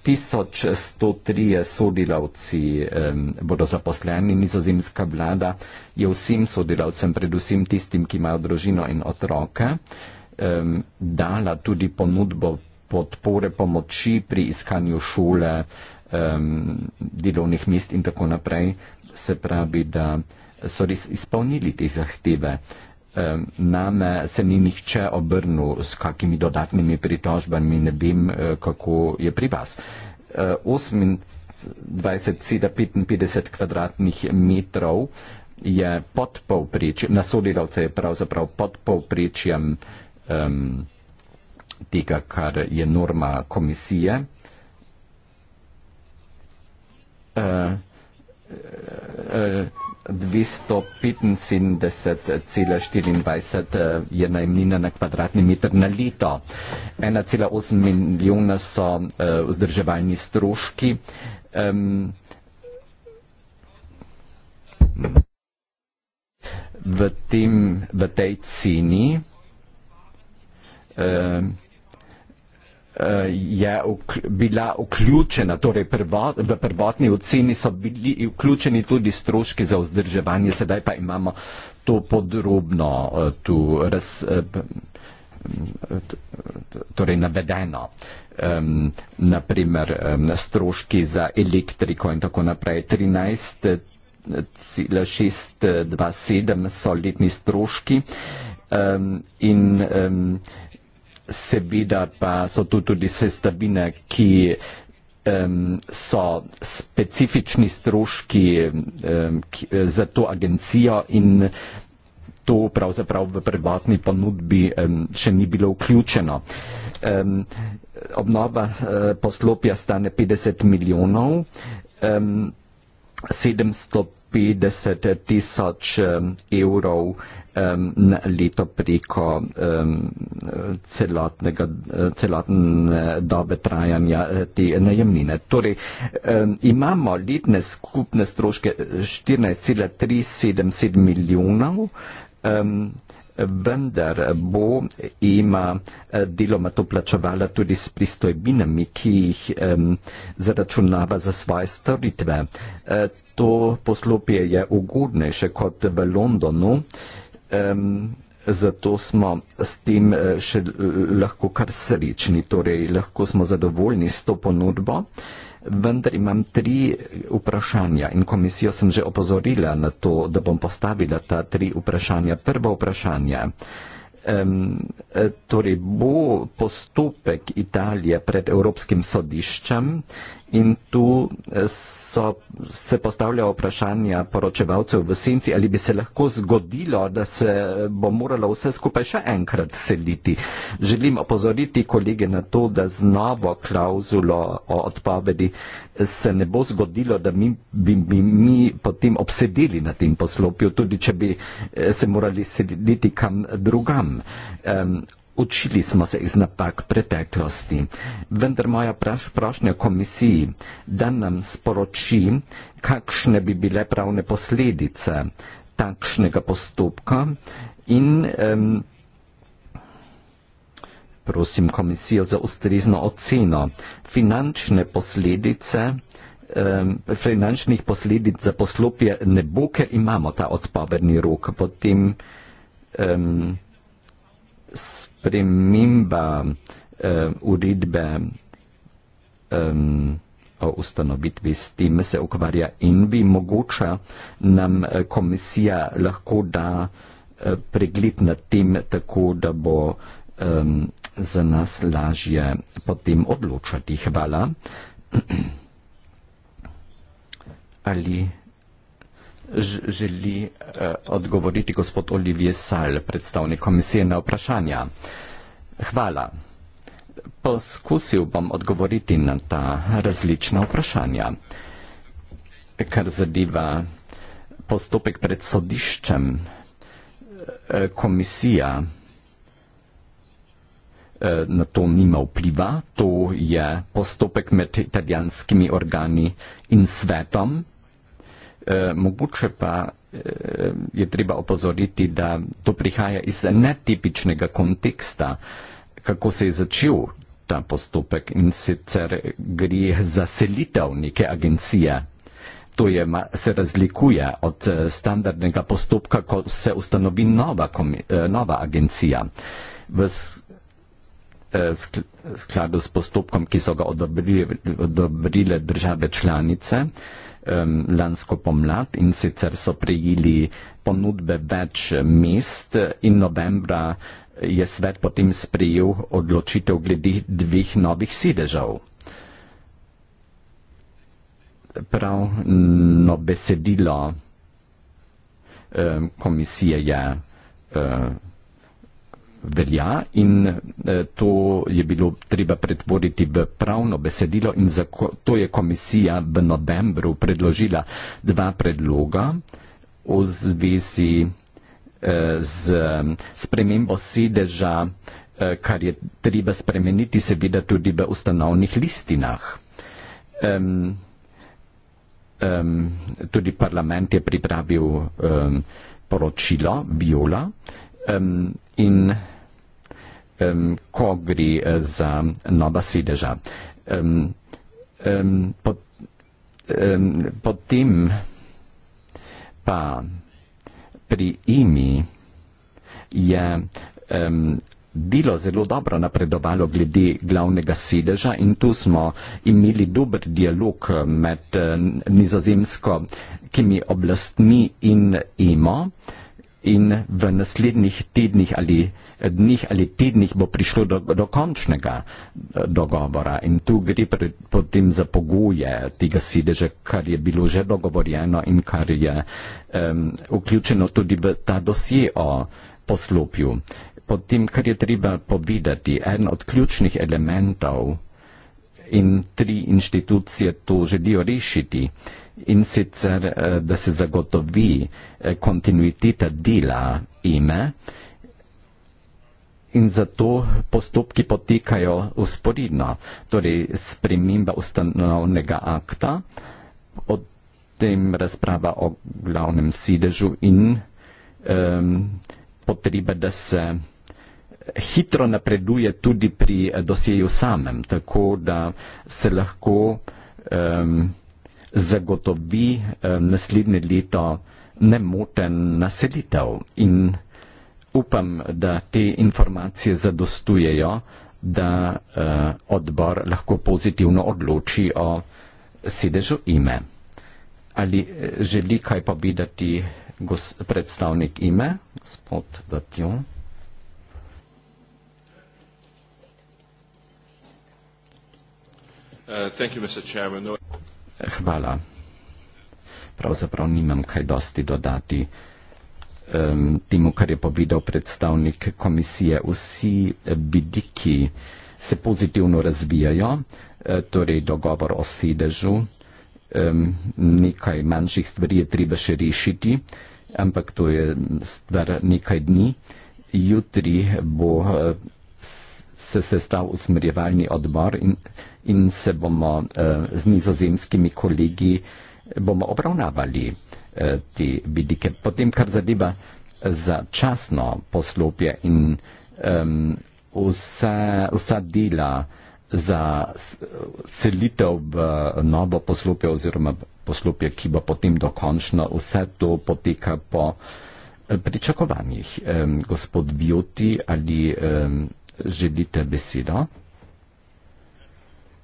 1103 sodelavci um, bodo zaposleni, nizozemska vlada je vsem sodelavcem, predvsem tistim, ki imajo družino in otroke, um, dala tudi ponudbo podpore pomoči pri iskanju šole, um, delovnih mest in tako naprej se pravi, da so res izpolnili te zahteve. Name se ni nihče obrnil s kakimi dodatnimi pritožbami, ne vem, eh, kako je pri vas. 28,55 eh, kvadratnih metrov je pod povprečjem, na sodelavce je pravzaprav pod povprečjem um, tega, kar je norma komisije. Uh, 275,24 eh, je najemnina na kvadratni meter na leto. 1,8 milijona so eh, vzdrževalni stroški. Um, v, tem, v tej ceni um, Eh, je ok, bila vključena, torej prva, v prvotni oceni so bili vključeni tudi stroški za vzdrževanje, sedaj pa imamo to podrobno eh, tu raz, eh, torej navedeno, um, naprimer stroški za elektriko in tako naprej. 13, 627 so letni stroški um, in um, seveda pa so tu tudi sestavine, ki um, so specifični stroški um, ki, za to agencijo in to pravzaprav v prvotni ponudbi um, še ni bilo vključeno. Um, obnova uh, poslopja stane 50 milijonov. Um, 750 tisoč evrov um, leto preko um, celotnega, celotne dobe trajanja eh, te najemnine. Torej, um, imamo letne skupne stroške 14,377 milijonov. Um, vendar bo ima eh, deloma to plačevala tudi s pristojbinami, ki jih um, zaračunava za svoje storitve. Uh, to poslopje je ugodnejše kot v Londonu. Uh, um, zato smo s tem eh, še eh, lahko kar srečni, torej lahko smo zadovoljni s to ponudbo. Vendar imam tri vprašanja in komisijo sem že opozorila na to, da bom postavila ta tri vprašanja. Prvo vprašanje um, torej bo postopek Italije pred Evropskim sodiščem in tu e, so, se postavljajo vprašanja poročevalcev v senci, ali bi se lahko zgodilo, da se bo moralo vse skupaj še enkrat seliti. Želim opozoriti kolege na to, da z novo klauzulo o odpovedi se ne bo zgodilo, da mi, bi, bi mi potem obsedeli na tem poslopju, tudi če bi e, se morali seliti kam drugam. Um, učili smo se iz napak preteklosti. Vendar moja praš, prošnja komisiji, da nam sporoči, kakšne bi bile pravne posledice takšnega postopka in um, prosim komisijo za ustrezno oceno finančne posledice finančnih posledic za poslopje ne bo, ker imamo ta odpovedni rok. Potem um, sprememba uh, uredbe um, o ustanovitvi s tem se ukvarja in bi mogoče nam eh, komisija lahko da eh, pregled nad tem, tako da bo um, za nas lažje potem odločati. Hvala. Ali želi eh, odgovoriti gospod Olivier Sal, predstavnik komisije na vprašanja. Hvala. Poskusil bom odgovoriti na ta različna vprašanja, kar zadeva postopek pred sodiščem. Eh, komisija eh, na to nima vpliva, to je postopek med italijanskimi organi in svetom. Eh, mogoče pa eh, je treba opozoriti, da to prihaja iz netipičnega konteksta, kako se je začel ta postopek in sicer gre za selitev neke agencije. To je, se razlikuje od eh, standardnega postopka, ko se ustanovi nova, nova agencija. V skladu s postopkom, ki so ga odobrile države članice, lansko pomlad in sicer so prejeli ponudbe več mest in novembra je svet potem sprejel odločitev glede dveh novih sedežev. Prav no besedilo komisije je velja in eh, to je bilo treba pretvoriti v pravno besedilo in zato je komisija v novembru predložila dva predloga v zvezi eh, z spremembo sedeža, eh, kar je treba spremeniti seveda tudi v ustanovnih listinah. Um, um, tudi parlament je pripravil um, poročilo Viola um, in um, ko gre eh, za nova sedeža. Um, um, pot, um, potem pa pri imi je um, Bilo zelo dobro napredovalo glede glavnega sedeža in tu smo imeli dober dialog eh, med eh, nizozemsko kimi oblastmi in imo. Um, in v naslednjih tednih ali eh, dnih ali tednih bo prišlo do, do končnega eh, dogovora in tu gre pred, potem za pogoje tega sedeža, kar je bilo že dogovorjeno in kar je um, vključeno tudi v ta dosje o poslopju. Potem, kar je treba povedati, eden od ključnih elementov in tri inštitucije to želijo rešiti in sicer, eh, da se zagotovi eh, kontinuiteta dela ime in zato postopki potekajo usporedno, torej sprememba ustanovnega akta, o tem razprava o glavnem sedežu in um, ehm, potrebe, da se hitro napreduje tudi pri eh, dosjeju samem, tako da se lahko um, zagotovi um, naslednje leto nemoten naselitev. In upam, da te informacije zadostujejo, da uh, odbor lahko pozitivno odloči o sedežu ime. Ali eh, želi kaj povedati predstavnik ime, gospod Dotjon? Uh, thank you, Mr. Chairman. No... Hvala. Pravzaprav nimam kaj dosti dodati um, temu, kar je povedal predstavnik komisije. Vsi vidiki se pozitivno razvijajo, eh, torej dogovor o sedežu, um, nekaj manjših stvari je treba še rešiti, ampak to je stvar nekaj dni. Jutri bo. Uh, se sestal usmerjevalni odbor in, in se bomo eh, z nizozemskimi kolegi eh, bomo obravnavali eh, te vidike. Potem, kar zadeva začasno poslopje in um, vsa, vsa dela za selitev v novo poslopje oziroma poslopje, ki bo potem dokončno, vse to poteka po pričakovanjih. Um, gospod Bioti ali um, želite besedo.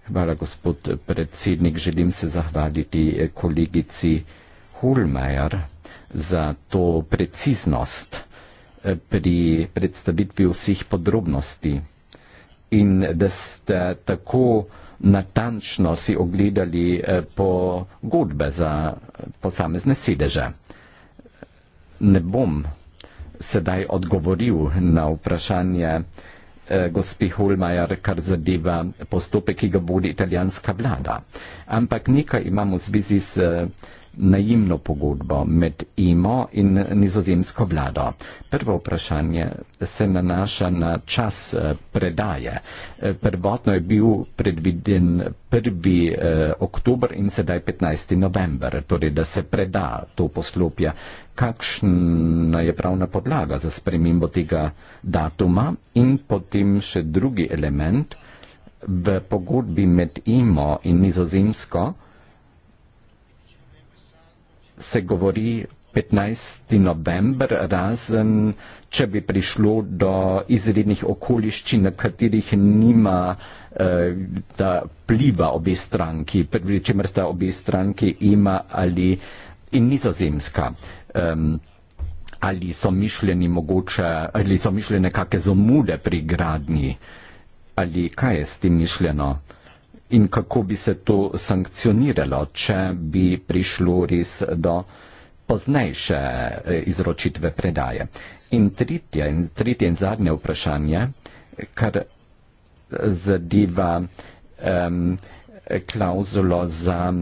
Hvala, gospod predsednik. Želim se zahvaliti eh, kolegici Hulmeier za to preciznost eh, pri predstavitvi vseh podrobnosti in da ste tako natančno si ogledali eh, pogodbe za posamezne sedeže. Ne bom sedaj odgovoril na vprašanje, Eh, gospi Holmajer, kar zadeva postopek, ki ga vodi italijanska vlada. Ampak nekaj imamo v zvezi z eh, najemno pogodbo med IMO in nizozemsko vlado. Prvo vprašanje se nanaša na čas eh, predaje. Prvotno je bil predviden 1. oktober in sedaj 15. november, torej da se preda to poslopje kakšna je pravna podlaga za spremembo tega datuma in potem še drugi element v pogodbi med IMO in nizozemsko se govori 15. november, razen če bi prišlo do izrednih okoliščin, na katerih nima eh, da pliva obe stranki, pri čemer sta obe stranki ima ali in nizozemska um, ali so mišljeni mogoče, ali so mišljene kakšne zamude pri gradnji, ali kaj je s tem mišljeno in kako bi se to sankcioniralo, če bi prišlo res do poznejše e, izročitve predaje. In tretje, in tretje in zadnje vprašanje, kar zadeva um, klauzulo za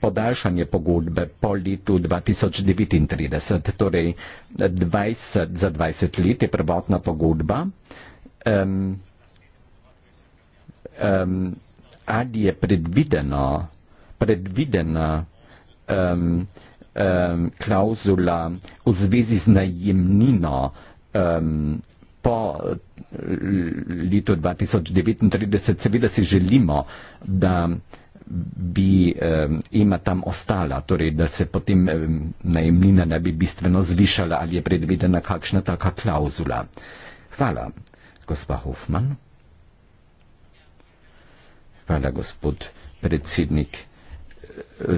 podaljšanje pogodbe po letu 2039, torej 20 za 20 let je prvotna pogodba. Um, um, ali je predvideno, predvidena um, um, klauzula v zvezi z najemnino um, po eh, letu 2039. Seveda si želimo, da bi eh, EMA tam ostala, torej da se potem eh, najemnina ne bi bistveno zvišala ali je predvidena kakšna taka klauzula. Hvala, gospa Hofman. Hvala, gospod predsednik.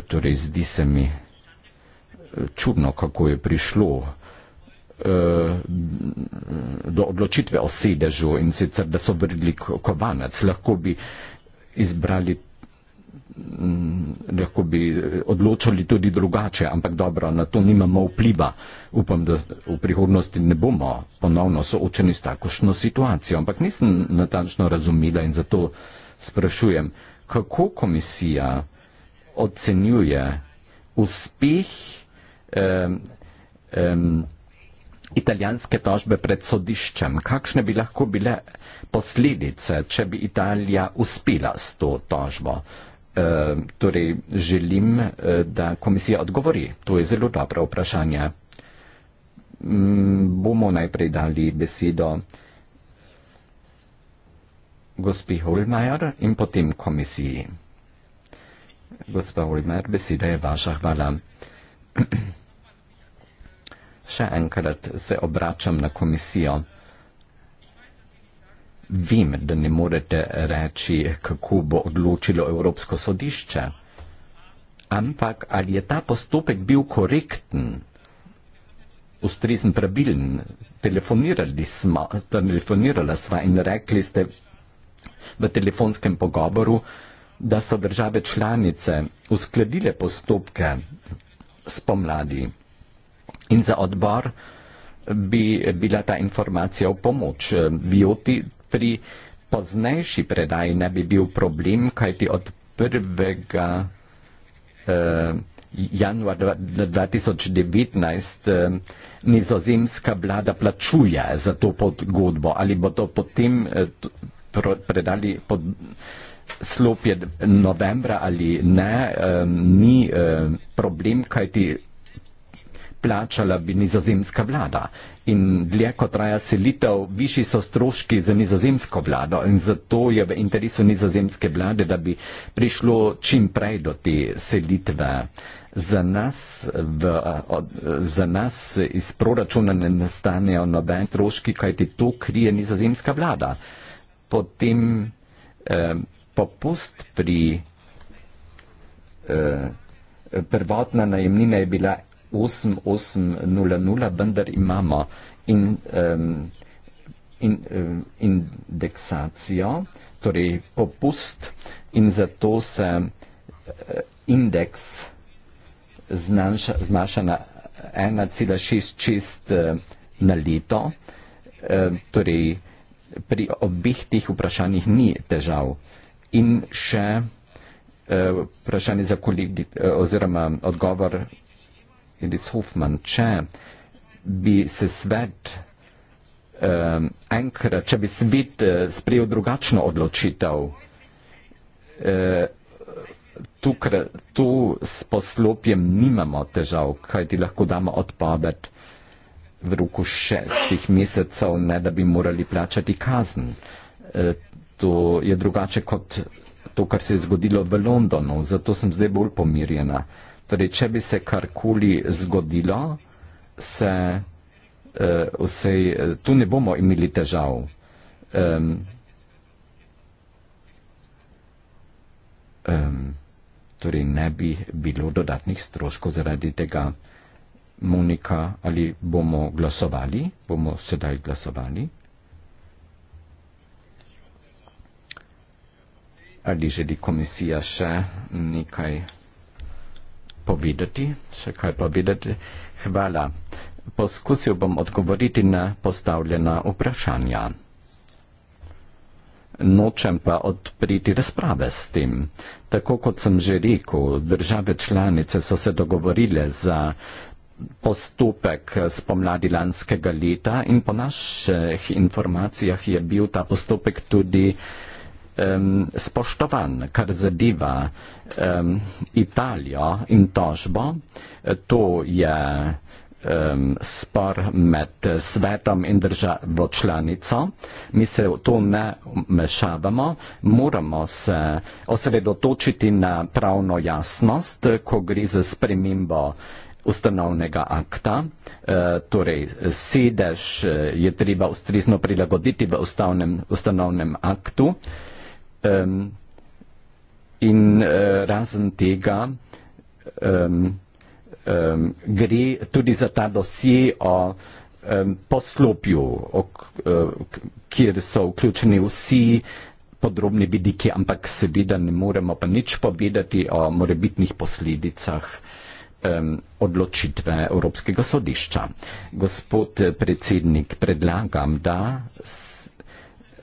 Torej, zdi se mi čudno, kako je prišlo. Eh, do odločitve o sedežu in sicer, da so vrgli kovanec, lahko bi izbrali mm, lahko bi eh, odločali tudi drugače, ampak dobro, na to nimamo vpliva. Upam, da v prihodnosti ne bomo ponovno soočeni s takošno situacijo, ampak nisem natančno razumela in zato sprašujem, kako komisija ocenjuje uspeh eh, eh, italijanske tožbe pred sodiščem. Kakšne bi lahko bile posledice, če bi Italija uspela s to tožbo? E, torej, želim, e, da komisija odgovori. To je zelo dobro vprašanje. Mm, bomo najprej dali besedo gospi Holmajer in potem komisiji. Gospa Holmajer, beseda je vaša. Hvala. Še enkrat se obračam na komisijo. Vem, da ne morete reči, kako bo odločilo Evropsko sodišče, ampak ali je ta postopek bil korekten, ustrezen, pravilen? Telefonirali smo, telefonirala sva in rekli ste v telefonskem pogovoru, da so države članice uskladile postopke spomladi in za odbor bi bila ta informacija v pomoč. Bioti pri poznejši predaji ne bi bil problem, kajti od 1. Eh, januar 2019 eh, nizozemska vlada plačuje za to podgodbo ali bo to potem eh, pro, predali pod slopje novembra ali ne, eh, ni eh, problem, kajti plačala bi nizozemska vlada. In dlje, ko traja selitev, višji so stroški za nizozemsko vlado in zato je v interesu nizozemske vlade, da bi prišlo čim prej do te selitve. Za nas, v, od, za nas iz proračuna ne nastanejo noben stroški, kajti to krije nizozemska vlada. Potem eh, popust pri. Eh, Prvotna najemnina je bila osem, osem, nula, nula, vendar imamo in, um, in, um, indeksacijo, torej popust in zato se uh, indeks znanša, zmaša na 1,66 eh, na leto, eh, torej pri obih teh vprašanjih ni težav. In še vprašanje za kolegi, oziroma odgovor Edith Hoffman, če bi se svet eh, enkrat, če bi svet eh, sprejel drugačno odločitev, eh, tukaj, tu s poslopjem nimamo težav, kaj ti lahko damo odpoved v roku šestih mesecev, ne da bi morali plačati kazen. Eh, to je drugače kot to, kar se je zgodilo v Londonu, zato sem zdaj bolj pomirjena. Torej, če bi se karkoli zgodilo, se uh, vsej, eh, tu ne bomo imeli težav. Um, um, torej, ne bi bilo dodatnih stroškov zaradi tega. Monika, ali bomo glasovali? Bomo sedaj glasovali? Ali želi komisija še nekaj? povedati, še kaj povedati. Hvala. Poskusil bom odgovoriti na postavljena vprašanja. Nočem pa odpriti razprave s tem. Tako kot sem že rekel, države članice so se dogovorile za postopek spomladi lanskega leta in po naših informacijah je bil ta postopek tudi uh, um, spoštovan, kar zadeva um, Italijo in tožbo. To je um, spor med svetom in državo članico. Mi se v to ne mešavamo, moramo se osredotočiti na pravno jasnost, ko gre za spremembo ustanovnega akta, e, torej sedež je treba ustrezno prilagoditi v ustanovnem aktu um, in uh, razen tega um, um, gre tudi za ta dosje o um, poslopju, o, uh, kjer so vključeni vsi podrobni vidiki, ampak seveda ne moremo pa nič povedati o morebitnih posledicah odločitve Evropskega sodišča. Gospod eh, predsednik, predlagam, da s,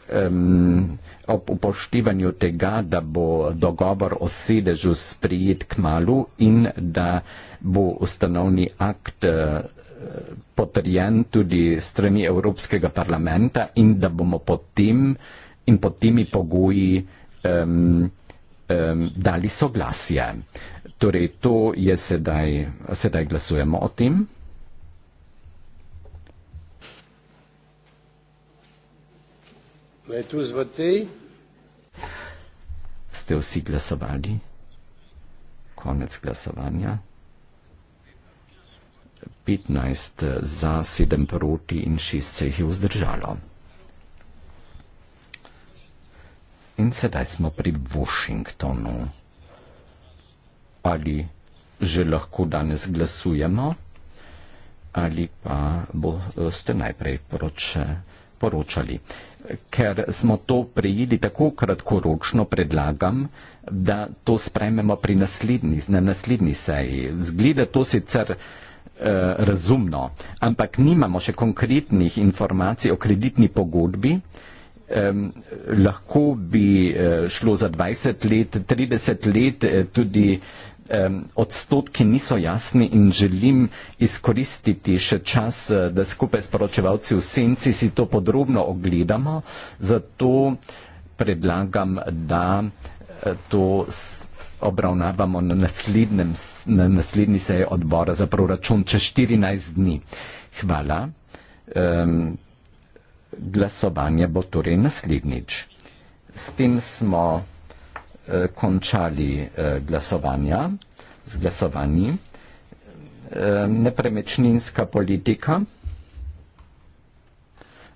um, ob upoštevanju tega, da bo dogovor o sedežu sprijet k malu in da bo ustanovni akt eh, potrjen tudi strani Evropskega parlamenta in da bomo potem in pod temi pogoji um, um, dali soglasje. Torej, to je sedaj, sedaj glasujemo o tem. Ste vsi glasovali? Konec glasovanja. 15 za, 7 proti in 6 se jih je vzdržalo. In sedaj smo pri Washingtonu. Ali že lahko danes glasujemo, ali pa boste najprej proče poročali. Ker smo to prejeli tako kratkoročno, predlagam, da to sprememo naslednji, na naslednji seji. Zgleda to sicer eh, razumno, ampak nimamo še konkretnih informacij o kreditni pogodbi. Um, lahko bi eh, šlo za 20 let, 30 let, eh, tudi odstotki niso jasni in želim izkoristiti še čas, eh, da skupaj s poročevalci v senci si to podrobno ogledamo, zato predlagam, da eh, to obravnavamo na, naslednjem, na naslednji seji odbora za proračun čez 14 dni. Hvala. Um, glasovanje bo torej naslednjič. S tem smo Eh, končali eh, glasovanja, z glasovanji. Eh, Nepremečninska politika,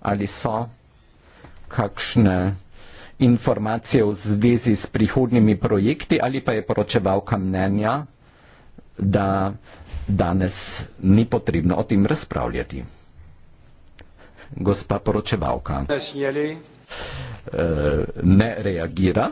ali so kakšne informacije v zvezi s prihodnimi projekti, ali pa je poročevalka mnenja, da danes ni potrebno o tem razpravljati. Gospa poročevalka ne reagira.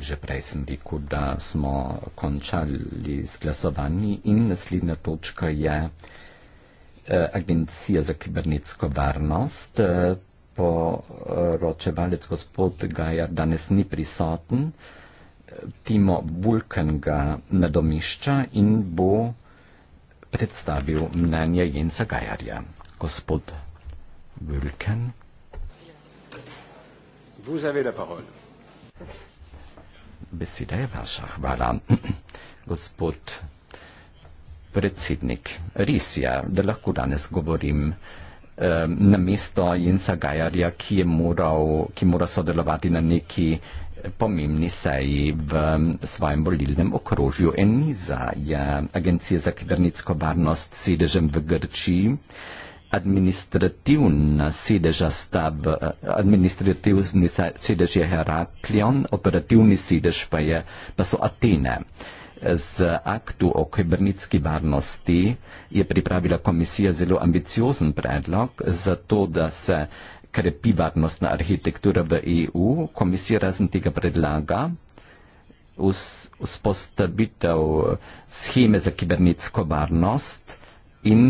že prej sem rekel, da smo končali z glasovanji in naslednja točka je e, Agencija za kibernetsko varnost. E, poročevalec gospod Gajar danes ni prisoten. Timo Vulkan ga nadomišča in bo predstavil mnenje Jensa Gajarja. Gospod Vulkan. Vous avez la parole. Beseda je vaša, hvala. Gospod predsednik, res je, da lahko danes govorim eh, na mesto Jensa Gajarja, ki je moral, ki mora sodelovati na neki pomembni seji v eh, svojem volilnem okrožju. Eniza je agencija za kibernetsko varnost s sedežem v Grčiji administrativna sedeža sta v eh, administrativni sedež je Heraklion, operativni sedež pa, je, pa so Atene. Z aktu o kibernetski varnosti je pripravila komisija zelo ambiciozen predlog za to, da se krepi varnostna arhitektura v EU. Komisija razen tega predlaga vzpostavitev scheme za kibernetsko varnost in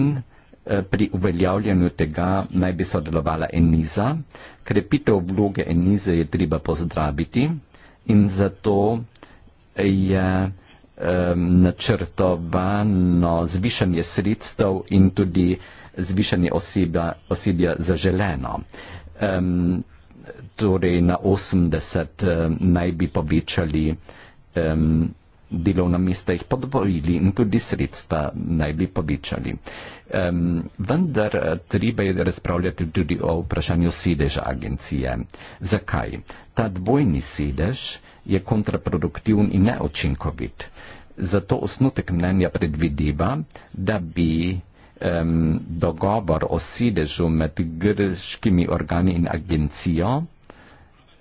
Eh, pri uveljavljanju tega naj bi sodelovala Eniza. Krepitev vloge Enize je treba pozdraviti in zato je načrtovano zvišanje sredstev in tudi zvišanje osebja, osebja zaželeno. Um, torej na 80 um, eh, naj bi povečali um, delovna mesta jih podvojili in tudi sredstva naj bi povečali. Um, vendar eh, treba je razpravljati tudi o vprašanju sedeža agencije. Zakaj? Ta dvojni sedež je kontraproduktivn in neočinkovit. Zato osnutek mnenja predvideva, da bi um, dogovor o sedežu med grškimi organi in agencijo uh,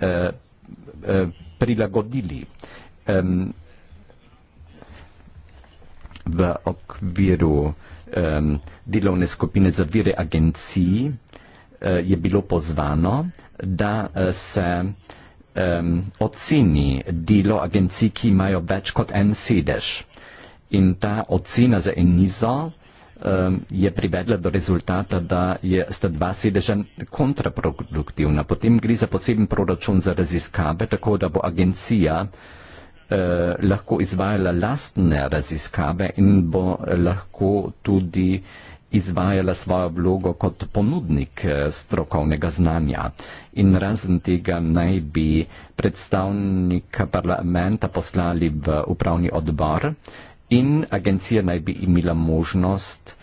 uh, prilagodili. Um, v okviru um, delovne skupine za vire agenciji uh, eh, je bilo pozvano, da uh, se um, oceni delo agencij, ki imajo več kot en sedež. In ta ocena za enizo um, je privedla do rezultata, da je, sta dva sedeža kontraproduktivna. Potem gre za poseben proračun za raziskave, tako da bo agencija uh, Eh, lahko izvajala lastne raziskave in bo lahko tudi izvajala svojo vlogo kot ponudnik eh, strokovnega znanja. In razen tega naj bi predstavnika parlamenta poslali v upravni odbor in agencija naj bi imela možnost,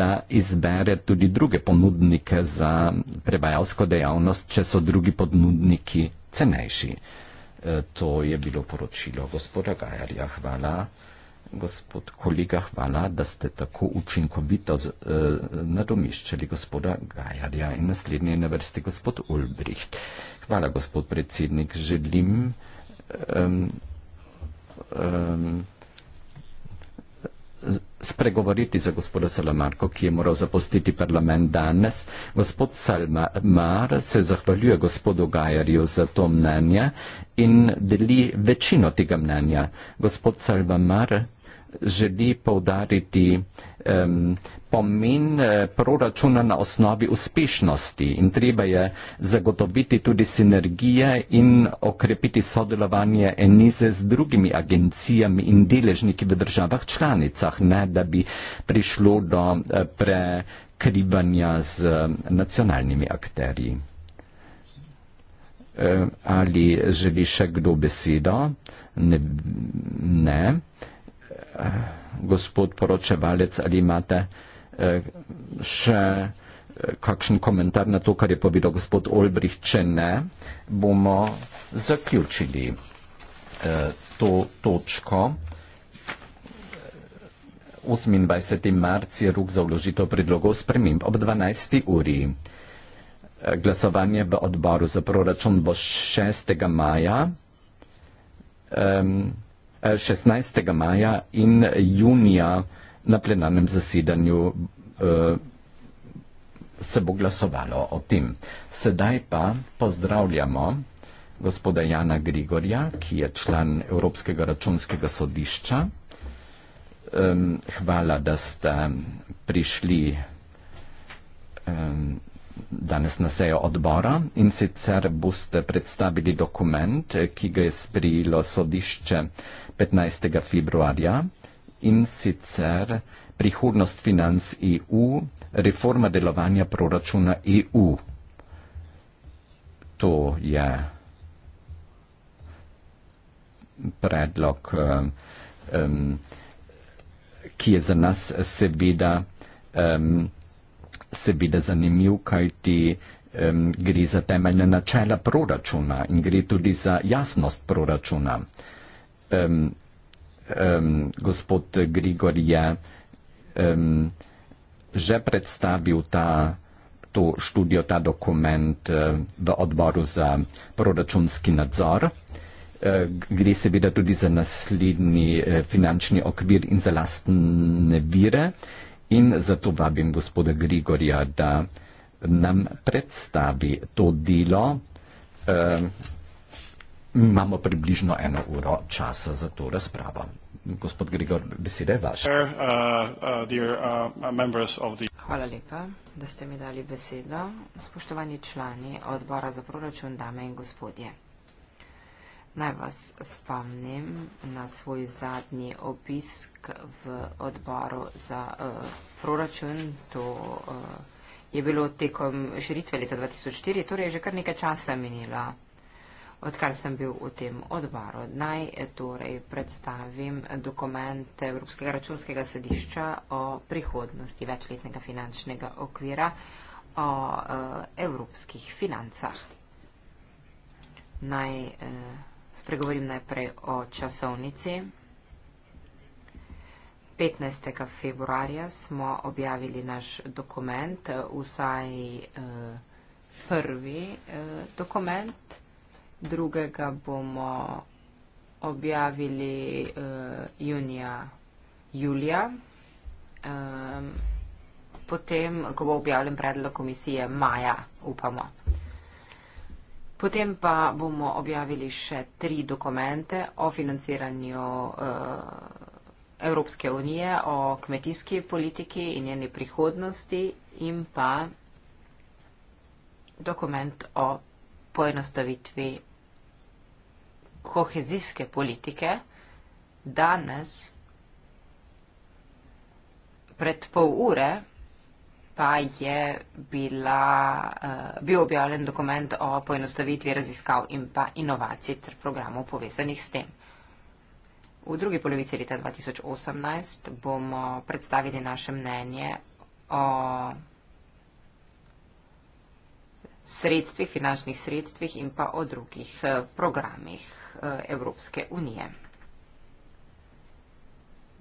da izbere tudi druge ponudnike za prevajalsko dejavnost, če so drugi ponudniki cenejši. Eh, to je bilo poročilo gospoda Gajarja. Hvala, gospod kolega, hvala, da ste tako učinkovito z, eh, nadomiščali gospoda Gajarja. In naslednji je na vrsti gospod Ulbricht. Hvala, gospod predsednik. Želim. Eh, eh, spregovoriti za gospoda Salamarko, ki je moral zapustiti parlament danes. Gospod Salmar se zahvaljuje gospodu Gajarju za to mnenje in deli večino tega mnenja. Gospod Salmar, želi poudariti um, pomen eh, proračuna na osnovi uspešnosti in treba je zagotoviti tudi sinergije in okrepiti sodelovanje Enize z drugimi agencijami in deležniki v državah članicah, ne da bi prišlo do eh, prekrivanja z eh, nacionalnimi akterji. Ali želi še kdo besedo? Ne. ne. Eh, gospod poročevalec, ali imate eh, še eh, kakšen komentar na to, kar je povedal gospod Olbrih. Če ne, bomo zaključili to točko. 28. marc je rok za vložitev predlogov sprememb ob 12. uri. Glasovanje v odboru za proračun bo 6. maja. Um, 16. Eh, maja in junija na plenarnem zasedanju eh, se bo glasovalo o tem. Sedaj pa pozdravljamo gospoda Jana Grigorja, ki je član Evropskega računskega sodišča. Hvala, da ste prišli danes na sejo odbora in sicer boste predstavili dokument, ki ga je sprijelo sodišče 15. februarja in sicer prihodnost financ EU, reforma delovanja proračuna EU. To je predlog, um, um, ki je za nas seveda, um, seveda zanimiv, kajti um, gre za temeljne načela proračuna in gre tudi za jasnost proračuna um, um, gospod Grigorije, um, že predstavil ta to študijo, ta dokument eh, v odboru za proračunski nadzor. Eh, gre seveda tudi za naslednji eh, finančni okvir in za lastne vire. In zato vabim gospoda Grigorja, da nam predstavi to delo imamo približno eno uro časa za to razpravo. Gospod Grigor, beseda je vaša. Uh, uh, uh, Hvala lepa, da ste mi dali besedo. Spoštovani člani odbora za proračun, dame in gospodje. Naj vas spomnim na svoj zadnji obisk v odboru za uh, proračun. To uh, je bilo tekom širitve leta 2004, torej je že kar nekaj časa minilo odkar sem bil v tem odboru. Naj eh, torej predstavim dokument Evropskega računskega sodišča o prihodnosti večletnega finančnega okvira o eh, evropskih financah. Naj eh, spregovorim najprej o časovnici. 15. februarja smo objavili naš dokument, vsaj prvi dokument, ki je bilo drugega bomo objavili uh, junija, julija. Um, potem, ko bo objavljen predlog komisije, maja, upamo. Potem pa bomo objavili še tri dokumente o financiranju uh, Evropske unije, o kmetijski politiki in njeni prihodnosti in pa dokument o poenostavitvi kohezijske politike danes pred pol ure pa je bila, uh, bil objavljen dokument o poenostavitvi raziskav in pa inovacij ter programov povezanih s tem. V drugi polovici leta 2018 bomo predstavili naše mnenje o sredstvih, finančnih sredstvih in pa o drugih uh, programih. Uh, Eh, Evropske unije.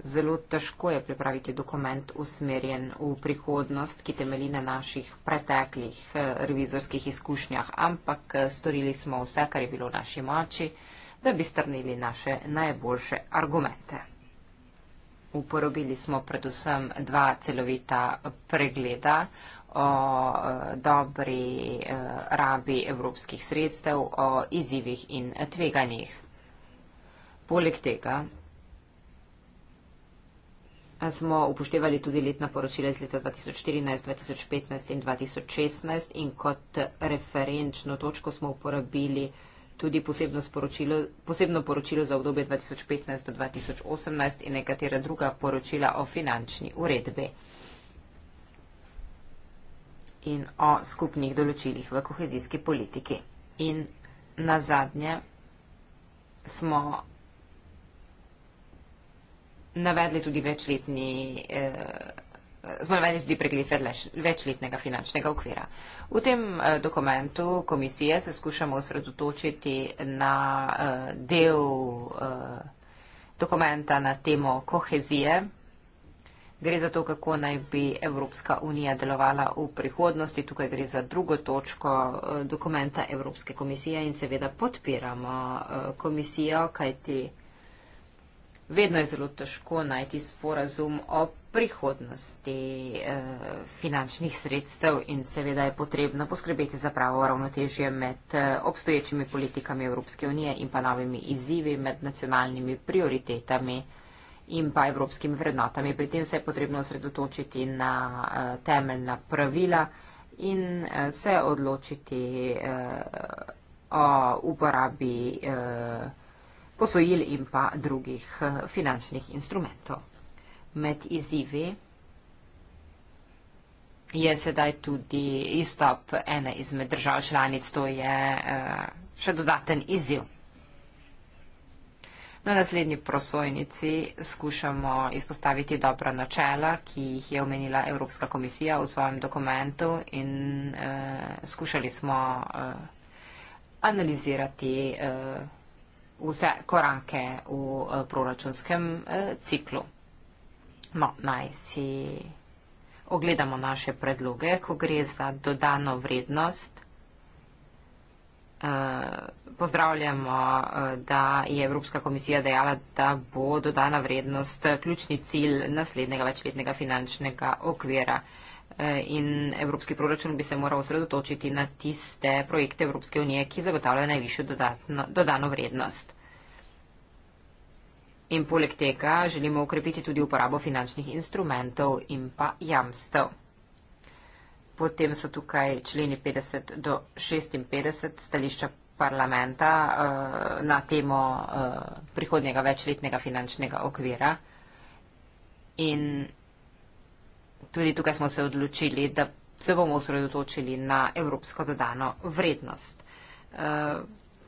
Zelo težko je pripraviti dokument usmerjen v prihodnost, ki temeli na naših preteklih eh, revizorskih izkušnjah, ampak eh, storili smo vse, kar je bilo v naši moči, da bi strnili naše najboljše argumente. Uporobili smo predvsem dva celovita pregleda o eh, dobri eh, rabi evropskih sredstev, o izzivih in tveganjih. Poleg tega eh, smo upoštevali tudi letna poročila iz leta 2014, 2015 in 2016 in kot referenčno točko smo uporabili tudi posebno, posebno poročilo za obdobje 2015 do 2018 in nekatera druga poročila o finančni uredbi in o skupnih določilih v kohezijski politiki. In na zadnje smo navedli tudi večletni. Eh, smo navedli tudi pregled večletnega finančnega okvira. V tem eh, dokumentu komisije se skušamo osredotočiti na eh, del eh, dokumenta na temo kohezije. Gre za to, kako naj bi Evropska unija delovala v prihodnosti. Tukaj gre za drugo točko eh, dokumenta Evropske komisije in seveda podpiramo eh, komisijo, kajti vedno je zelo težko najti sporazum o prihodnosti eh, finančnih sredstev in seveda je potrebno poskrbeti za pravo ravnotežje med obstoječimi politikami Evropske unije in pa novimi izzivi med nacionalnimi prioritetami in pa evropskim vrednotami. Pri tem se je potrebno osredotočiti na eh, temeljna pravila in eh, se odločiti eh, o uporabi posojil in pa drugih finančnih instrumentov. Med izzivi je sedaj tudi izstop ene izmed držav članic, to je še dodaten izziv. Na naslednji prosojnici skušamo izpostaviti dobra načela, ki jih je omenila Evropska komisija v svojem dokumentu in eh, skušali smo eh, analizirati eh, vse korake v eh, proračunskem eh, ciklu. No, naj si ogledamo naše predloge, ko gre za dodano vrednost pozdravljamo, da je Evropska komisija dejala, da bo dodana vrednost ključni cilj naslednjega večletnega finančnega okvira. In Evropski proračun bi se moral osredotočiti na tiste projekte Evropske unije, ki zagotavljajo najvišjo dodatno, dodano vrednost. In poleg tega želimo ukrepiti tudi uporabo finančnih instrumentov in pa jamstev. Potem so tukaj členi 50 do 56 stališča parlamenta uh, na temo uh, prihodnjega večletnega finančnega okvira. In tudi tukaj smo se odločili, da se bomo osredotočili na evropsko dodano vrednost. Uh,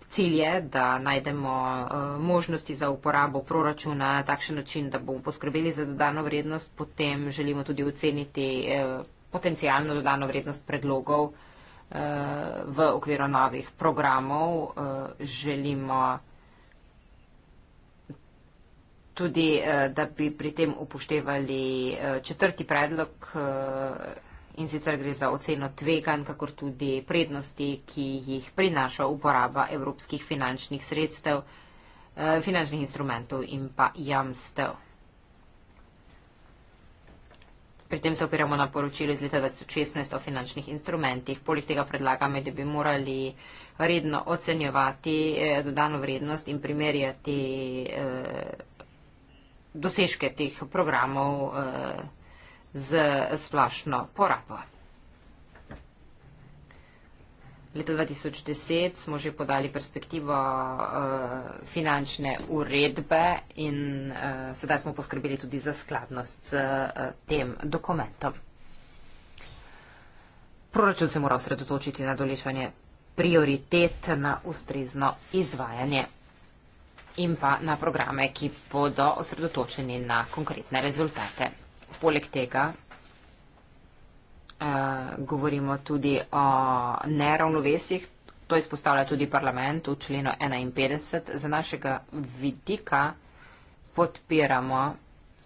cilj je, da najdemo uh, možnosti za uporabo proračuna na takšen način, da bomo poskrbeli za dodano vrednost. Potem želimo tudi oceniti. Uh, potencijalno dodano vrednost predlogov eh, v okviru novih programov. Eh, želimo tudi, eh, da bi pri tem upoštevali četrti predlog in sicer gre za oceno tvegan, kakor tudi prednosti, ki jih prinaša uporaba evropskih finančnih sredstev, finančnih instrumentov in pa jamstev. Pri tem se opiramo na poročili iz leta 2016 o finančnih instrumentih. Poleg tega predlagame, da bi morali redno ocenjevati eh, dodano vrednost in primerjati eh, dosežke teh programov eh, z splašno porabo. Leta 2010 smo že podali perspektivo uh, finančne uredbe in uh, sedaj smo poskrbeli tudi za skladnost z uh, tem dokumentom. Proračun se mora osredotočiti na določanje prioritet, na ustrezno izvajanje in pa na programe, ki bodo osredotočeni na konkretne rezultate. Poleg tega Eh, govorimo tudi o neravnovesjih. To izpostavlja tudi parlament v členu 51. Za našega vidika podpiramo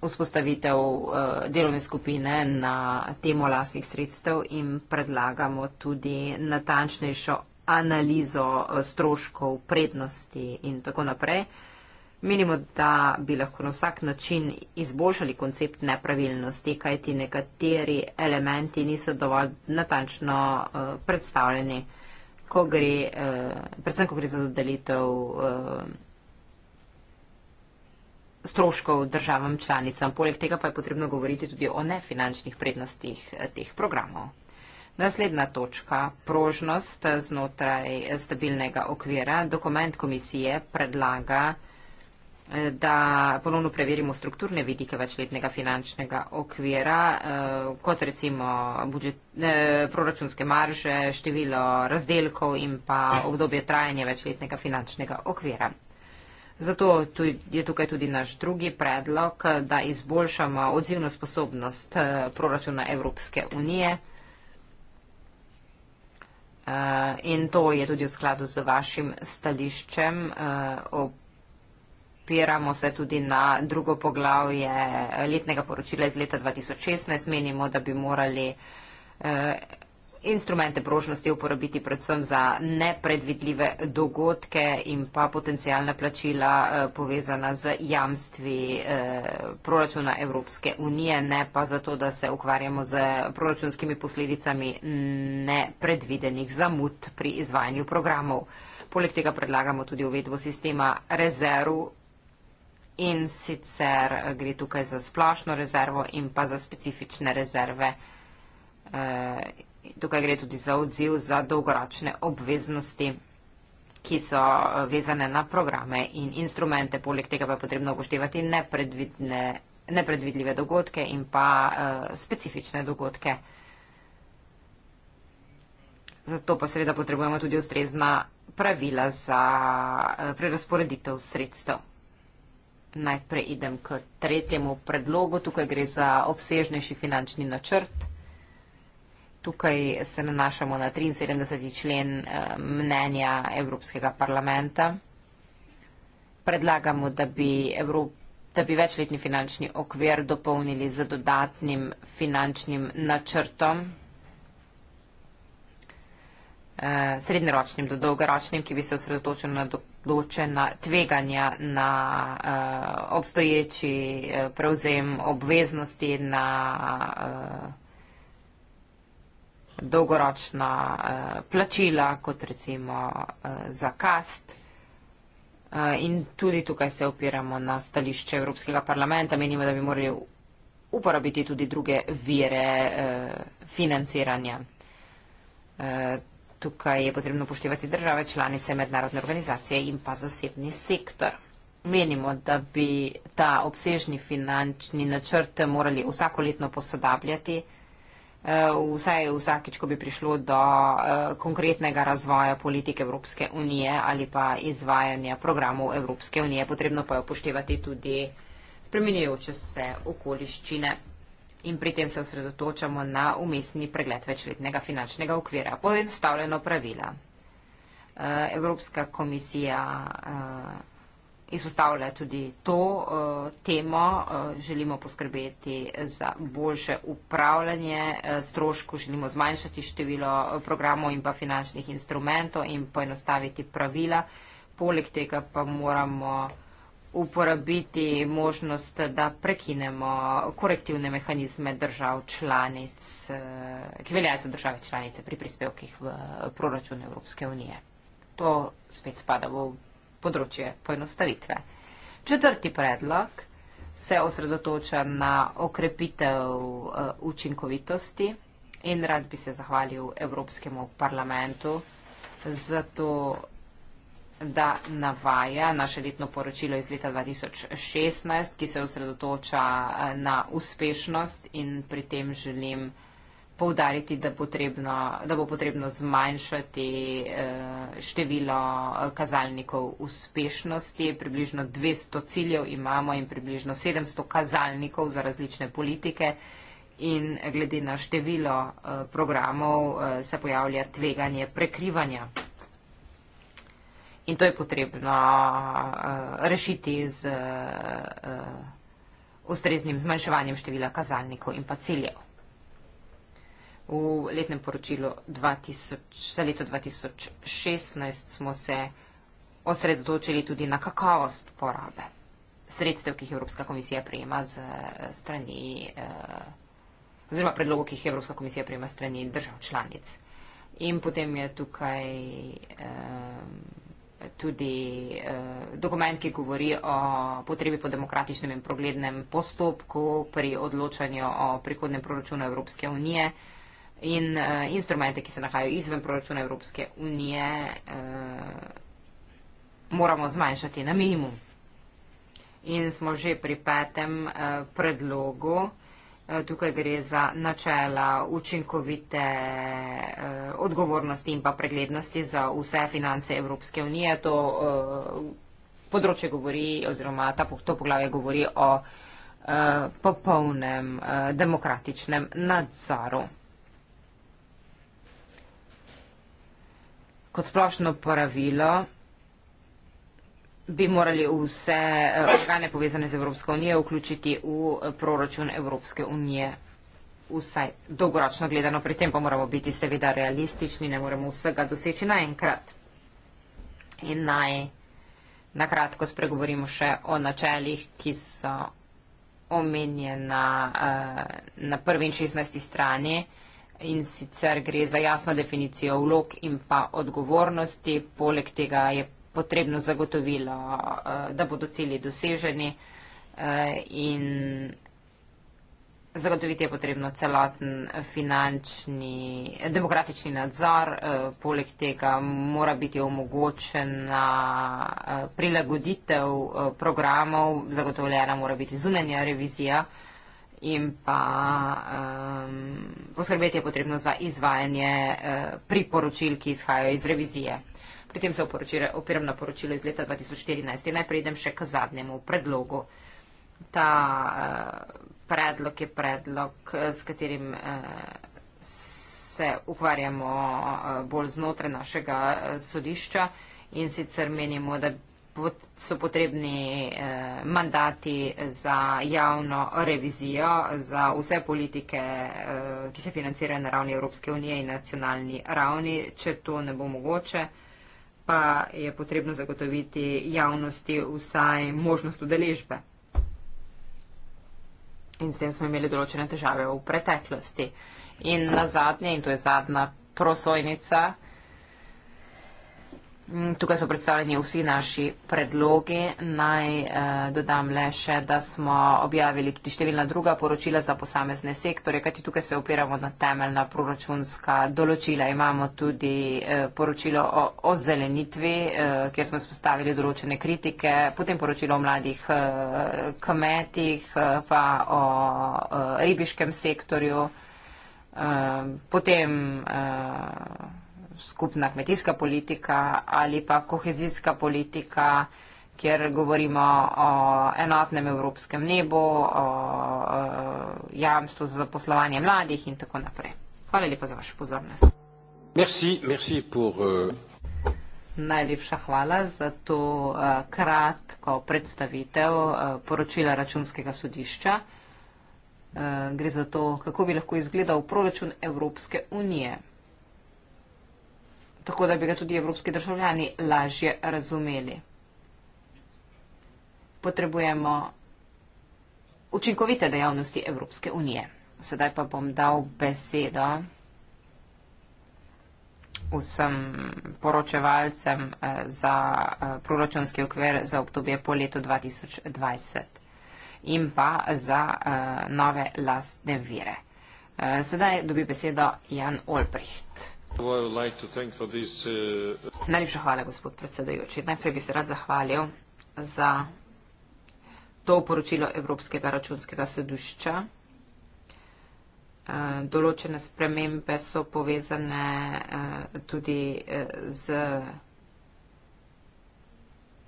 vzpostavitev eh, delovne skupine na temo lasnih sredstev in predlagamo tudi natančnejšo analizo eh, stroškov, prednosti in tako naprej. Menimo, da bi lahko na vsak način izboljšali koncept nepravilnosti, kajti nekateri elementi niso dovolj natančno eh, predstavljeni, ko gre, eh, predvsem ko gre za dodelitev eh, stroškov državam članicam. Poleg tega pa je potrebno govoriti tudi o nefinančnih prednostih teh programov. Naslednja točka, prožnost znotraj stabilnega okvira. Dokument komisije predlaga, da ponovno preverimo strukturne vidike večletnega finančnega okvira, eh, kot recimo budžet, eh, proračunske marže, število razdelkov in pa obdobje trajanja večletnega finančnega okvira. Zato je tukaj tudi naš drugi predlog, da izboljšamo odzivno sposobnost eh, proračuna Evropske unije. In to je tudi v skladu z vašim stališčem ob Opiramo se tudi na drugo poglavje eh, letnega poročila iz leta 2016. Menimo, da bi morali eh, instrumente prožnosti uporabiti predvsem za nepredvidljive dogodke in pa potencijalna plačila eh, povezana z jamstvi proračuna Evropske unije, ne pa zato, da se ukvarjamo z proračunskimi posledicami nepredvidenih zamud pri izvajanju programov. Poleg tega predlagamo tudi uvedbo sistema rezerv in sicer eh, gre tukaj za splošno rezervo in pa za specifične rezerve. Eh, tukaj gre tudi za odziv za dolgoročne obveznosti, ki so eh, vezane na programe in instrumente. Poleg tega pa je potrebno upoštevati nepredvidljive dogodke in pa specifične dogodke. Zato pa seveda potrebujemo tudi ustrezna pravila za prerasporeditev sredstev. Naj preidem k tretjemu predlogu. Tukaj gre za obsežnejši finančni načrt. Tukaj se nanašamo na 73. člen eh, mnenja Evropskega parlamenta. Predlagamo, da bi, Evrop, da bi večletni finančni okvir dopolnili z dodatnim finančnim načrtom, eh, srednjeročnim do dolgoročnim, ki bi se osredotočil na dopolnitev ločena tveganja na uh, obstoječi uh, prevzem obveznosti na uh, dolgoročna uh, plačila, kot recimo uh, za kast. Uh, in tudi tukaj se opiramo na stališče Evropskega parlamenta. Menimo, da bi morali uporabiti tudi druge vire uh, financiranja. Uh, tukaj je potrebno upoštevati države, članice, mednarodne organizacije in pa zasebni sektor. Menimo, da bi ta obsežni finančni načrt morali vsakoletno posodabljati, eh, vsaj vsakič, ko bi prišlo do eh, konkretnega razvoja politike Evropske unije ali pa izvajanja programov Evropske unije, potrebno pa je upoštevati tudi spremenjujoče se okoliščine in pri tem se osredotočamo na umestni pregled večletnega finančnega okvira. Poenostavljeno pravila. Eh, Evropska komisija eh, izpostavlja tudi to eh, temo. Želimo poskrbeti za boljše upravljanje stroškov, želimo zmanjšati število programov in pa finančnih instrumentov in poenostaviti pravila. Poleg tega pa moramo uporabiti možnost, da prekinemo korektivne mehanizme držav članic, eh, ki velja za države članice pri prispevkih v proračun Evropske unije. To spet spada v področje poenostavitve. Četrti predlog se osredotoča na okrepitev eh, učinkovitosti in rad bi se zahvalil Evropskemu parlamentu za to da navaja naše letno poročilo iz leta 2016, ki se osredotoča eh, na uspešnost in pri tem želim poudariti, da, potrebno, da bo potrebno zmanjšati eh, število eh, kazalnikov uspešnosti. Približno 200 ciljev imamo in približno 700 kazalnikov za različne politike. In glede na število programov se pojavlja tveganje prekrivanja In to je potrebno uh, rešiti z uh, ustreznim zmanjševanjem števila kazalnikov in pa ciljev. V letnem poročilu 2000, za leto 2016 smo se osredotočili tudi na kakovost porabe sredstev, ki jih Evropska komisija prejema z eh, strani, eh, oziroma predlogov, ki jih Evropska komisija prejema strani držav članic. In potem je tukaj. Eh, tudi eh, dokument, ki govori o potrebi po demokratičnem in proglednem postopku pri odločanju o prihodnem proračunu Evropske unije in eh, instrumente, ki se nahajajo izven proračuna Evropske unije, eh, moramo zmanjšati na minimum. In smo že pri petem eh, predlogu. Eh, tukaj gre za načela učinkovite eh, odgovornosti in pa preglednosti za vse finance Evropske unije. To eh, področje govori oziroma ta, to poglavje govori o popolnem demokratičnem nadzoru. Kot splošno pravilo, bi morali vse eh, organe povezane z Evropsko unijo vključiti v eh, proračun Evropske unije. Vsaj dolgoročno gledano, pri tem pa moramo biti seveda realistični, ne moremo vsega doseči naenkrat. In naj na kratko spregovorimo še o načeljih, ki so omenjena eh, na prvi in 16. strani in sicer gre za jasno definicijo vlog in pa odgovornosti. Poleg tega je potrebno zagotovilo, eh, da bodo cilji doseženi eh, in zagotoviti je potrebno celoten finančni, demokratični nadzor, eh, poleg tega mora biti omogočena prilagoditev programov, zagotovljena mora biti zunanja revizija in pa um, poskrbeti je potrebno za izvajanje priporočil, ki izhajajo iz revizije. Pri tem se opiram na poročilo iz leta 2014 in naj prejdem še k zadnjemu predlogu. Ta eh, predlog je predlog, eh, s katerim eh, se ukvarjamo bolj znotraj našega sodišča in sicer menimo, da so potrebni mandati za javno revizijo za vse politike, ki se financirajo na ravni Evropske unije in nacionalni ravni, če to ne bo mogoče pa je potrebno zagotoviti javnosti vsaj možnost udeležbe. In s tem smo imeli določene težave v preteklosti. In na zadnje, in to je zadnja prosojnica, Tukaj so predstavljeni vsi naši predlogi. Naj eh, dodam le še, da smo objavili tudi številna druga poročila za posamezne sektore, kajti tukaj se opiramo na temeljna proračunska določila. Imamo tudi eh, poročilo o, o zelenitvi, eh, kjer smo spostavili določene kritike, potem poročilo o mladih eh, kmetih, eh, pa o eh, ribiškem sektorju, eh, potem. Eh, skupna kmetijska politika ali pa kohezijska politika, kjer govorimo o enotnem evropskem nebu, o jamstvu za zaposlovanje mladih in tako naprej. Hvala lepa za vašo pozornost. Merci, merci pour, uh... Najlepša hvala za to uh, kratko predstavitev uh, poročila računskega sodišča. Uh, gre za to, kako bi lahko izgledal proračun Evropske unije tako da bi ga tudi evropski državljani lažje razumeli. Potrebujemo učinkovite dejavnosti Evropske unije. Sedaj pa bom dal besedo vsem poročevalcem eh, za eh, proračunski okvir za obdobje po letu 2020 in pa za eh, nove lastne vire. Sedaj dobi besedo Jan Olbricht. Uh, Najlepša hvala, gospod predsedujoči. Najprej bi se rad zahvalil za to poročilo Evropskega računskega sodišča. Uh, določene spremembe so povezane uh, tudi z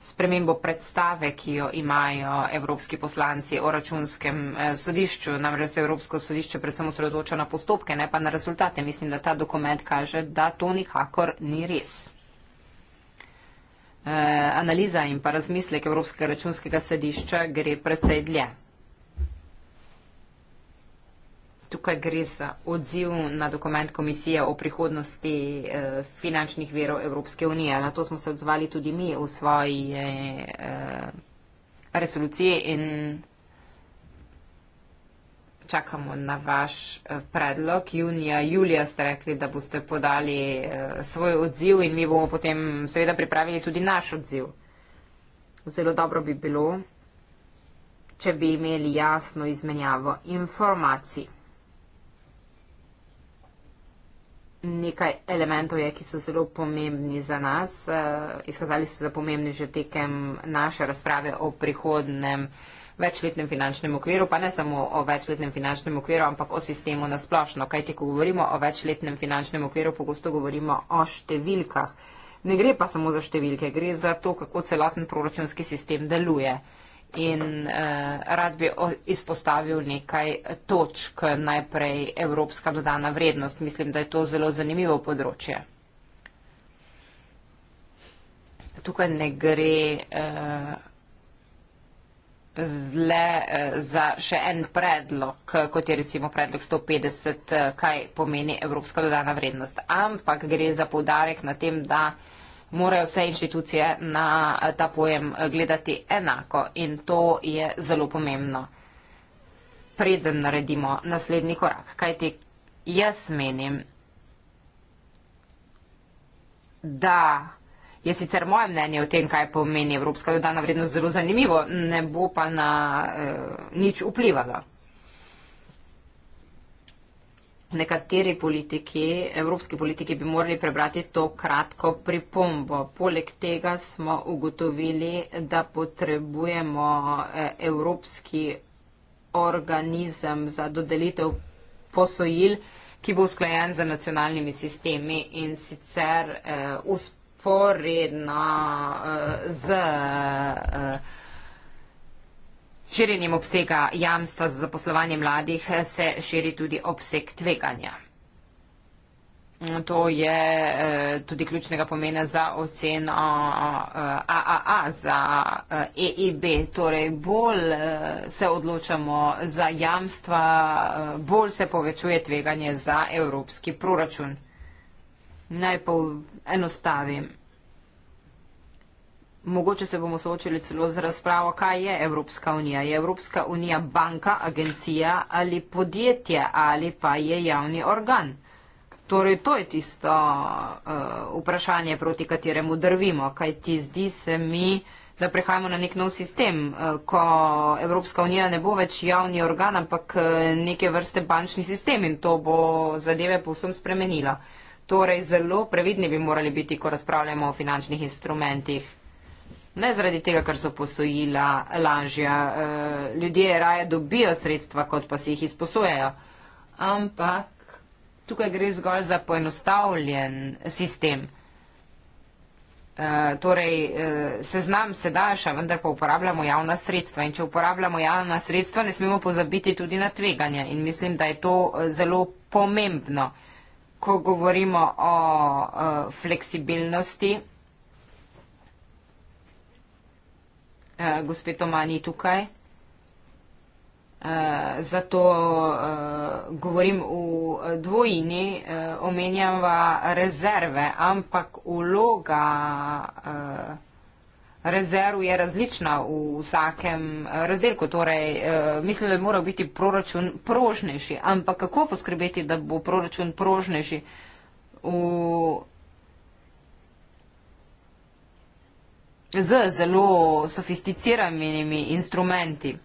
spremembo predstave, ki jo imajo evropski poslanci o računskem eh, sodišču. Namreč se Evropsko sodišče predvsem osredotoča na postopke, ne pa na rezultate. Mislim, da ta dokument kaže, da to nikakor ni res. Eh, analiza in pa razmislek Evropskega računskega sedišča gre predsej dlje. tukaj gre za odziv na dokument komisije o prihodnosti eh, finančnih verov Evropske unije. Na to smo se odzvali tudi mi v svoji eh, resoluciji in čakamo na vaš eh, predlog. Junija, julija ste rekli, da boste podali eh, svoj odziv in mi bomo potem seveda pripravili tudi naš odziv. Zelo dobro bi bilo, če bi imeli jasno izmenjavo informacij. nekaj elementov je, ki so zelo pomembni za nas. Eh, izkazali so se pomembni že tekem naše razprave o prihodnem večletnem finančnem okviru, pa ne samo o večletnem finančnem okviru, ampak o sistemu nasplošno. Kaj ti, ko govorimo o večletnem finančnem okviru, pogosto govorimo o številkah. Ne gre pa samo za številke, gre za to, kako celoten proračunski sistem deluje in uh, rad bi izpostavil nekaj točk, najprej evropska dodana vrednost. Mislim, da je to zelo zanimivo področje. Tukaj ne gre uh, zle uh, za še en predlog, kot je recimo predlog 150, uh, kaj pomeni evropska dodana vrednost, ampak gre za povdarek na tem, da uh, morajo vse inštitucije na eh, ta pojem eh, gledati enako in to je zelo pomembno. Preden naredimo naslednji korak, kajti jaz menim, da je sicer moje mnenje o tem, kaj pomeni evropska dodana vrednost, zelo zanimivo, ne bo pa na uh, nič vplivalo. Nekateri politiki, evropski politiki, bi morali prebrati to kratko pripombo. Poleg tega smo ugotovili, da potrebujemo e, evropski organizem za dodelitev posojil, ki bo usklajen z nacionalnimi sistemi in sicer usporedno e, e, z. Uh, Širjenjem obsega jamstva za zaposlovanje mladih se širi tudi obseg tveganja. To je eh, tudi ključnega pomena za oceno AAA, eh, za EIB. Eh, e torej, bolj se odločamo za jamstva, bolj se povečuje tveganje za evropski proračun. Najpol enostavim mogoče se bomo soočili celo z razpravo, kaj je Evropska unija. Je Evropska unija banka, agencija ali podjetje ali pa je javni organ? Torej, to je tisto uh, vprašanje, proti kateremu drvimo, kaj ti zdi se mi, da prehajamo na nek nov sistem, uh, ko Evropska unija ne bo več javni organ, ampak uh, neke vrste bančni sistem in to bo zadeve povsem spremenilo. Torej, zelo previdni bi morali biti, ko razpravljamo o finančnih instrumentih ne zaradi tega, ker so posojila lažja. Eh, ljudje raje dobijo sredstva, kot pa si jih izposojajo. Ampak tukaj gre zgolj za poenostavljen sistem. Eh, torej, eh, seznam se daša, vendar pa uporabljamo javna sredstva. In če uporabljamo javna sredstva, ne smemo pozabiti tudi na tveganje. In mislim, da je to zelo pomembno. Ko govorimo o uh, fleksibilnosti, uh, gospe Tomani tukaj. Uh, zato uh, govorim v dvojini, uh, omenjava rezerve, ampak vloga uh, rezerv je različna v vsakem razdelku. Torej, uh, mislim, da mora biti proračun prožnejši, ampak kako poskrbeti, da bo proračun prožnejši v z zelo sofisticiranimi instrumenti.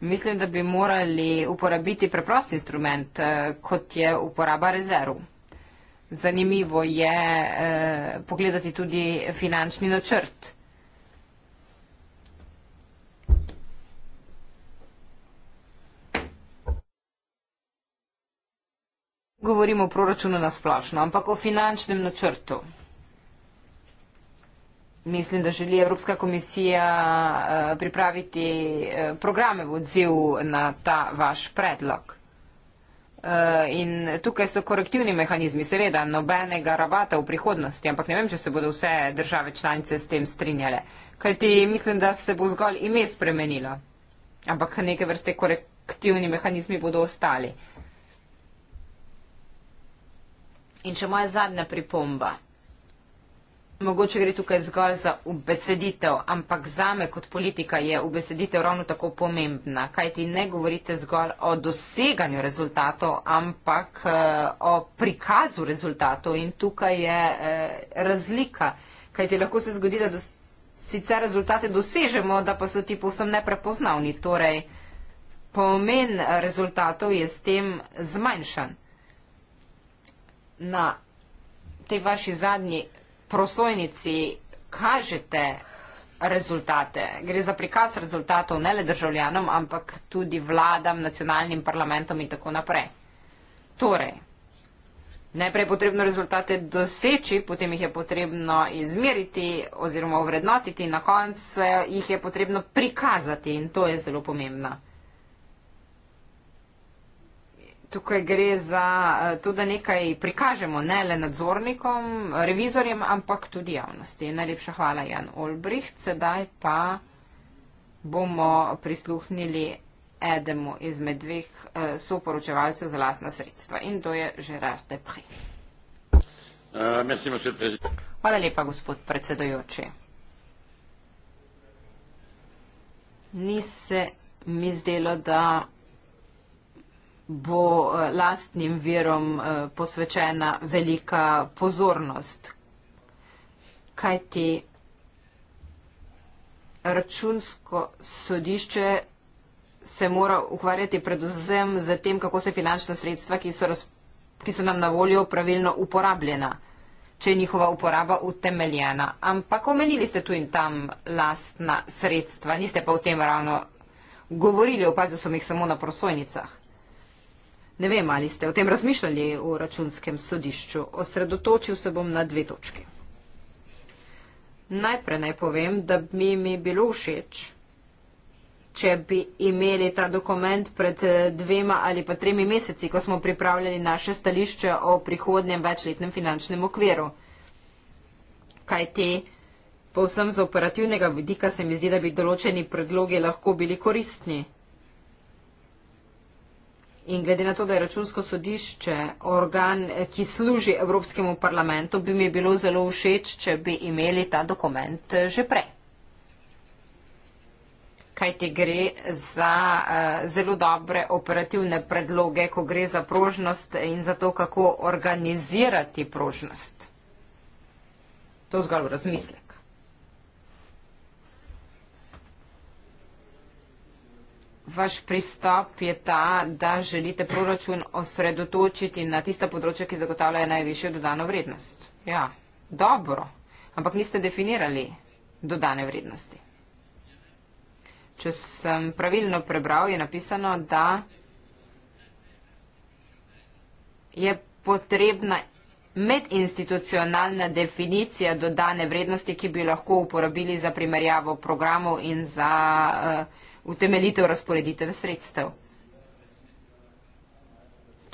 Mislim, da bi morali uporabiti preprost instrument, eh, kot je uporaba rezerv. Zanimivo je eh, pogledati tudi finančni načrt. Govorimo o proračunu na splošno, ampak o finančnem načrtu mislim, da želi Evropska komisija eh, pripraviti eh, programe v odziv na ta vaš predlog. Eh, in tukaj so korektivni mehanizmi, seveda nobenega rabata v prihodnosti, ampak ne vem, če se bodo vse države članice s tem strinjale. Kaj ti mislim, da se bo zgolj ime spremenilo, ampak neke vrste korektivni mehanizmi bodo ostali. In še moja zadnja pripomba. Mogoče gre tukaj zgolj za ubeseditev, ampak zame kot politika je ubeseditev ravno tako pomembna, kaj ti ne govorite zgolj o doseganju rezultatov, ampak eh, o prikazu rezultatov in tukaj je eh, razlika, kaj ti lahko se zgodi, da sicer rezultate dosežemo, da pa so ti povsem neprepoznavni. Torej, pomen eh, rezultatov je s tem zmanjšan. Na tej vaši zadnji prosojnici kažete rezultate. Gre za prikaz rezultatov ne le državljanom, ampak tudi vladam, nacionalnim parlamentom in tako naprej. Torej, najprej je potrebno rezultate doseči, potem jih je potrebno izmeriti oziroma vrednotiti in na koncu jih je potrebno prikazati in to je zelo pomembno. Tukaj gre za eh, to, da nekaj prikažemo ne le nadzornikom, revizorjem, ampak tudi javnosti. Najlepša hvala, Jan Olbricht. Sedaj pa bomo prisluhnili edemu izmed dveh eh, soporočevalcev za lasna sredstva in to je Gerard Depri. Eh, hvala lepa, gospod predsedojoči. Ni se mi zdelo, da bo eh, lastnim verom eh, posvečena velika pozornost. Kaj ti računsko sodišče se mora ukvarjati predvsem z tem, kako se finančna sredstva, ki so, raz, ki so nam na voljo, pravilno uporabljena, če je njihova uporaba utemeljena. Ampak omenili ste tu in tam lastna sredstva, niste pa o tem ravno govorili, opazil sem jih samo na prosojnicah. Ne vem, ali ste o tem razmišljali v računskem sodišču. Osredotočil se bom na dve točki. Najprej naj povem, da bi mi bilo všeč, če bi imeli ta dokument pred dvema ali pa tremi meseci, ko smo pripravljali naše stališče o prihodnjem večletnem finančnem okviru. Kaj te, povsem z operativnega vidika, se mi zdi, da bi določeni predlogi lahko bili koristni. In glede na to, da je računsko sodišče organ, ki služi Evropskemu parlamentu, bi mi bilo zelo všeč, če bi imeli ta dokument eh, že prej. Kaj ti gre za uh, zelo dobre operativne predloge, ko gre za prožnost in za to, kako organizirati prožnost? To zgolj razmislim. vaš pristop je ta, da želite proračun osredotočiti na tista področja, ki zagotavljajo najvišjo dodano vrednost. Ja, dobro, ampak niste definirali dodane vrednosti. Če sem pravilno prebral, je napisano, da je potrebna medinstitucionalna definicija dodane vrednosti, ki bi lahko uporabili za primerjavo programov in za. Uh, utemeljitev razporeditev sredstev.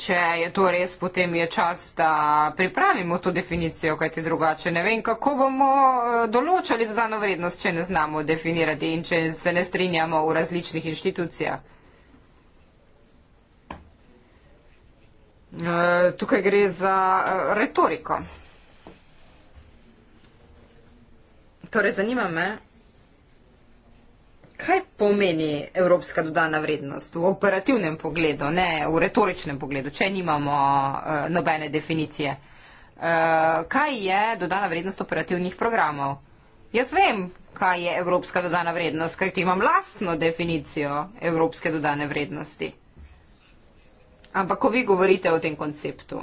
Če je to res, potem je čas, da pripravimo to definicijo, kajti drugače ne vem, kako bomo eh, določali dodano vrednost, če ne znamo definirati in če se ne strinjamo v različnih inštitucijah. Eh, tukaj gre za eh, retoriko. Torej, zanima me, kaj pomeni evropska dodana vrednost v operativnem pogledu, ne v retoričnem pogledu, če nimamo uh, nobene definicije? Uh, kaj je dodana vrednost operativnih programov? Jaz vem, kaj je evropska dodana vrednost, kajti imam lastno definicijo evropske dodane vrednosti. Ampak, ko vi govorite o tem konceptu,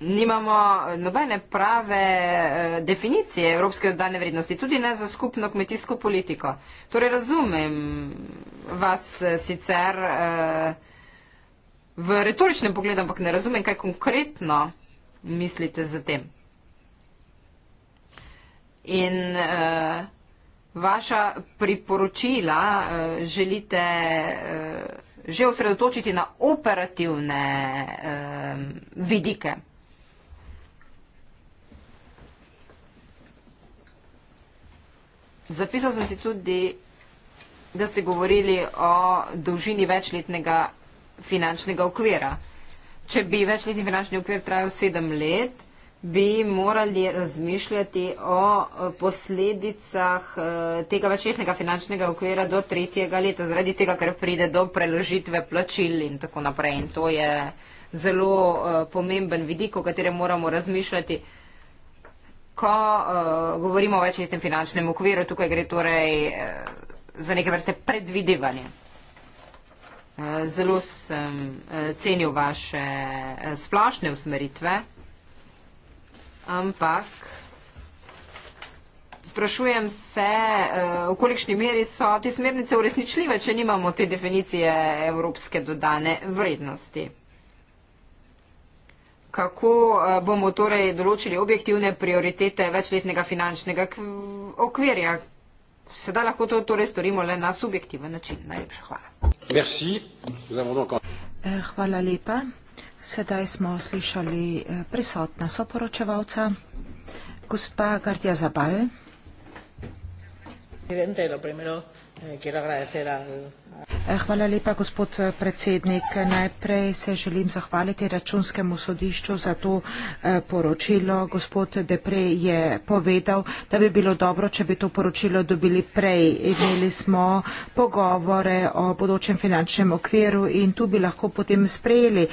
nimamo eh, nobene prave eh, definicije evropske dodane vrednosti, tudi ne za skupno kmetijsko politiko. Torej razumem vas eh, sicer v retoričnem pogledu, ampak ne razumem, kaj konkretno mislite za tem. In uh, vaša priporočila uh, želite uh, že osredotočiti na operativne uh, vidike. Zapisal sem si tudi, da ste govorili o dolžini večletnega finančnega okvira. Če bi večletni finančni okvir trajal sedem let, bi morali razmišljati o posledicah eh, tega večletnega finančnega okvira do tretjega leta, zaradi tega, ker pride do preložitve plačil in tako naprej. In to je zelo eh, pomemben vidik, o katerem moramo razmišljati ko uh, govorimo o večletnem finančnem okviru, tukaj gre torej uh, za neke vrste predvidevanja. Uh, eh, zelo sem uh, cenil vaše uh, splošne usmeritve, ampak. Sprašujem se, v kolikšni meri so te smernice uresničljive, če nimamo te definicije evropske dodane vrednosti kako eh, bomo torej določili objektivne prioritete večletnega finančnega okvirja. Sedaj lahko to torej storimo le na subjektiven način. Najlepša hvala. Merci. Eh, hvala lepa. Sedaj smo slišali eh, prisotna soporočevalca, gospa Gardja Zabal. Presidente, lo primero Eh, eh, hvala lepa, gospod eh, predsednik. Najprej se želim zahvaliti računskemu sodišču za to poročilo. Gospod Depre je povedal, da bi bilo dobro, če bi to poročilo dobili prej. Imeli smo pogovore o bodočem finančnem okviru in tu bi lahko potem sprejeli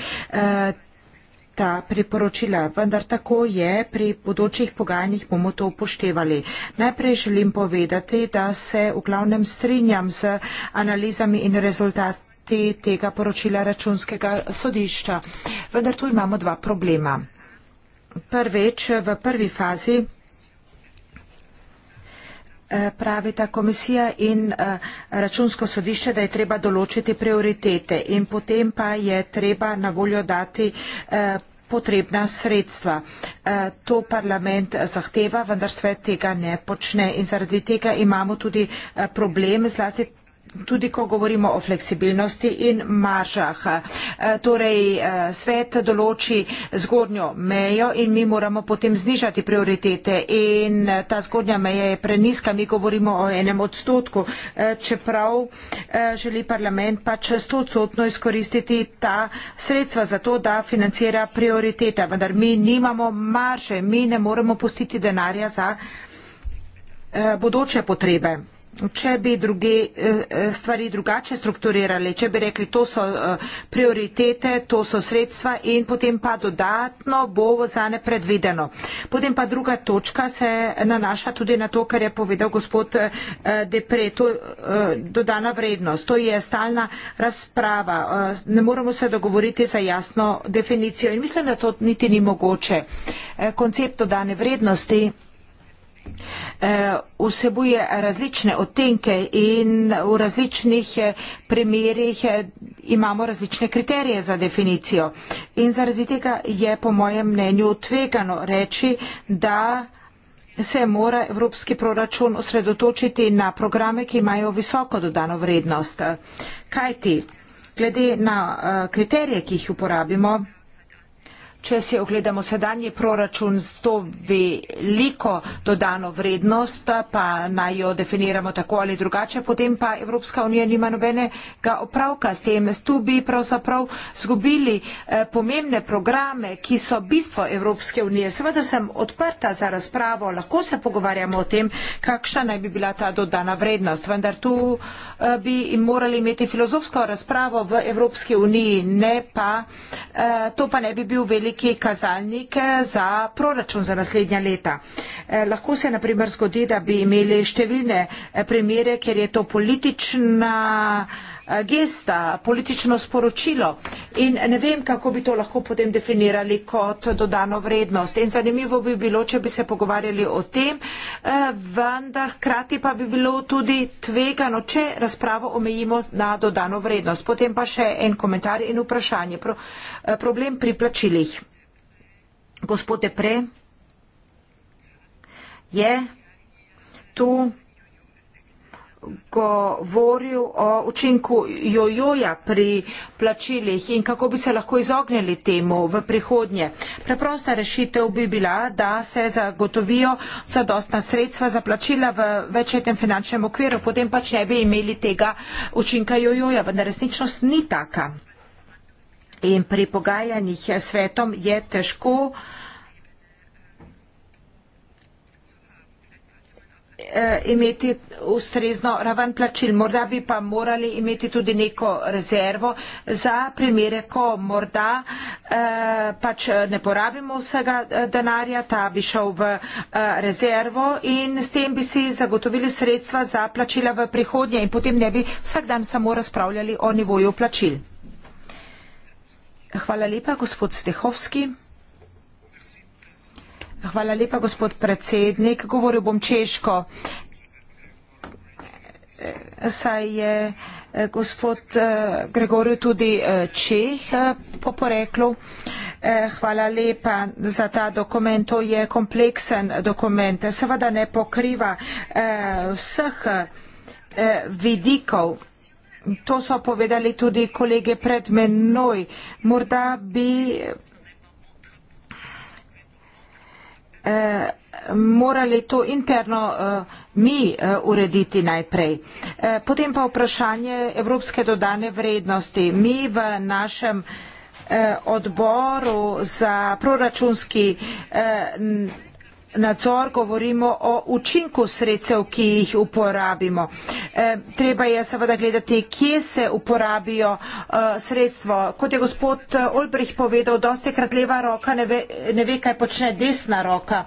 ta priporočila, vendar tako je, pri bodočih pogajanjih bomo to upoštevali. Najprej želim povedati, da se v glavnem strinjam z analizami in rezultati tega poročila računskega sodišča. Vendar tu imamo dva problema. Prveč, v prvi fazi Eh, pravita komisija in eh, računsko sodišče, da je treba določiti prioritete in potem pa je treba na voljo dati eh, potrebna sredstva. To parlament zahteva, vendar svet tega ne počne in zaradi tega imamo tudi problem zlasti tudi ko govorimo o fleksibilnosti in maržah. E, torej, e, svet določi zgornjo mejo in mi moramo potem znižati prioritete in e, ta zgornja meja je preniska, mi govorimo o enem odstotku, čeprav želi parlament pač stotno izkoristiti ta sredstva za to, da financira prioritete, vendar mi nimamo marže, mi ne moremo pustiti denarja za bodoče potrebe če bi druge, eh, eh, stvari drugače strukturirali, če bi rekli, to so eh, prioritete, to so sredstva in potem pa dodatno bo za ne predvideno. Potem pa druga točka se nanaša tudi na to, kar je povedal gospod Depre, to dodana vrednost, to je stalna razprava, ne moramo se dogovoriti za jasno definicijo in mislim, da to niti ni mogoče. Koncept dodane vrednosti Eh, vsebuje različne otenke in v različnih eh, primerjih eh, imamo različne kriterije za definicijo. In zaradi tega je po mojem mnenju tvegano reči, da se mora evropski proračun osredotočiti na programe, ki imajo visoko dodano vrednost. Kaj ti? Glede na kriterije, ki jih uporabimo, Če si ogledamo sedanji proračun s to veliko dodano vrednost, pa naj jo definiramo tako ali drugače, potem pa Evropska unija nima nobenega opravka s tem. Tu bi pravzaprav zgubili eh, pomembne programe, ki so bistvo Evropske unije. Seveda sem odprta za razpravo, lahko se pogovarjamo o tem, kakšna naj bi bila ta dodana vrednost. Vendar tu eh, bi morali imeti filozofsko razpravo v Evropski uniji, ne pa eh, to pa ne bi bil velik neke kazalnike za proračun za naslednja leta. Eh, lahko se naprimer zgodi, da bi imeli številne eh, primere, ker je to politična Eh, gesta, politično sporočilo in ne vem, kako bi to lahko potem definirali kot dodano vrednost. In zanimivo bi bilo, če bi se pogovarjali o tem, eh, vendar hkrati pa bi bilo tudi tvegano, če razpravo omejimo na dodano vrednost. Potem pa še en komentar in vprašanje. Pro, eh, problem pri plačilih. Gospod Depre je tu govoril o učinku jojoja pri plačilih in kako bi se lahko izognili temu v prihodnje. Preprosta rešitev bi bila, da se zagotovijo zadostna sredstva za plačila v večletnem finančnem okviru, potem pač ne bi imeli tega učinka jojoja, vendar resničnost ni taka. In pri pogajanjih svetom je težko uh, eh, imeti ustrezno raven plačil. Morda bi pa morali imeti tudi neko rezervo za primere, ko morda eh, pač ne porabimo vsega eh, denarja, ta bi šel v eh, rezervo in s tem bi si zagotovili sredstva za plačila v prihodnje in potem ne bi vsak dan samo razpravljali o nivoju plačil. Hvala lepa, gospod Stehovski. Hvala lepa, gospod predsednik. Govoril bom češko. Saj je eh, gospod eh, Gregorju tudi eh, Čeh po poreklu. Hvala lepa za ta dokument. To je kompleksen dokument. Seveda ne pokriva vseh vidikov. To so povedali tudi kolege pred menoj. Morda bi Eh, morali to interno eh, mi eh, urediti najprej. Potem pa vprašanje evropske dodane vrednosti. Mi v našem odboru za proračunski nadzor, govorimo o učinku sredstev, ki jih uporabimo. E, treba je seveda gledati, kje se uporabijo e, sredstvo. Kot je gospod Olbrih povedal, dosti krat leva roka ne ve, ne ve kaj počne desna roka.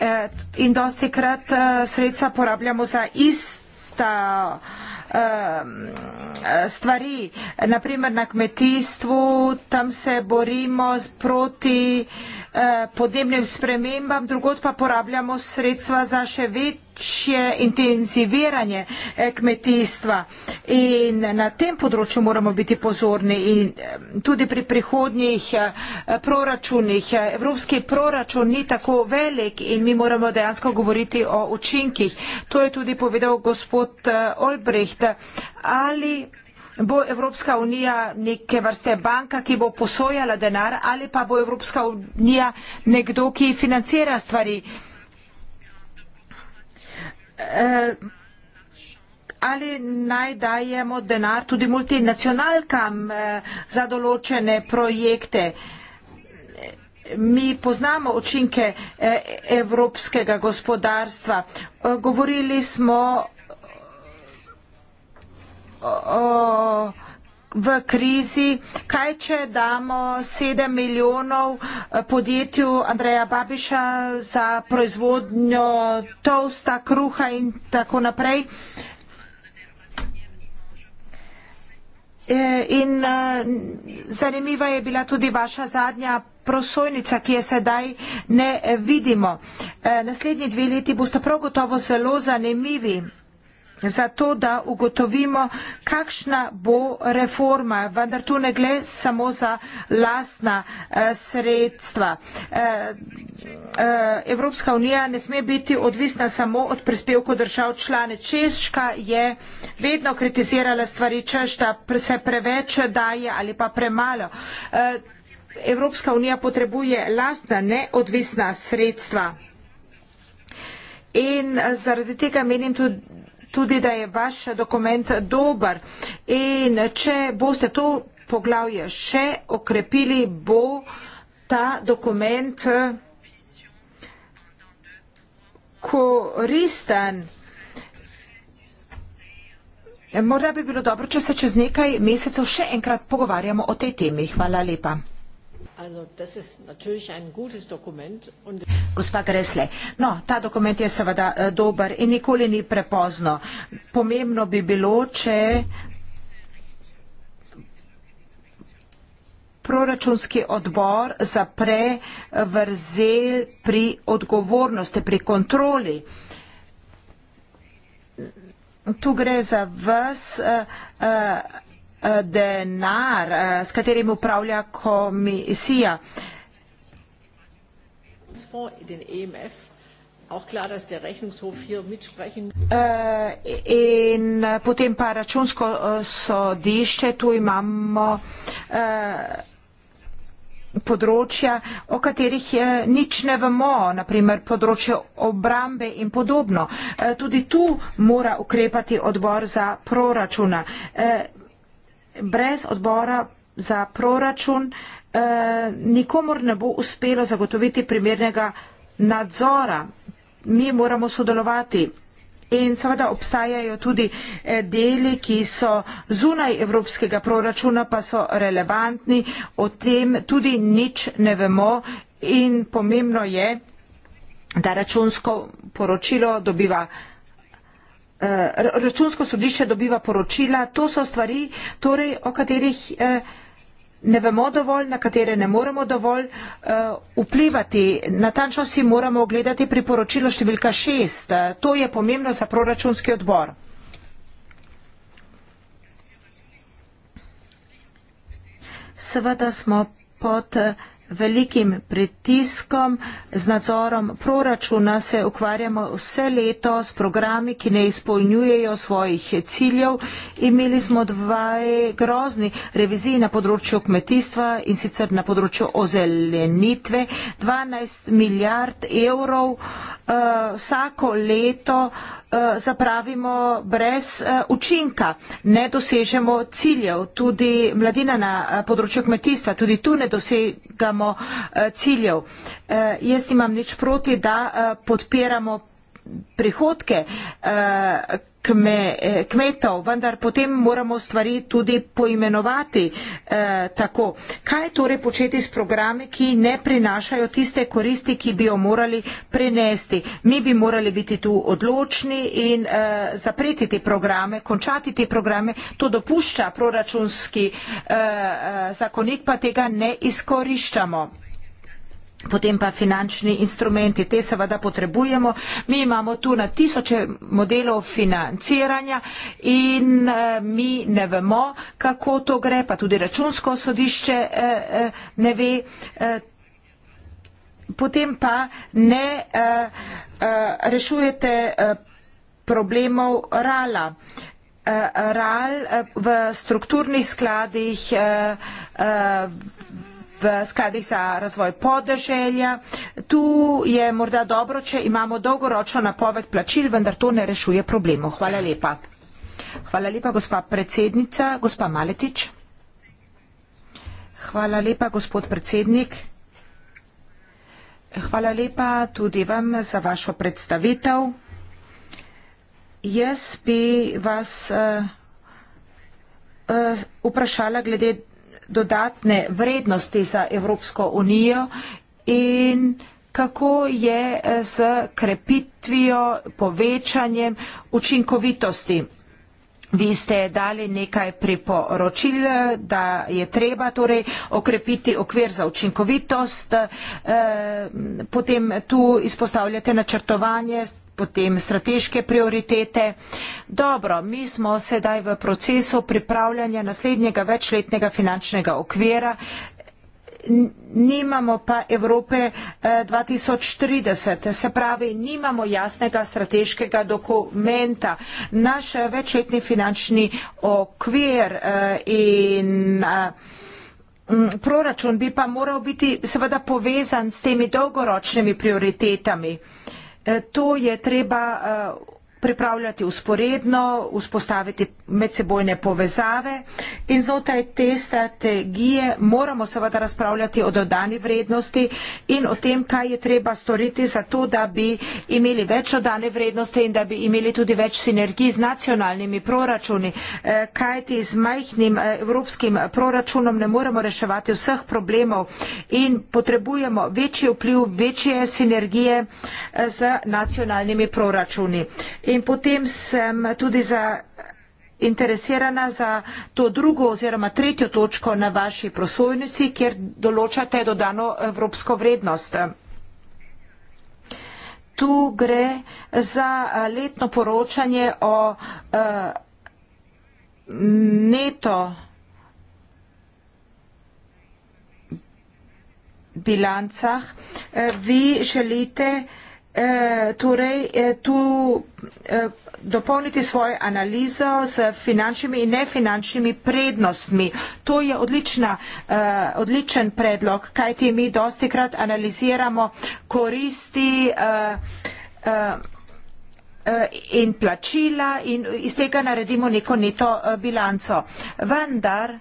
E, in dosti krat sredstva porabljamo za ista stvari. Naprimer na kmetijstvu, tam se borimo proti uh, Eh, podnebnim spremembam, drugot pa porabljamo sredstva za še večje intenziviranje eh, kmetijstva. In na tem področju moramo biti pozorni in eh, tudi pri prihodnjih proračunih. Evropski proračun ni tako velik in mi moramo dejansko govoriti o učinkih. To je tudi povedal gospod Olbricht. Ali Bo Evropska unija neke vrste banka, ki bo posojala denar ali pa bo Evropska unija nekdo, ki financira stvari? Eh, ali naj dajemo denar tudi multinacionalkam eh, za določene projekte? Mi poznamo učinke eh, evropskega gospodarstva. Govorili smo v krizi, kaj če damo 7 milijonov eh, podjetju Andreja Babiša za proizvodnjo tosta, kruha in tako naprej. Eh, in eh, zanimiva je bila tudi vaša zadnja prosojnica, ki je sedaj ne vidimo. Naslednji dve leti boste prav gotovo zelo zanimivi zato, da ugotovimo, kakšna bo reforma, vendar tu ne gre samo za lastna eh, sredstva. Eh, eh Evropska unija ne sme biti odvisna samo od prispevkov držav člane. Češka je vedno kritizirala stvari, češ da se preveč daje ali pa premalo. Eh, Evropska unija potrebuje lastna neodvisna sredstva. In eh, zaradi tega menim tudi, tudi, da je vaš dokument dober in če boste to poglavje še okrepili, bo ta dokument koristen. Morda bi bilo dobro, če se čez nekaj mesecev še enkrat pogovarjamo o tej temi. Hvala lepa. Gospa Gresle, no, ta dokument je seveda eh, dober in nikoli ni prepozno. Pomembno bi bilo, če proračunski odbor zapre eh, vrzel pri odgovornosti, pri kontroli. Tu gre za vas. Uh, uh, denar, eh, s katerim upravlja komisija. In e eh, eh, potem pa računsko sodišče, tu imamo področja, o katerih nič ne vemo, naprimer področje obrambe in podobno. Tudi tu mora ukrepati odbor za proračuna brez odbora za proračun eh, nikomor ne bo uspelo zagotoviti primernega nadzora. Mi moramo sodelovati. In seveda obstajajo tudi eh, deli, ki so zunaj evropskega proračuna, pa so relevantni, o tem tudi nič ne vemo in pomembno je, da računsko poročilo dobiva Eh, računsko sodišče dobiva poročila, to so stvari, torej, o katerih eh, ne vemo dovolj, na katere ne moremo dovolj eh, vplivati. Natančno si moramo ogledati priporočilo številka šest. To je pomembno za proračunski odbor. Seveda smo pod velikim pritiskom, z nadzorom proračuna se ukvarjamo vse leto s programi, ki ne izpolnjujejo svojih ciljev. Imeli smo dva grozni reviziji na področju kmetijstva in sicer na področju ozelenitve. 12 milijard evrov uh, vsako leto uh, Eh, zapravimo brez eh, učinka, ne dosežemo ciljev. Tudi mladina na eh, področju kmetijstva, tudi tu ne dosegamo ciljev. Jaz nimam nič proti, da podpiramo prihodke eh, kme, eh, kmetov, vendar potem moramo stvari tudi poimenovati eh, tako. Kaj torej početi s programi, ki ne prinašajo tiste koristi, ki bi jo morali prenesti? Mi bi morali biti tu odločni in eh, zapreti te programe, končati te programe. To dopušča proračunski eh, eh zakonik, pa tega ne izkoriščamo. Potem pa finančni instrumenti, te seveda potrebujemo. Mi imamo tu na tisoče modelov financiranja in eh, mi ne vemo, kako to gre, pa tudi računsko sodišče eh, eh, ne ve. Potem pa ne rešujete problemov RALA. RAL v strukturnih skladih, v skladih za razvoj podeželja. Tu je morda dobro, če imamo dolgoročno napoved plačil, vendar to ne rešuje problemov. Hvala lepa. Hvala lepa, gospa predsednica. Gospa Maletič. Hvala lepa, gospod predsednik. Hvala lepa tudi vam za vašo predstavitev. Jaz bi vas uh, uh, vprašala glede dodatne vrednosti za Evropsko unijo in kako je z krepitvijo, povečanjem učinkovitosti. Vi ste dali nekaj priporočil, da je treba torej okrepiti okvir za učinkovitost, eh, potem tu izpostavljate načrtovanje potem strateške prioritete. Dobro, mi smo sedaj v procesu pripravljanja naslednjega večletnega finančnega okvira. Nimamo pa Evrope 2030, eh, se pravi, nimamo jasnega strateškega dokumenta. Naš eh, večletni finančni okvir eh, in proračun bi pa moral biti seveda povezan s temi dolgoročnimi prioritetami. Eh, to je treba eh, pripravljati usporedno, vzpostaviti medsebojne povezave in znotraj te strategije moramo seveda razpravljati o dodani vrednosti in o tem, kaj je treba storiti za to, da bi imeli več dodane vrednosti in da bi imeli tudi več sinergij z nacionalnimi proračuni, eh, kajti z majhnim eh, evropskim proračunom ne moremo reševati vseh problemov in potrebujemo večji vpliv, večje sinergije eh, z nacionalnimi proračuni. In potem sem tudi za interesirana za to drugo oziroma tretjo točko na vaši prosojnici, kjer določate dodano evropsko vrednost. Tu gre za letno poročanje o uh, neto bilancah. Uh, vi želite uh, Eh, torej eh, tu eh, dopolniti svojo analizo s finančnimi in nefinančnimi prednostmi. To je odlična, odličen predlog, kajti mi dosti krat analiziramo koristi in plačila in iz tega naredimo neko neto bilanco. Vendar,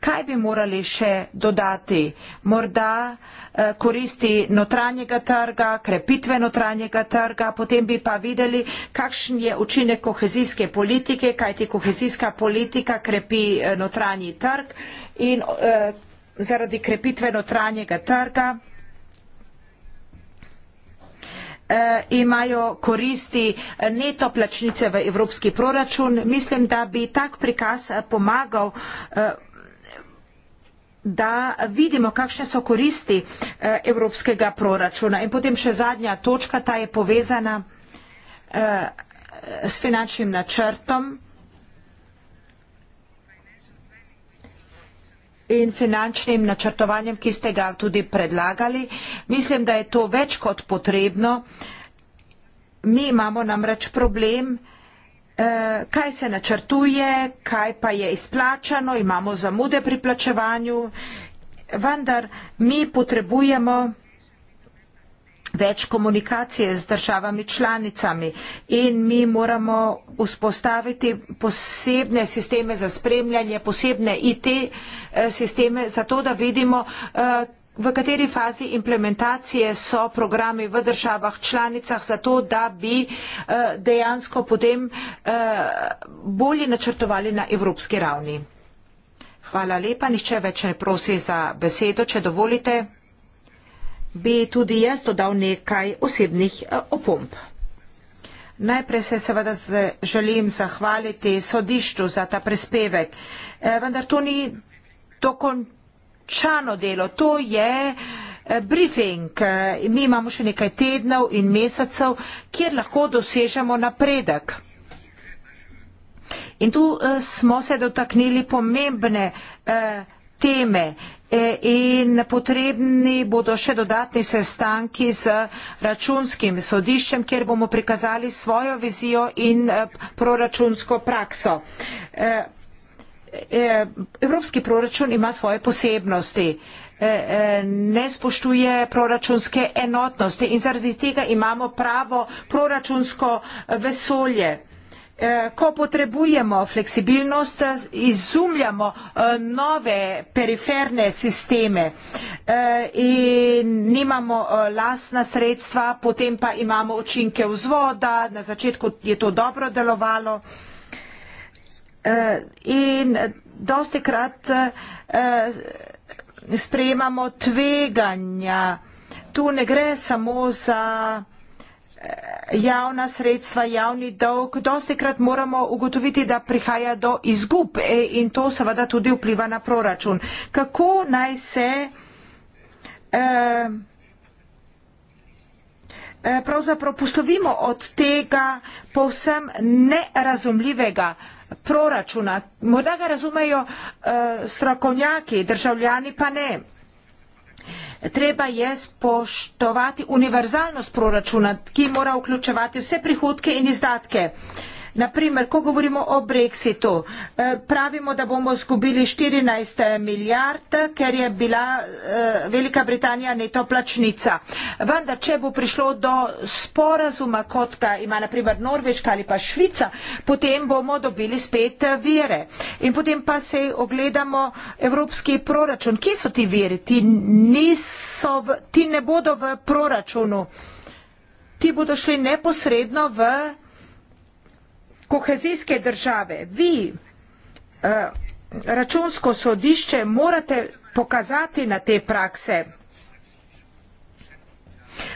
kaj bi morali še dodati? Morda uh, Eh, koristi notranjega trga, krepitve notranjega trga, potem bi pa videli, kakšen je učinek kohezijske politike, kajti kohezijska politika krepi eh, notranji trg in eh, zaradi krepitve notranjega trga imajo koristi neto plačnice v evropski proračun. Mislim, da bi tak prikaz pomagal da vidimo, kakšne so koristi eh, evropskega proračuna. In potem še zadnja točka, ta je povezana eh, s finančnim načrtom in finančnim načrtovanjem, ki ste ga tudi predlagali. Mislim, da je to več kot potrebno. Mi imamo namreč problem, da Eh, kaj se načrtuje, kaj pa je izplačano, imamo zamude pri plačevanju, vendar mi potrebujemo več komunikacije z državami članicami in mi moramo vzpostaviti posebne sisteme za spremljanje, posebne IT eh, sisteme, zato da vidimo, eh, V kateri fazi implementacije so programi v državah članicah za to, da bi eh, dejansko potem eh, bolje načrtovali na evropski ravni? Hvala lepa, nišče več ne prosi za besedo, če dovolite, bi tudi jaz dodal nekaj osebnih eh, opomb. Najprej se seveda želim zahvaliti sodišču za ta prespevek, vendar to ni dokončno močano delo. To je eh, briefing. Eh, mi imamo še nekaj tednov in mesecev, kjer lahko dosežemo napredek. In tu eh, smo se dotaknili pomembne teme in potrebni bodo še dodatni sestanki z računskim sodiščem, kjer bomo prikazali svojo vizijo in proračunsko prakso. Eh, evropski proračun ima svoje posebnosti, eh, eh, ne spoštuje proračunske enotnosti in zaradi tega imamo pravo proračunsko vesolje. Ko potrebujemo fleksibilnost, izumljamo nove periferne sisteme in nimamo lasna sredstva, potem pa imamo učinke vzvoda, na začetku je to dobro delovalo uh, in dosti krat uh, eh, sprejemamo tveganja. Tu ne gre samo za eh, javna sredstva, javni dolg, dosti krat moramo ugotoviti, da prihaja do izgub e, in to seveda tudi vpliva na proračun. Kako naj se eh, pravzaprav poslovimo od tega povsem nerazumljivega eh, proračuna. Morda ga razumejo uh, strokovnjaki, državljani pa ne. Treba je spoštovati univerzalnost proračuna, ki mora vključevati vse prihodke in izdatke. Uh, Naprimer, ko govorimo o brexitu, eh, pravimo, da bomo zgubili 14 eh, milijard, ker je bila eh, Velika Britanija neto plačnica. Vendar, če bo prišlo do sporazuma, kot ga ima naprimer Norveška ali pa Švica, potem bomo dobili spet vire. In potem pa se ogledamo evropski proračun. Kje so ti viri? Ti, niso, ti ne bodo v proračunu. Ti bodo šli neposredno v kohezijske države. Vi, eh, računsko sodišče, morate pokazati na te prakse.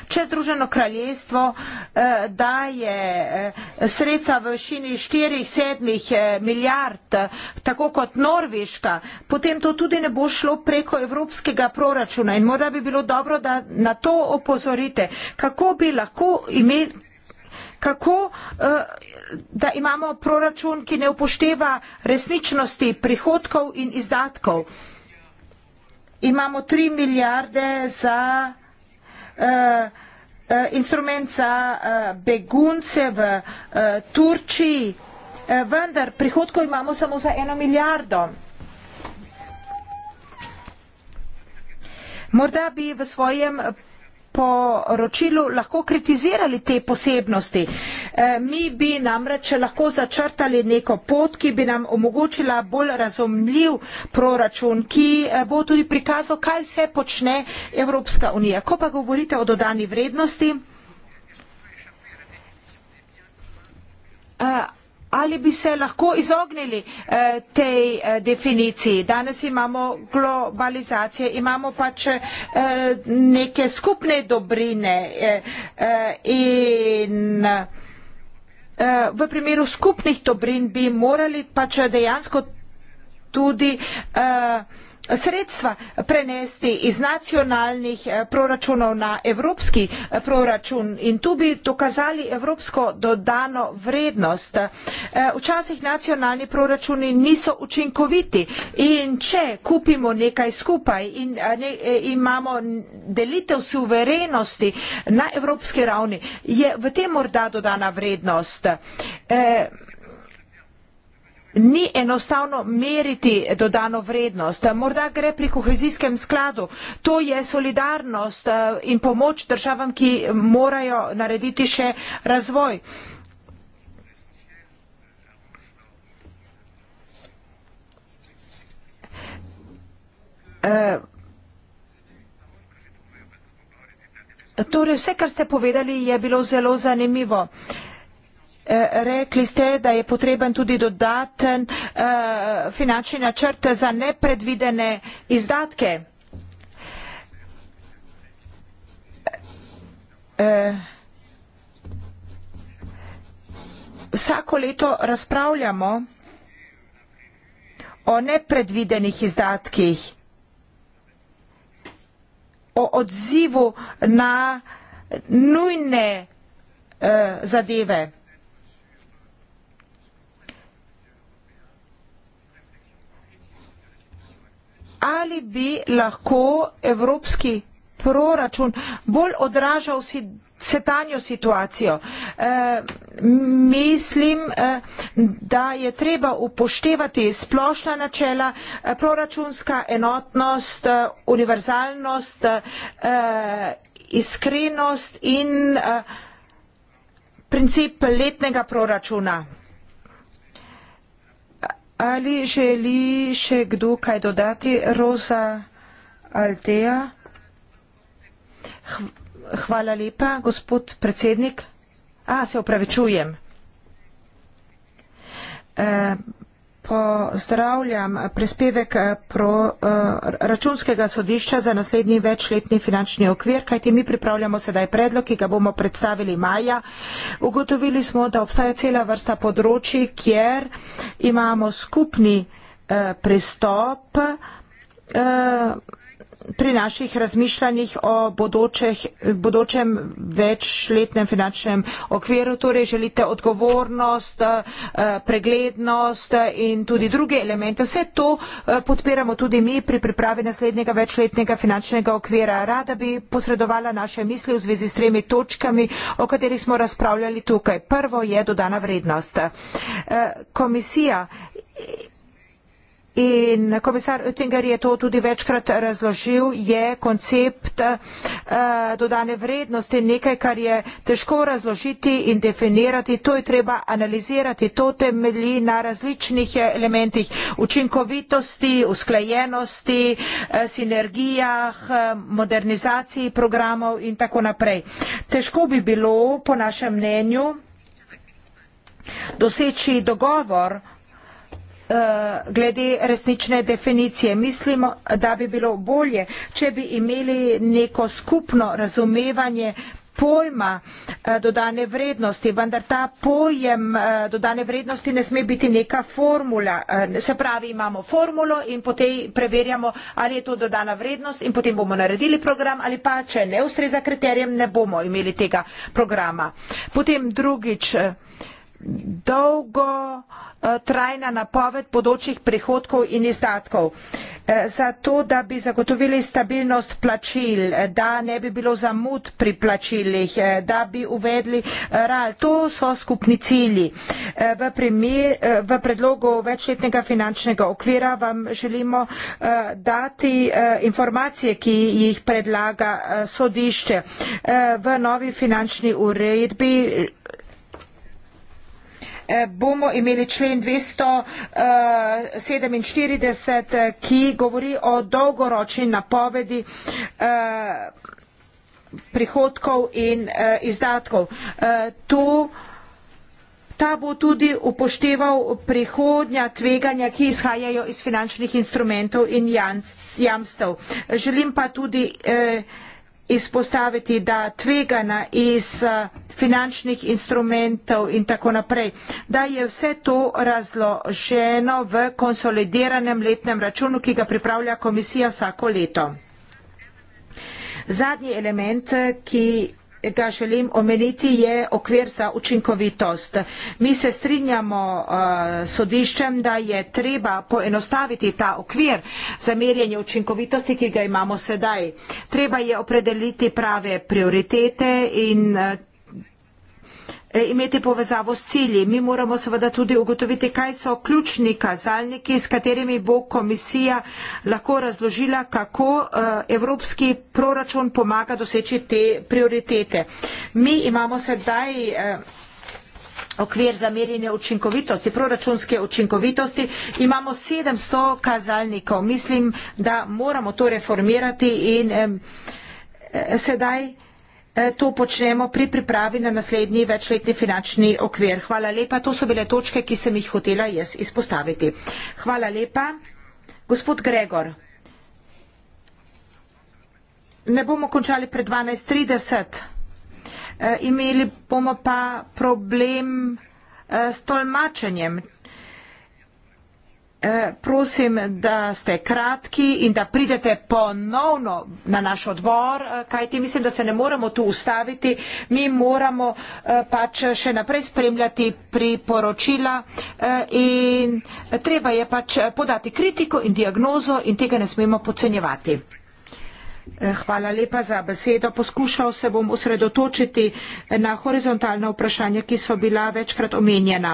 Če Združeno kraljestvo eh, daje eh, sredstva v višini 4-7 eh, milijard, tako kot Norveška, potem to tudi ne bo šlo preko evropskega proračuna in morda bi bilo dobro, da na to opozorite. Kako bi lahko imeli, kako eh, da imamo proračun, ki ne upošteva resničnosti prihodkov in izdatkov. Imamo 3 milijarde za eh, eh, instrument za begunce v Turčiji, vendar prihodkov imamo samo za eno milijardo. Morda bi v svojem poročilu lahko kritizirali te posebnosti. Eh, mi bi namreč lahko začrtali neko pot, ki bi nam omogočila bolj razumljiv proračun, ki eh, bo tudi prikazal, kaj vse počne Evropska unija. Ko pa govorite o dodani vrednosti, eh, ali bi se lahko izognili eh, tej eh, definiciji. Danes imamo globalizacije, imamo pač eh, neke skupne dobrine eh, eh, in eh, v primeru skupnih dobrin bi morali pač dejansko tudi eh, sredstva prenesti iz nacionalnih eh, proračunov na evropski eh, proračun in tu bi dokazali evropsko dodano vrednost. Eh, včasih nacionalni proračuni niso učinkoviti in če kupimo nekaj skupaj in ne, imamo delitev suverenosti na evropski ravni, je v tem morda dodana vrednost. E, ni enostavno meriti dodano vrednost morda gre pri kohezijskem skladu to je solidarnost eh, in pomoč državam ki morajo narediti še razvoj eh, torej vse kar ste povedali je bilo zelo zanimivo Eh, rekli ste, da je potreben tudi dodaten eh, finančni načrt za nepredvidene izdatke. Eh, vsako leto razpravljamo o nepredvidenih izdatkih, o odzivu na nujne zadeve. ali bi lahko evropski proračun bolj odražal si setanjo situacijo. E, mislim, e, da je treba upoštevati splošna načela, e, proračunska enotnost, e, univerzalnost, e, iskrenost in e, princip letnega proračuna. Ali želi še kdo kaj dodati? Roza Altea. Hvala lepa, gospod predsednik. A, se opravičujem. Eh, pozdravljam prispevek eh, pro, uh, računskega sodišča za naslednji večletni finančni okvir, kajti mi pripravljamo sedaj predlog, ki ga bomo predstavili maja. Ugotovili smo, da obstaja cela vrsta področji, kjer imamo skupni uh, pristop. Uh, pri naših razmišljanjih o bodočeh, bodočem večletnem finančnem okviru, torej želite odgovornost, eh, preglednost in tudi druge elemente. Vse to eh, podpiramo tudi mi pri pripravi naslednjega večletnega finančnega okvira. Rada bi posredovala naše misli v zvezi s tremi točkami, o katerih smo razpravljali tukaj. Prvo je dodana vrednost. Eh, komisija In komisar Oettinger je to tudi večkrat razložil, je koncept uh, dodane vrednosti nekaj, kar je težko razložiti in definirati. To je treba analizirati. To temelji na različnih elementih učinkovitosti, usklajenosti, eh, sinergijah, eh, modernizaciji programov in tako naprej. Težko bi bilo, po našem mnenju, doseči dogovor Eh, glede resnične definicije. Mislimo, da bi bilo bolje, če bi imeli neko skupno razumevanje pojma eh, dodane vrednosti, vendar ta pojem eh, dodane vrednosti ne sme biti neka formula. Se pravi, imamo formulo in potem preverjamo, ali je to dodana vrednost in potem bomo naredili program ali pa, če ne ustreza kriterijem, ne bomo imeli tega programa. Potem drugič dolgo eh, trajna napoved bodočih prihodkov in izdatkov. Eh, zato, da bi zagotovili stabilnost plačil, eh, da ne bi bilo zamud pri plačilih, da bi uvedli RAL. To so skupni cilji. V, primer, v predlogu večletnega finančnega okvira vam želimo dati informacije, ki jih predlaga sodišče. V novi finančni uredbi Eh, bomo imeli člen 247, eh, eh, ki govori o dolgoročni napovedi prihodkov in izdatkov. Tu Ta bo tudi upošteval prihodnja tveganja, ki izhajajo iz finančnih instrumentov in jamstev. Želim pa tudi eh, izpostaviti, da tvegana iz eh, finančnih instrumentov in tako naprej, da je vse to razloženo v konsolideranem letnem računu, ki ga pripravlja komisija vsako leto. Zadnji element, ki ga želim omeniti je okvir za učinkovitost. Mi se strinjamo uh, sodiščem, da je treba poenostaviti ta okvir za merjenje učinkovitosti, ki ga imamo sedaj. Treba je opredeliti prave prioritete in uh, Eh, imeti povezavo s cilji. Mi moramo seveda tudi ugotoviti, kaj so ključni kazalniki, s katerimi bo komisija lahko razložila, kako eh, evropski proračun pomaga doseči te prioritete. Mi imamo sedaj eh, okvir za merjenje učinkovitosti, proračunske učinkovitosti. Imamo 700 kazalnikov. Mislim, da moramo to reformirati in eh, sedaj Eh, to počnemo pri pripravi na naslednji večletni finančni okvir. Hvala lepa, to so bile točke, ki sem jih hotela jaz izpostaviti. Hvala lepa. Gospod Gregor, ne bomo končali pred 12.30, e, eh, imeli bomo pa problem e, s tolmačenjem, Eh, prosim, da ste kratki in da pridete ponovno na naš odbor, eh, kajti mislim, da se ne moramo tu ustaviti. Mi moramo eh, pač še naprej spremljati priporočila in treba je pač podati kritiko in diagnozo in tega ne smemo podcenjevati. Eh, hvala lepa za besedo. Poskušal se bom osredotočiti eh, na horizontalna vprašanja, ki so bila večkrat omenjena.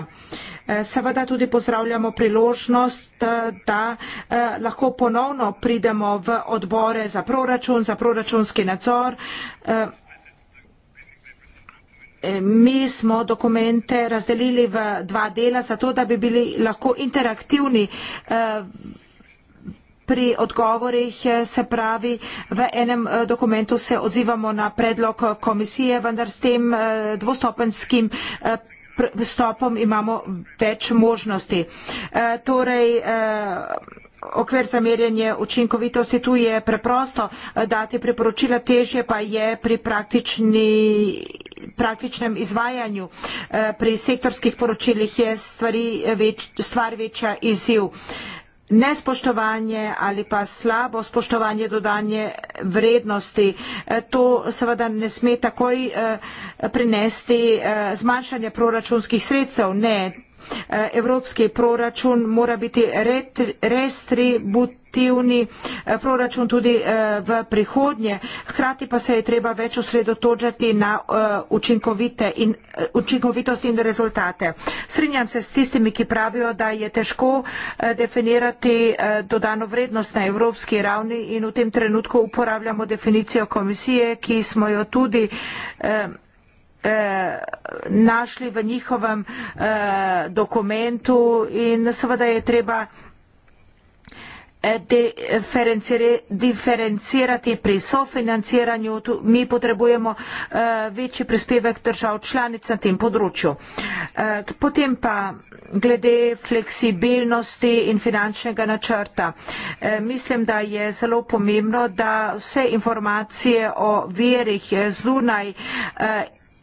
Eh, seveda tudi pozdravljamo priložnost, da lahko ponovno pridemo v odbore za proračun, za proračunski nadzor. Mi smo dokumente razdelili v dva dela, zato da bi bili lahko interaktivni pri odgovorih, eh, se pravi, v enem eh, dokumentu se odzivamo na predlog komisije, vendar s tem eh, dvostopenskim stopom imamo več možnosti. Torej, okvir za merjenje učinkovitosti tu je preprosto dati priporočila, težje pa je pri praktični praktičnem izvajanju pri sektorskih poročilih je stvari več, stvar večja izziv nespoštovanje ali pa slabo spoštovanje dodanje vrednosti. E, to seveda ne sme takoj e, prinesti e, zmanjšanje proračunskih sredstev. Ne, Eh, evropski proračun mora biti restributiven aktivni eh, proračun tudi eh, v prihodnje. Hkrati pa se je treba več osredotočati na učinkovitost in rezultate. Srinjam se s tistimi, ki pravijo, da je težko definirati dodano vrednost na evropski ravni in v tem trenutku uporabljamo definicijo komisije, ki smo jo tudi eh, našli v njihovem eh, dokumentu in seveda je treba eh, diferencirati pri sofinanciranju. Mi potrebujemo eh, večji prispevek držav članic na tem področju. Eh, potem pa glede fleksibilnosti in finančnega načrta. Mislim, da je zelo pomembno, da vse informacije o verih zunaj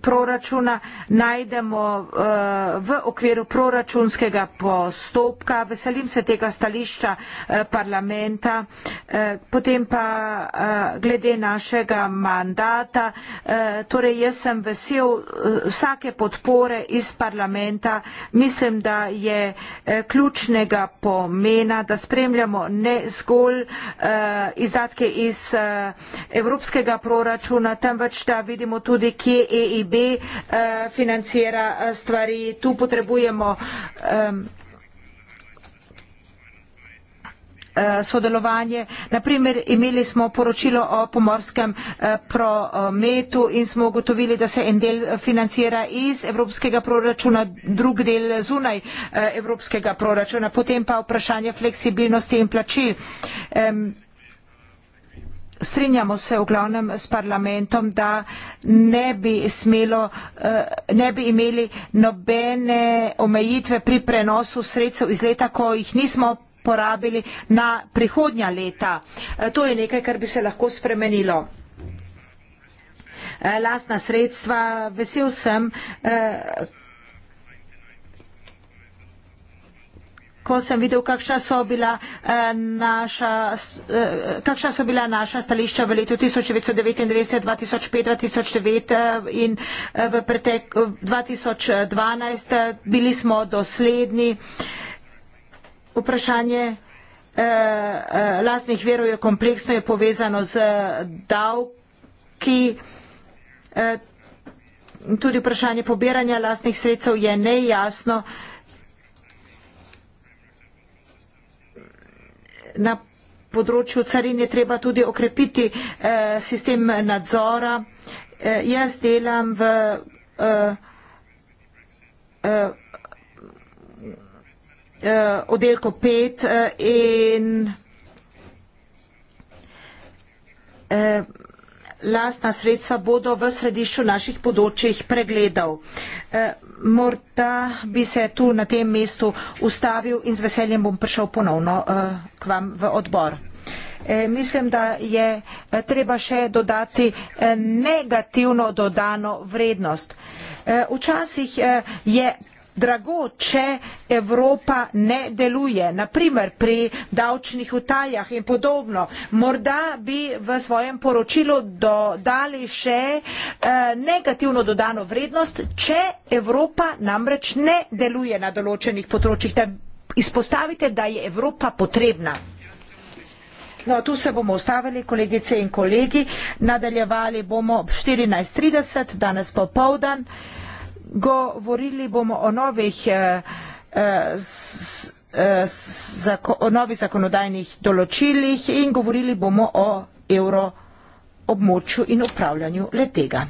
proračuna najdemo uh, v okviru proračunskega postopka. Veselim se tega stališča uh, parlamenta. Uh, potem pa uh, glede našega mandata, uh, torej jaz sem vesel uh, vsake podpore iz parlamenta. Mislim, da je uh, ključnega pomena, da spremljamo ne zgolj uh, izdatke iz uh, evropskega proračuna, temveč da vidimo tudi, kje EI e ECB eh, financira eh, stvari. Tu potrebujemo eh, sodelovanje. Naprimer, imeli smo poročilo o pomorskem prometu in smo ugotovili, da se en del financira iz evropskega proračuna, drug del zunaj evropskega proračuna. Potem pa vprašanje fleksibilnosti in plačil. Strinjamo se v glavnem s parlamentom, da ne bi, smelo, eh, ne bi imeli nobene omejitve pri prenosu sredstev iz leta, ko jih nismo porabili na prihodnja leta. Eh, to je nekaj, kar bi se lahko spremenilo. Eh, lastna sredstva, vesel sem, ko sem videl, kakšna so bila, eh, naša, eh, kakšna so bila naša stališča v letu 1999, 2005, 2009 in eh, v pretek 2012. Eh, bili smo dosledni. Vprašanje eh, eh lastnih verov je kompleksno, je povezano z davki. Eh, tudi vprašanje pobiranja lastnih sredstev je nejasno. Eh, na področju carin je treba tudi okrepiti eh, sistem nadzora. Eh, jaz delam v eh, eh, eh oddelku 5 eh, in eh, lastna sredstva bodo v središču naših področjih pregledal. Eh, morda bi se tu na tem mestu ustavil in z veseljem bom prišel ponovno eh, k vam v odbor. Eh, mislim, da je eh, treba še dodati negativno dodano vrednost. Včasih je drago, če Evropa ne deluje, naprimer pri davčnih utajah in podobno. Morda bi v svojem poročilu dodali še eh, negativno dodano vrednost, če Evropa namreč ne deluje na določenih področjih. Izpostavite, da je Evropa potrebna. No, tu se bomo ustavili, kolegice in kolegi. Nadaljevali bomo ob 14.30, danes popovdan govorili bomo o novih eh, eh, eh, o novih zakonodajnih določilih in govorili bomo o evroobmočju in upravljanju letega.